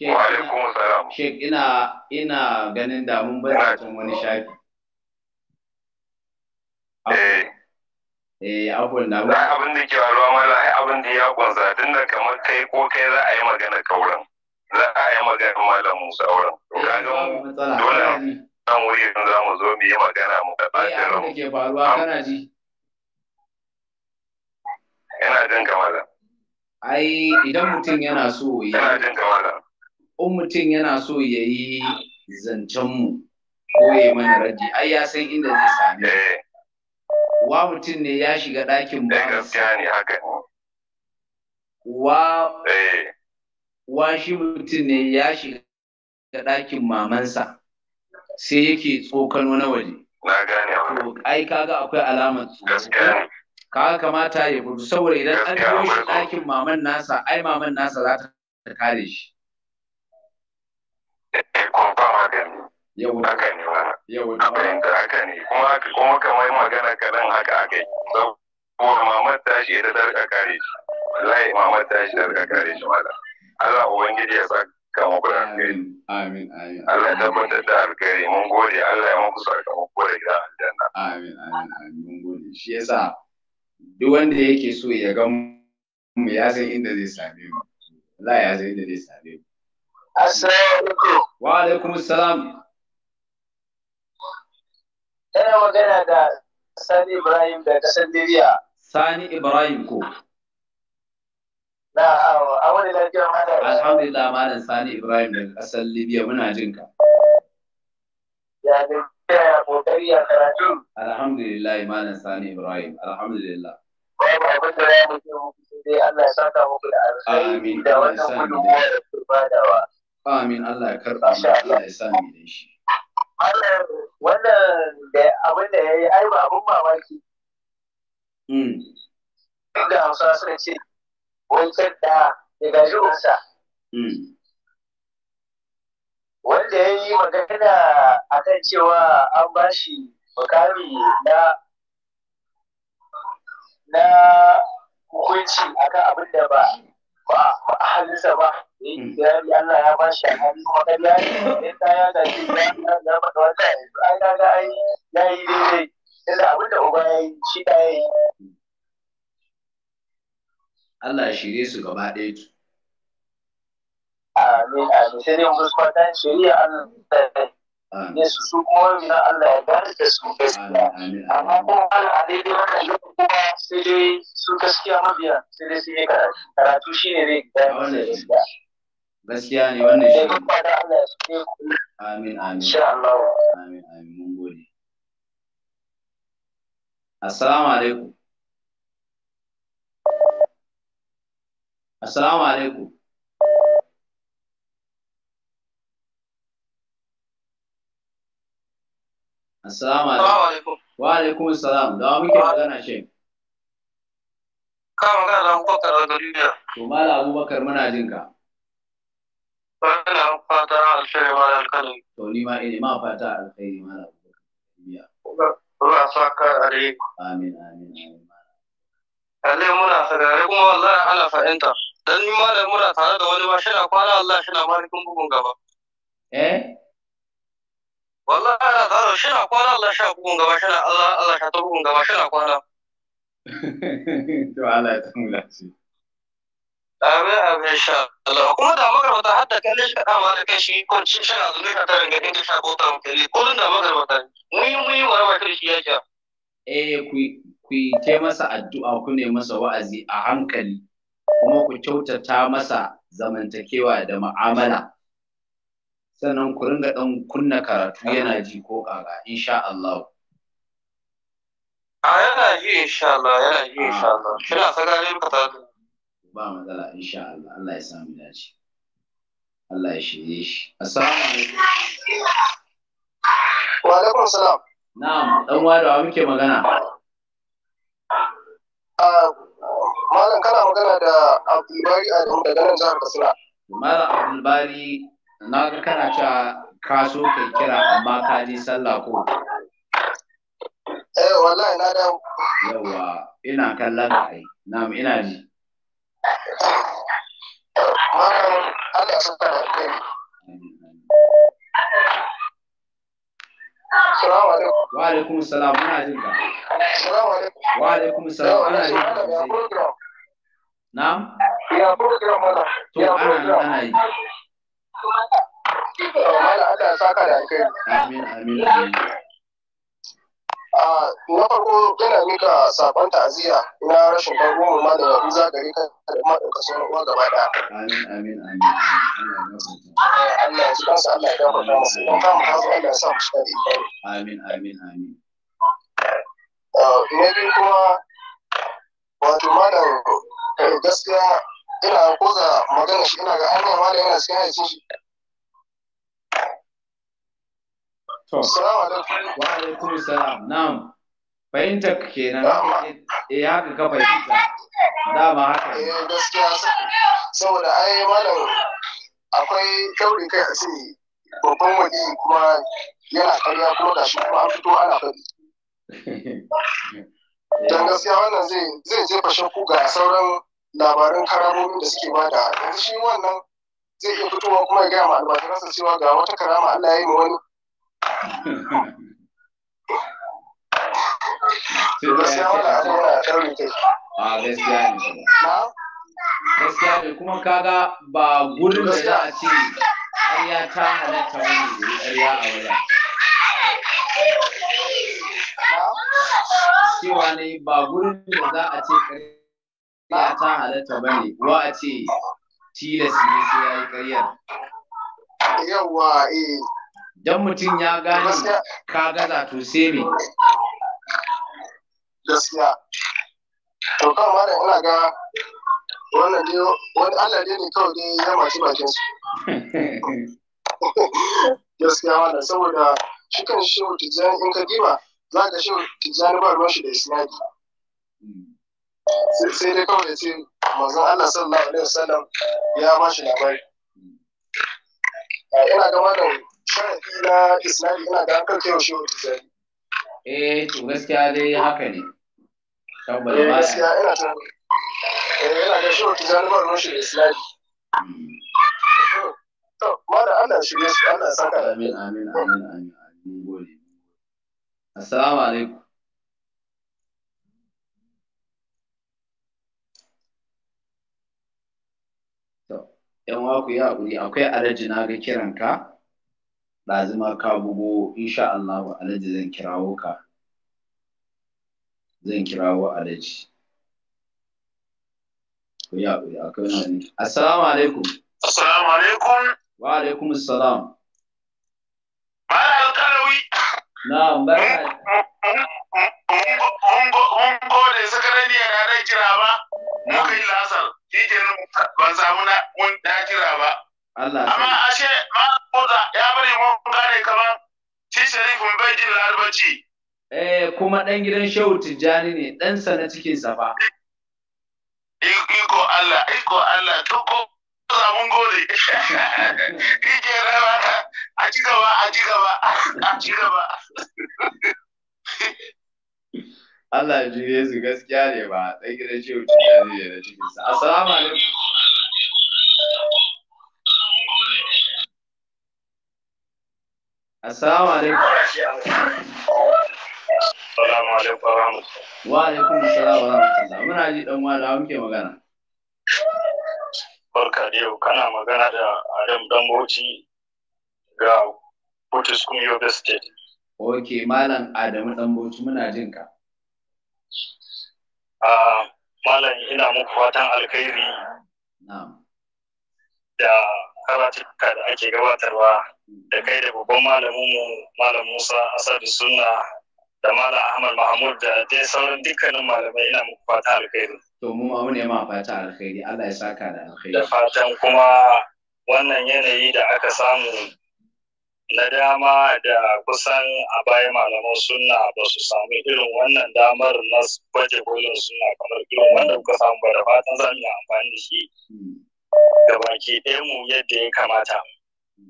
Wa alaikum salam. Sheikh ina ina ganin da mun bar can wani shafi. Eh. Eh abun da ba. Abin da ke faruwa mala ai abun da ya kunsa tunda kamar kai ko kai za a yi magana kauran. Za a yi magana malam Musa auren. Kaga mu dole nan wurin za mu zo mu yi magana mu eh, da ɓacin ran. ke faruwa kana ji? Yana jin kamala. Ai idan mutum yana so ya. Yana jin kamala. In mutum yana so ya yi zancen mu ko ya yi mana raji ai ya san inda zai same. Eh. Wa mutum ne ya shiga ɗakin eh, ba. gaskiya ne haka ne. Wa. Wa shi mutum ne ya shiga ɗakin mamansa. sai yake tsokano na waje na gane to ai kaga akwai alamar tsoro kaga kamata ya gudu saboda idan an biyo shi ɗakin maman nasa ai maman nasa za ta kare shi eh, kun magani. ba yawon yawon haka ne kuma kuma kamar magana kaɗan haka aka yi saboda mamar tashi ita ta rika kare shi wallahi mamar tashi ta rika kare shi mala Allah ubangiji ya saka kan muku da Amin amin. Allah ya tabbatar da alkhairi mun gode Allah ya muku sakamako da gidan aljanna. Amin amin amin mun gode shi yasa duk wanda yake so ya ga mu ya san inda zai same mu. Allah ya san inda zai same mu. Assalamu alaikum. Wa alaikum salam. Ina magana da Sani Ibrahim daga Sandiriya. Sani Ibrahim ko. Alhamdulillah Malam Sani Ibrahim daga ƙasar Libya muna jin ka. Ya ya kokari ya karatu. Alhamdulillah Malam Sani Ibrahim, alhamdulillah. Allah ya saka muku da alkhairi da wannan gudunmuwa da kurbadawa. Amin Allah ya karɓa mu Allah ya sa mu da shi. Wannan da abin da ya yi ai ba abin mamaki. Hmm. Inda Hausa suka ce motsarta daga rusa wanda ya yi magana a kan cewa an ba shi mukami na na hukunci akan abin da ba ba a halinsa ba da hmm. Allah ya ba shi a hannun magana ya ta ya da shi ya ya mata wata ai ga ya yi daidai yadda abin da uba ya yi shi da ya yi Allah ya shirye su gaba ɗaya su. Amin, amin, sai dai wasu kwatan shirya Allah ya su su kuma wani Allah ya gane da su gaskiya. Amma kuma wani a daidai wannan lokacin kuma sai dai su gaskiya mabiya sai dai sun yi karatu shi ne zai gaya musu gaskiya. Gaskiya ne wannan shi. Amin, amin. Insha Allah. Amin, amin, mun gode. Assalamu alaikum. Assalamu alaikum. Assalamu alaikum. Wa alaikum assalam. Da muke magana shi. Ka magana da Abubakar daga Libya. To Malam Abubakar muna jin ka. Malam fata alkhairi malam alkhairi. To ni ma ina ma fata alkhairi malam Abubakar. Libya. Allah saka alaikum. Amin amin amin. Lalle muna sagare kuma wallahi ana fa'inta. dan malam muna tare da wani ma shi na kwana Allah shi na malikin bugun gaba eh wallahi ana tare shi na kwana Allah shi na bugun gaba shi na Allah Allah shi ta bugun gaba shi na kwana to Allah ya tsamu lafiya Amin amin sha. Allah kuma da magarbata har da kalle shi kada ma da kai shi ko shi shi na zuwa ta ranga din ta bauta mu kai kullun da magarbata muyi muyi warwata shi ya ja eh ku ku yi masa addu'a ku ne masa wa'azi a hankali kuma ku kyautata masa zamantakewa da mu'amala. sannan ku ringa ɗan kunna karatu yana ji ko ƙaƙa insha Allah. A yana ji insha Allah yana ji ah. insha Allah Kina na saka Ba matsala insha Allah Allah ya samu dace. Allah ya shirye shi. Assalamu alaikum. Wa alaikum salam. Na'am, dan wadawa muke magana. Ah, malam kana magana da abdulbari adamu daga nan jihar katsina malam abdulbari na ga kana cewa kaso so kai kira amma ka ji sallah ko eh wallahi na da yawa ina kallon ka ai na'am ina ji malam Allah ya da kai Salamu alaikum. Wa alaikum salam ana jin ka. Salamu alaikum. Wa alaikum salam ana jin ka. Na'am? Ya buga mana. To ana ana yi. Mala Allah ya saka da kai. Amin amin. Amin. na farko yana mika sabon ta'aziya. na rashin farko mu malam ya ruza gare ka da madaukakin uwa gaba daya amin amin amin Allah ya ji Allah ya gafarta masa don ka mu hazo Allah ya sa mu shiga da imani amin amin amin ne biyu kuma wato malam Eh, gaskiya ina koga magana shi ina ga hanyar ma da yana cikin haicin shi fahimtar ka kenan eh, eh haka ka fahimta dama haka eh gaskiya saboda ai malam akwai kauri kai a cikin babban wani kuma yana karya kuma gashi kuma an fito ana fadi don gaskiya wannan zai zai jefa shakku ga sauran labaran karamomin da suke bada yanzu shi wannan zai iya fitowa kuma ya gaya ma albatarsa cewa ga wata karama Allah ya yi ma wani gaskiya wannan yana kai a gaskiya ne gaskiya ne kuma kaga ba gurin da za a ce ƙarya ta halatta wani ƙarya a wajen cewa ne ba gurin da za a ce ƙarya ta halatta ba ne ko a ce tilas ne sai ya yi ƙaryar yawwa eh dan mutum ya gane ka gaza to sai me gaskiya to kan malam ina ga wannan dai wani Allah ne kawai dai ya maci bakin su gaskiya wannan saboda shi kan shi mutum in ka diba za ka shi da sai dai kawai ce manzon Allah sallallahu alaihi wasallam ya ba shi labari ah, ina sharafi na ina eh to gaskiya dai haka ne tabbata eh, gaskiya ina ta eh, ina da shi da hmm. to Allah shi saka amin amin amin السلام alaikum. ‘Yan waku ya haƙuri, akwai alaji na ga kiran kiranka, lazima ka bugo, insha Allah alaji zan kirawo ka. Zan kirawo alaji. Ku ya haƙuri, akwai wani. Assalamu alaikum. Assalamu alaikum. Wa alaikum assalam. Ba Na'am Mun gode sakatani yana da kira ba. Mun kai lasar. Shikenan ban samu na mun da kira ba. Allah Amma ashe malam Musa ya bari mun gane kamar shi Sharifin bai jin Larabaci. Eh kuma ɗan gidan Shehu Tijjani ne ɗansa na cikin sa ba. Iko Allah, iko Allah, to ko Allah mun Ije rara a ci gaba a ci gaba a ci gaba. Allah ya jire su gaskiya ne ba ɗan gidan ce wuce ya ne da cikin sa. Assalamu alaikum. Assalamu alaikum. Assalamu alaikum. Wa alaikum assalam wa rahmatullah. Muna ji dan wala muke magana. barka da yau kana magana da adam dan bauchi ga kutus kuma yobe state ok malam adamu dan bauchi muna jin ka uh, malam ina muku fatan alkhairi da karatuka da ake gabatarwa da kai da babban malamin mu malam musa asadu sunna da mala ahmad mahmud da dai sauran dukkanin malamai ina muku fata alkhairi to mu ma ne ma fata alkhairi Allah ya saka da alkhairi da fatan kuma wannan yanayi da aka samu na dama da kusan a baya malaman sunna ba su samu irin wannan damar na baje kolin suna kamar irin wanda kuka samu ba da fatan zan yi amfani da shi hmm. ga baki ɗaya mu yadda ya kamata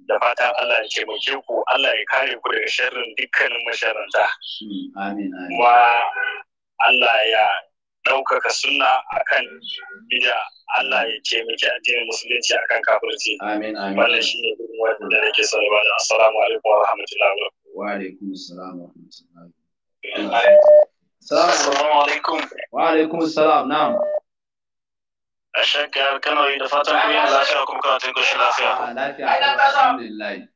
da fatan Allah ya taimake ku Allah ya kare ku daga sharrin dukkanin masharanta kuma Allah ya ɗaukaka sunna kan bida Allah ya taimaki addinin musulunci a kan kafirci Wannan shi ne shine gudunmuwar da nake son ba da assalamu alaikum wa rahmatullahi wa barakatuh wa alaikum assalam wa rahmatullahi wa assalamu alaikum wa alaikum assalam na'am a shakka kanawi da fatan ku yana lafiya kuma kana tun gashi lafiya lafiya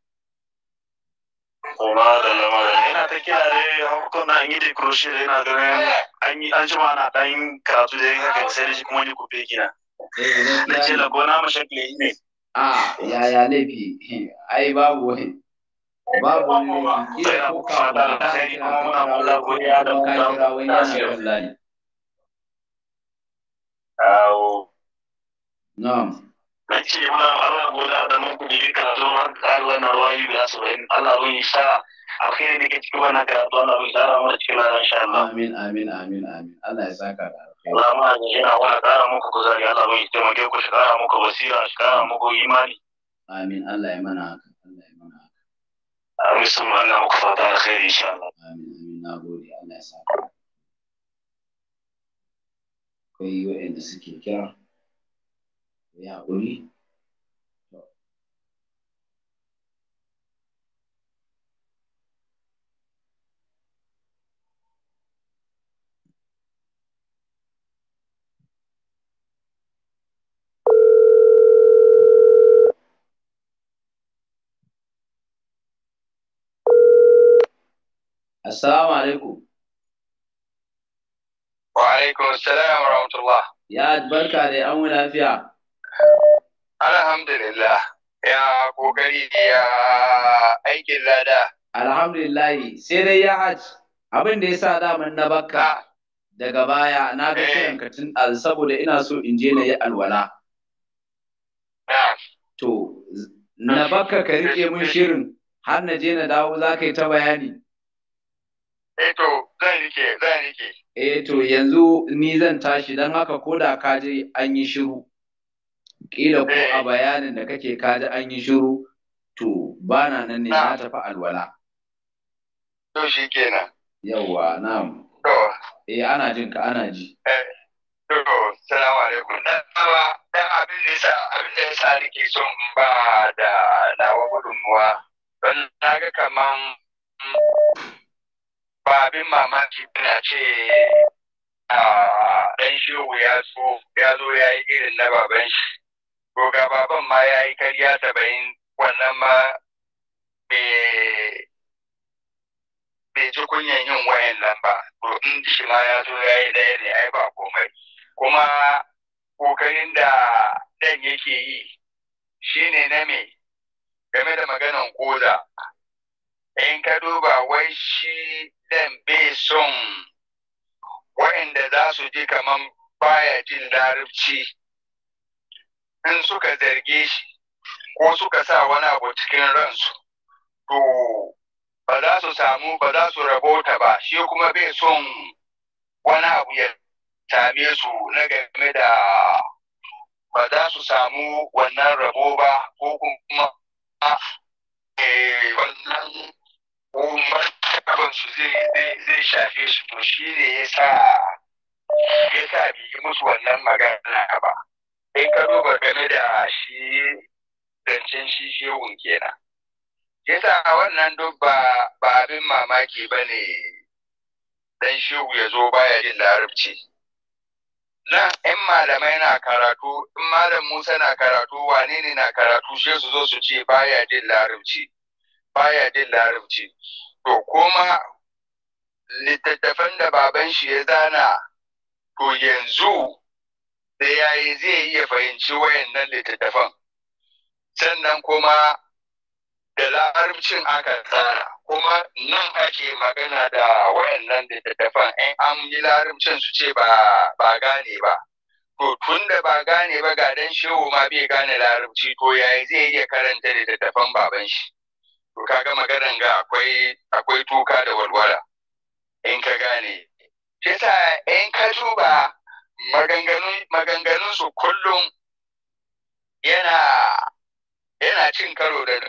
kuma da lamarin ina ta kira da hankali na an yi da kuroshe da ina ganin an yi an na dan karatu da yin haka sai da kuma ni ku gina na ce ne a yaya laifi ai babu wani babu wani kira ko da sai yi kuma muna mula godiya da wani ta shi da fulani. na'am na ce muna ala goda da mun kuɗi duka zo har tsari wannan ruwayi guda saba'in Allah ruwan sa alkhairi da ke cikin wannan karatu Allah ruwan tsara mana cikin ranar insha Allah amin amin amin amin Allah ya saka da alkhairi Allah ma yana wani ƙara muku kuzari Allah ruwan ya taimake ku shiga, ƙara muku basira shi ƙara muku imani amin Allah ya mana haka Allah ya mana haka amin sun ma Allah muku fata alkhairi insha Allah amin amin na gode Allah ya saka akwai waɗanda suke kira yi haƙuri Assalamu alaikum. Wa alaikum assalam wa rahmatullah. Ya barka da an lafiya. Alhamdulillah, ya kokari ya aikin lada. Alhamdulillah, sai dai ya hajj, abin da ya sa damar na baka, ah. daga baya na ga eh. kayan ka tun saboda ina so in je na yi alwala. To, na baka ka rike mun eh. shirin har na je na dawo za ka yi ta bayani. E, to, zan rike, zan rike. Eh to, yanzu ni zan tashi don haka ko da ka je an yi shiru. kila ko a bayanin da kake kaji an yi shiru to ba na nan ne na tafi alwala to shi kenan yawwa na to eh ana jin ka ana ji eh to salamu alaikum dan tsawa dan abin da yasa abin da yasa nake son ba da nawa gudunmuwa don ga kaman ba abin mamaki ina ce a ah, ɗan shehu ya zo ya yi irin na baban shi Goga baban ma ya yi karya saba'in wannan ma bai ji kunyan yin wayan nan ba. To in shi ma ya zo ya yi ɗaya ne ai ba komai. Kuma kokarin da ɗan yake yi shi ne na me game da maganan koda. In ka duba wai shi ɗan bai son wa'inda za su ji kaman baya jin larabci in suka zarge shi ko suka sa wani abu cikin ransu to ba za su samu ba za su rabota ba shi kuma bai son wani abu ya same su na game da ba za su samu wannan rabo ba ko kuma eh, wannan martaban su zai shafe su to shi ne ya sa ya sa musu wannan magana ba in ka duba game da shi zancen shi shehun kenan yasa wannan duk ba abin mamaki ba ne dan shehu ya zo baya jin larabci na in malamai na karatu in malam musa na karatu wane ne na karatu shi su zo su ce baya jin larabci baya jin larabci to kuma littattafan da baban shi ya zana to yanzu sai ya yi zai iya fahimci wayannan littattafan sannan kuma da larabcin aka tsara kuma nan ake magana da wayannan littattafan in an yi larabcin su ce ba gane ba to tun da ba gane ba ga dan shehu ma bai gane larabci to yayi zai iya karanta littattafan baban shi to kaga maganan ga akwai akwai tuka da walwala in ka gane yasa in ka duba maganganun su kullum yana yana cin karo da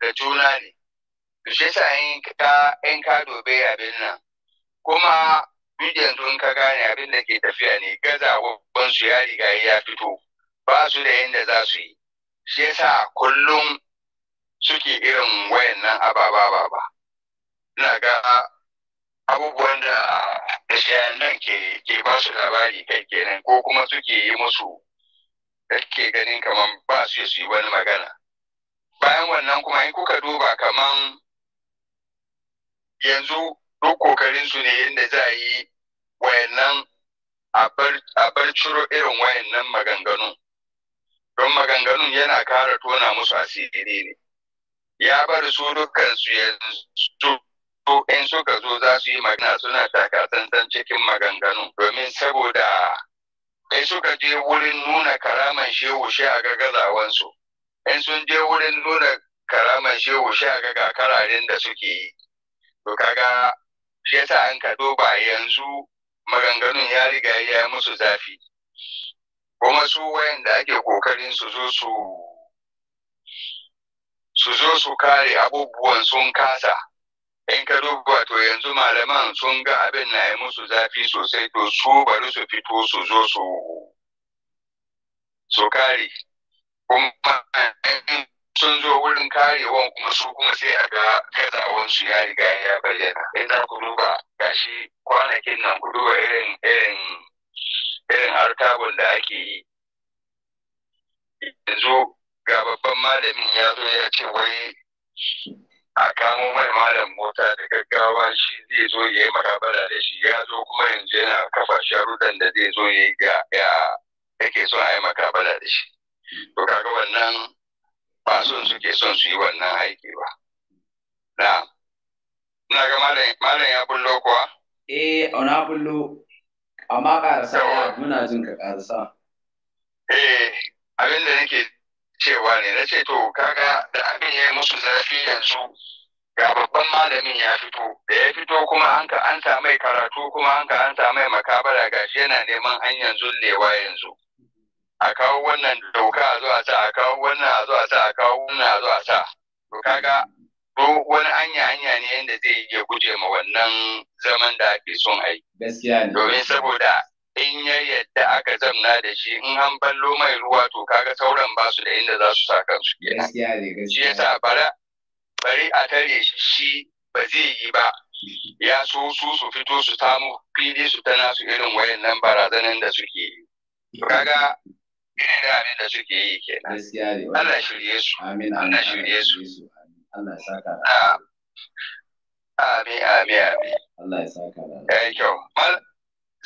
da juna ne to shi yasa in ka in ka dobe abin nan kuma bidiyon tun ka gane abin da ke tafiya ne gazawan su ya riga ya fito ba su da yadda za su yi shi yasa kullum suke irin wayannan ababa ba ba ina ga abubuwan da nan ke ke ba su labari kai kenan ko kuma suke yi musu kake ganin kaman ba su su yi wani magana bayan wannan kuma in kuka duba kaman yanzu duk kokarin su ne yadda za a yi wayannan a ciro irin wayannan maganganun don maganganun yana kara tona musu asiri ne ya bar su dukkan su yanzu in suka zo za su yi magana suna taka tsantsan cikin maganganu domin saboda in suka je wurin nuna karaman shehu shi a gagazawansu in sun je wurin nuna karaman shehu shi a gaga kararen da suke yi to kaga shi yasa an ka duba yanzu maganganun ya riga ya musu zafi kuma su wayanda ake kokarin su zo su su zo su kare abubuwan sun kasa in ka duba to yanzu malaman sun ga abin na yi musu zafi sosai to su bari su fito su zo su su kare kuma sun zo wurin karewan kuma su kuma sai a ga gazawansu ya riga ya bayyana in za ku duba gashi kwanakin nan ku duba irin irin irin artabun da ake yi yanzu ga babban malamin ya zo ya ce wai a kamo mai malam mota da gaggawa shi zai zo ya yi marabara da shi ya zo kuma yanzu yana kafa sharuɗan da zai zo ya yi ga yake so a yi makabala da shi to kaga wannan ba son suke son su yi wannan aiki ba na na ga malam ya bullo kuwa eh ona bullo amma karasa ya muna jin ka karasa eh abinda nake cewa ne na ce to kaga da abin ya yi musu zafi yanzu ga babban malamin ya fito da ya fito kuma an ka an samu karatu kuma an ka an samu makabara gashi yana neman hanyar zullewa yanzu a kawo wannan doka a zuwa sa a kawo wannan a zuwa sa a kawo wannan a zuwa sa to kaga duk wani hanya hanya ne yadda zai iya guje ma wannan zaman da ake son ai gaskiya ne domin saboda in ya yadda aka zamna da shi in an ballo mai ruwa to kaga sauran ba su da inda za su sa kansu kenan shi yasa bara bari a tare shi shi ba zai yi ba ya so su su fito su samu fili su ta nasu irin wayannan barazanan da suke yi kaga irin da abin da suke yi kenan Allah shirye su Allah shirye su Allah ya saka ah. amin amin amin Allah ya saka da kyau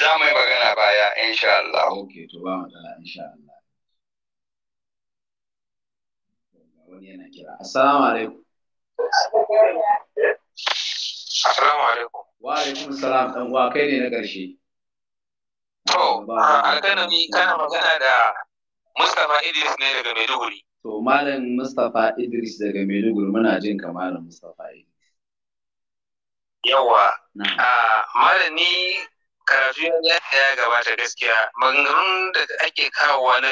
za mu yi magana baya insha Allah. Ok, to ba matsala insha Allah. Wani yana kira. Assalamu alaikum. Assalamu alaikum. Wa alaikum salam dan uwa kai ne na ƙarshe. To, alkanami kana magana da Mustapha Idris ne daga Maiduguri. To, Malam Mustapha Idris daga Maiduguri muna jin ka Malam Mustapha Idris. Yawa, a ah, malami karatu ya ya gabata gaskiya maganganun da ake kawowa na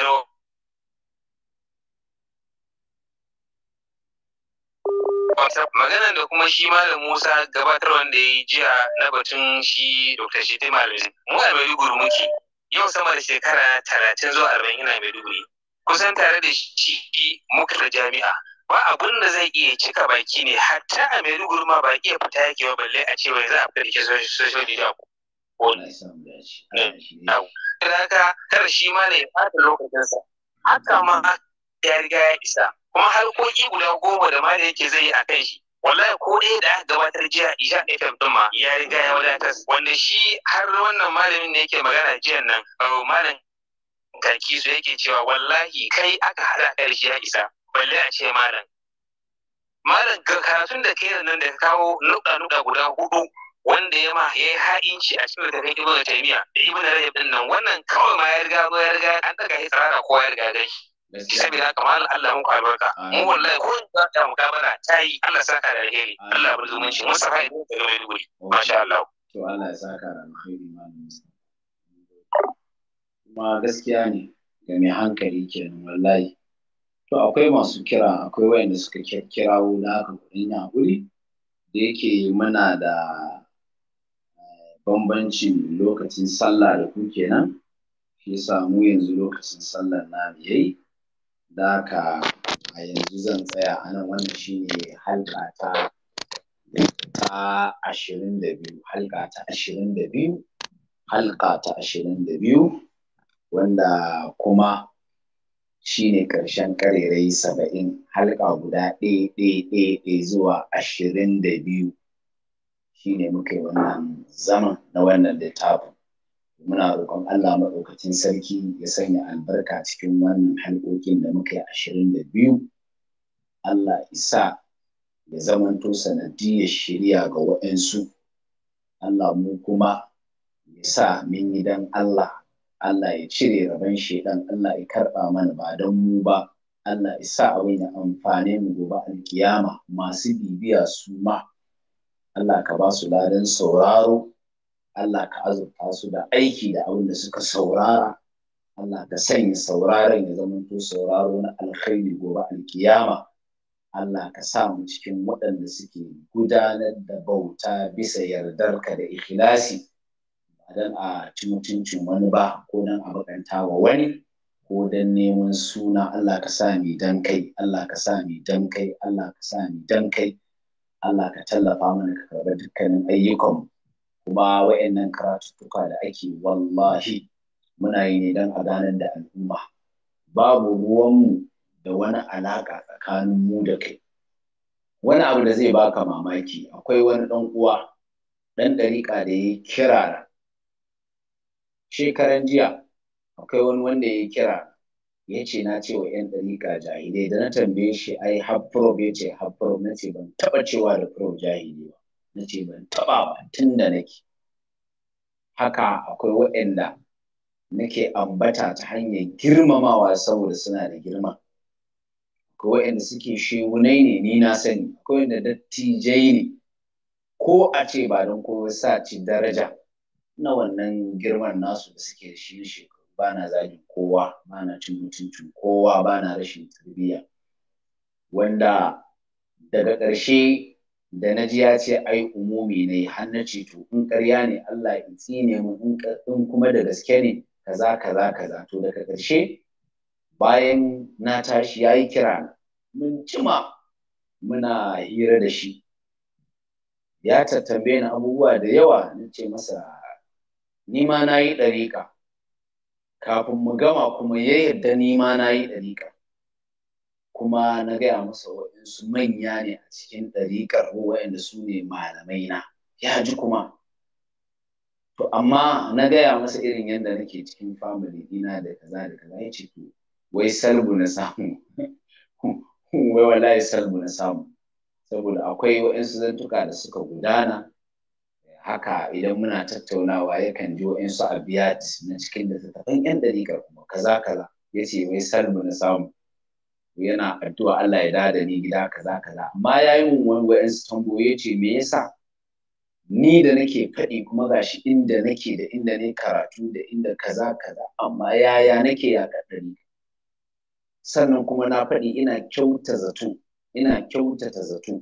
Maganar da kuma shi malam Musa gabatar wanda ya yi jiya na batun shi Dr. Shete Malam mu a Maiduguri muke yau sama da shekara talatin zuwa arba'in ina Maiduguri kusan tare da shi muka da jami'a ba abun da zai iya cika baki ne hatta a Maiduguri ma ba iya fita yake ba balle a ce wai za a fita da ke social media ko wani eh, haka kar shi ma ne bata lokacinsa haka ma ya riga ya isa kuma harkoki guda goma da ma da yake zai yi a kan shi wallahi ko ɗaya da aka gabatar jiya isha fm ɗin ma ya riga ya wadatar wanda shi har wannan malamin da yake magana jiyan nan eh, malam kaki su yake cewa wallahi kai aka haɗa ƙarshe ya isa balle a ce malam malam karatun da kai nan da ka kawo nuka nuka guda hudu wanda ya ma ya yi ha'inci a cikin da kai ibnu taymiya da ibnu rajab din nan wannan kawai ma ya riga ya riga an daga shi tsara ko ya riga dai sabi da haka mal Allah muku albarka mu wallahi ko za ta mukabala ta yi Allah saka da alheri Allah bar zumunci Mustafa ibn daga Maiduguri masha Allah to Allah ya saka da alheri malam kuma gaskiya ne ga mai hankali kenan wallahi to akwai masu kira akwai wayanda suka kirawo na haka kudin hakuri da yake muna da bambancin lokacin sallah da kuke nan shi yasa mu yanzu lokacin sallar na yayi da ka a yanzu zan tsaya anan nan wannan shine halka ta ta ashirin da biyu halka ta ashirin da biyu halka ta ashirin da biyu wanda kuma shine ƙarshen ƙarerai saba'in halka guda ɗaya ɗaya zuwa ashirin da biyu shine muka yi wannan zaman na wannan littafin muna roƙon Allah maɗaukacin sarki ya sanya albarka cikin wannan halƙoƙin da muka yi ashirin da biyu Allah isa ya zamanto sanadiyar shirya ga waɗansu Allah mu kuma ya sa min yi don Allah Allah ya cire rabon shaidan Allah ya karɓa mana ba don mu ba Allah ya sa abin ya amfane mu gobe alkiyama masu bibiya su ma Allah ka ba su ladan sauraro Allah ka azurta su da aiki da abin da suka saurara Allah ka sanya sauraron ya zama to sauraro na alkhairi gobe alkiyama Allah ka sa mu cikin waɗanda suke gudanar da bauta bisa yardarka da ikhlasi ba dan a wani ba ko dan a bakanta wa wani ko dan neman suna Allah ka sa mi dan kai Allah ka sa mi dan kai Allah ka sa mi dan kai Allah ka tallafa mana ka karɓi dukkanin ayyukanmu kuma wa'annan karatuttuka da ake wallahi muna yi ne don a ganar da al'umma babu ruwanmu da wani alaƙa tsakanin mu da kai wani abu da zai baka mamaki akwai wani ɗan uwa ɗan ɗariƙa da ya kira shekaran jiya akwai wani wanda ya kira ya ce na ce wa 'yan ɗariƙa jahilai da na tambaye shi ai har prob ya ce har prob na ce ban taɓa cewa da prob jahili ba na ce ban taɓa ba tun da nake haka akwai waɗanda nake ambata ta hanyar girmamawa saboda suna da girma akwai waɗanda suke shewunai ne ni na sani akwai waɗanda dattijai ne ko a ce ba don ko sa ci daraja na wannan girman nasu da suke shi shekaru ba na zagi, kowa ba na cin mutuncin kowa ba na rashin tarbiyya wanda daga ƙarshe da na ji ya ce ai umumi ne har na ce to in ƙarya ne Allah ya tsine mu in kuma da gaske ne kaza kaza kaza to daga ƙarshe bayan na tashi ya yi kira mun jima muna hira da shi ya tattambe ni abubuwa da yawa na ce masa ni ma na yi ɗariƙa kafin mu gama kuma ya yarda ni ma na yi ɗariƙa kuma na gaya masa waɗansu manya ne a cikin ɗariƙar waɗanda su ne malamai na ya ji kuma to amma na gaya masa irin yadda nake cikin famili ina da kaza da kaza ya ce wai salbu na samu wai wallahi salbu na samu saboda akwai waɗansu zantuka da suka gudana haka idan muna tattaunawa yakan ji waɗansu abiyat na cikin da ta 'yan ɗariƙar kuma kaza kaza ya ce wai salbu na samu yana addu'a Allah ya dada ni gida kaza kaza amma ya yi mun wani wa'ansu tambayoyi ce me yasa ni da nake faɗi kuma gashi inda nake da inda ne karatu da inda kaza kaza amma yaya nake ya kaddari sannan kuma na faɗi ina kyauta zato ina kyautata zato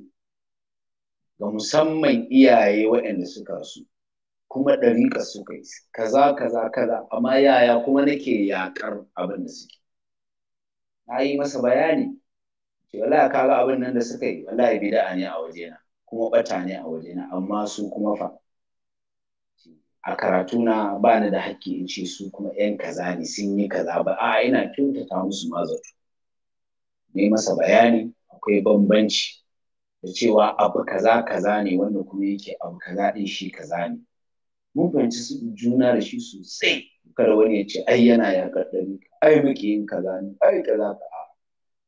ga musamman iyaye waɗanda suka su, kuma ɗariƙa suka yi kaza kaza kaza amma yaya kuma nake yaƙar abin da suke na yi masa bayani Ke wallahi kaga abin nan da suka yi wallahi bid'a ne a wajena kuma bata ne a wajena amma su kuma fa a karatu na ba ni da hakki in ce su kuma yan kaza ne sun yi kaza ba a ina kyautata musu ma zato ne masa bayani akwai bambanci da cewa abu kaza kaza ne wanda kuma yake abu kaza din shi kaza ne mun fahimci juna da shi sosai kada wani ya ce ai yana yakar ɗari ai makiyin kaza ne ai kaza ka a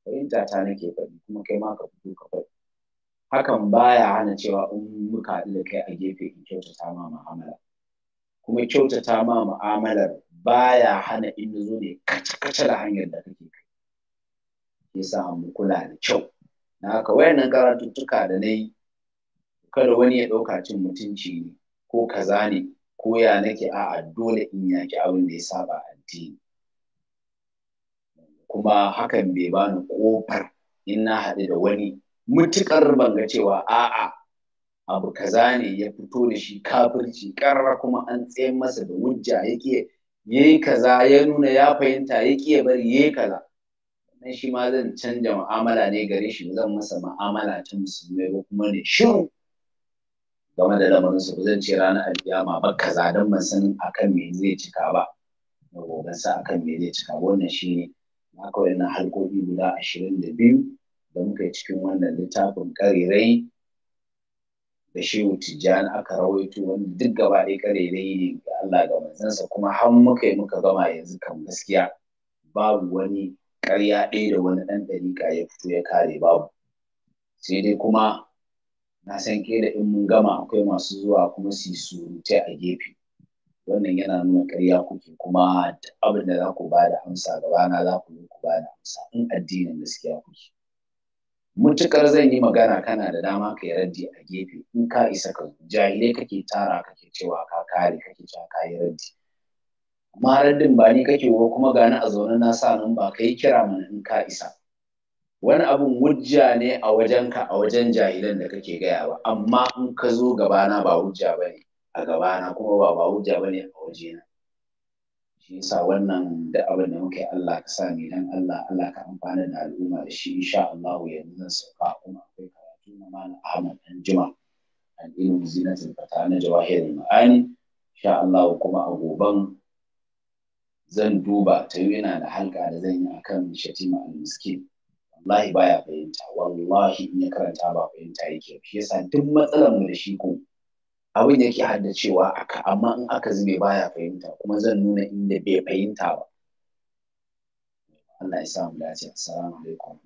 fahimta ta nake faɗi kuma kai ma ka fito ka faɗi hakan baya hana cewa in muka haɗu da kai a gefe in kyautata ma mu'amala kuma kyautata ma mu'amalar baya hana in zo ne kaca da hanyar da kake kai sa mu kula da kyau na haka wayannan karatuttuka da na yi kada wani ya ɗauka cin mutunci ne ko kaza ne ko ya nake a'a dole in yaki abin da ya saba addini kuma hakan bai bani kofar in na haɗu da wani mutukar banga cewa a'a abu kaza ne ya fito da shi kafirci karra kuma an tsaye masa da wujja yake yi kaza ya nuna ya fahimta yake ya bari ya yi kaza Wannan shi ma zan canja ma'amala ne gare shi zan masa ma'amala ta musulmai ko kuma ne shiru game da lamarinsu ba zan ce ranar alkiyama ba kaza don ban san akan me zai cika ba na gobe sa akan me zai cika wannan shi ne. haka wayannan harkoki guda ashirin da biyu da muka yi cikin wannan littafin ƙarerai da shehu tijjani aka rawaito wanda duk gaba ɗaya ƙarerai ne ga Allah ga manzansa kuma har muka yi muka gama yanzu kan gaskiya babu wani ƙarya ɗaya da wani ɗan ɗariƙa ya fito ya kare babu sai dai kuma na san ke da in mun gama akwai masu zuwa kuma su surutai a gefe wannan yana nuna ƙarya kuke kuma abin da za ku ba da amsa gabana za ku yi ku ba da amsa in addinin gaskiya kuke mutukar zan yi magana kana da dama ka yi raddi a gefe in ka isa ka jahilai kake tara kake cewa ka kare kake cewa ka yi raddi amma raddin ba ni kake uwa kuma gani a zaune na sa nan ba ka yi kira mana in ka isa wani abun hujja ne a wajenka a wajen jahilan da kake gaya ba amma in ka zo gabana ba hujja ba ne a gabana kuma ba ba hujja ne a na. shi yasa wannan da abin da muka yi Allah ka sa ni dan Allah Allah ka amfana da al'umma da shi insha Allah yanzu zan sauka kuma akwai karatu na Malam Ahmad dan Juma an zina zinatul fata na jawahirul ma'ani insha Allah kuma a goban zan duba ta yana da halka da zan yi akan shatima al-miskin wallahi baya fahimta wallahi in ya karanta ba fahimta yake shi yasa duk matsalar mu da shi ko abin yake haddacewa aka amma in aka zube baya fahimta kuma zan nuna inda bai fahimta ba Allah ya sa mu dace assalamu alaikum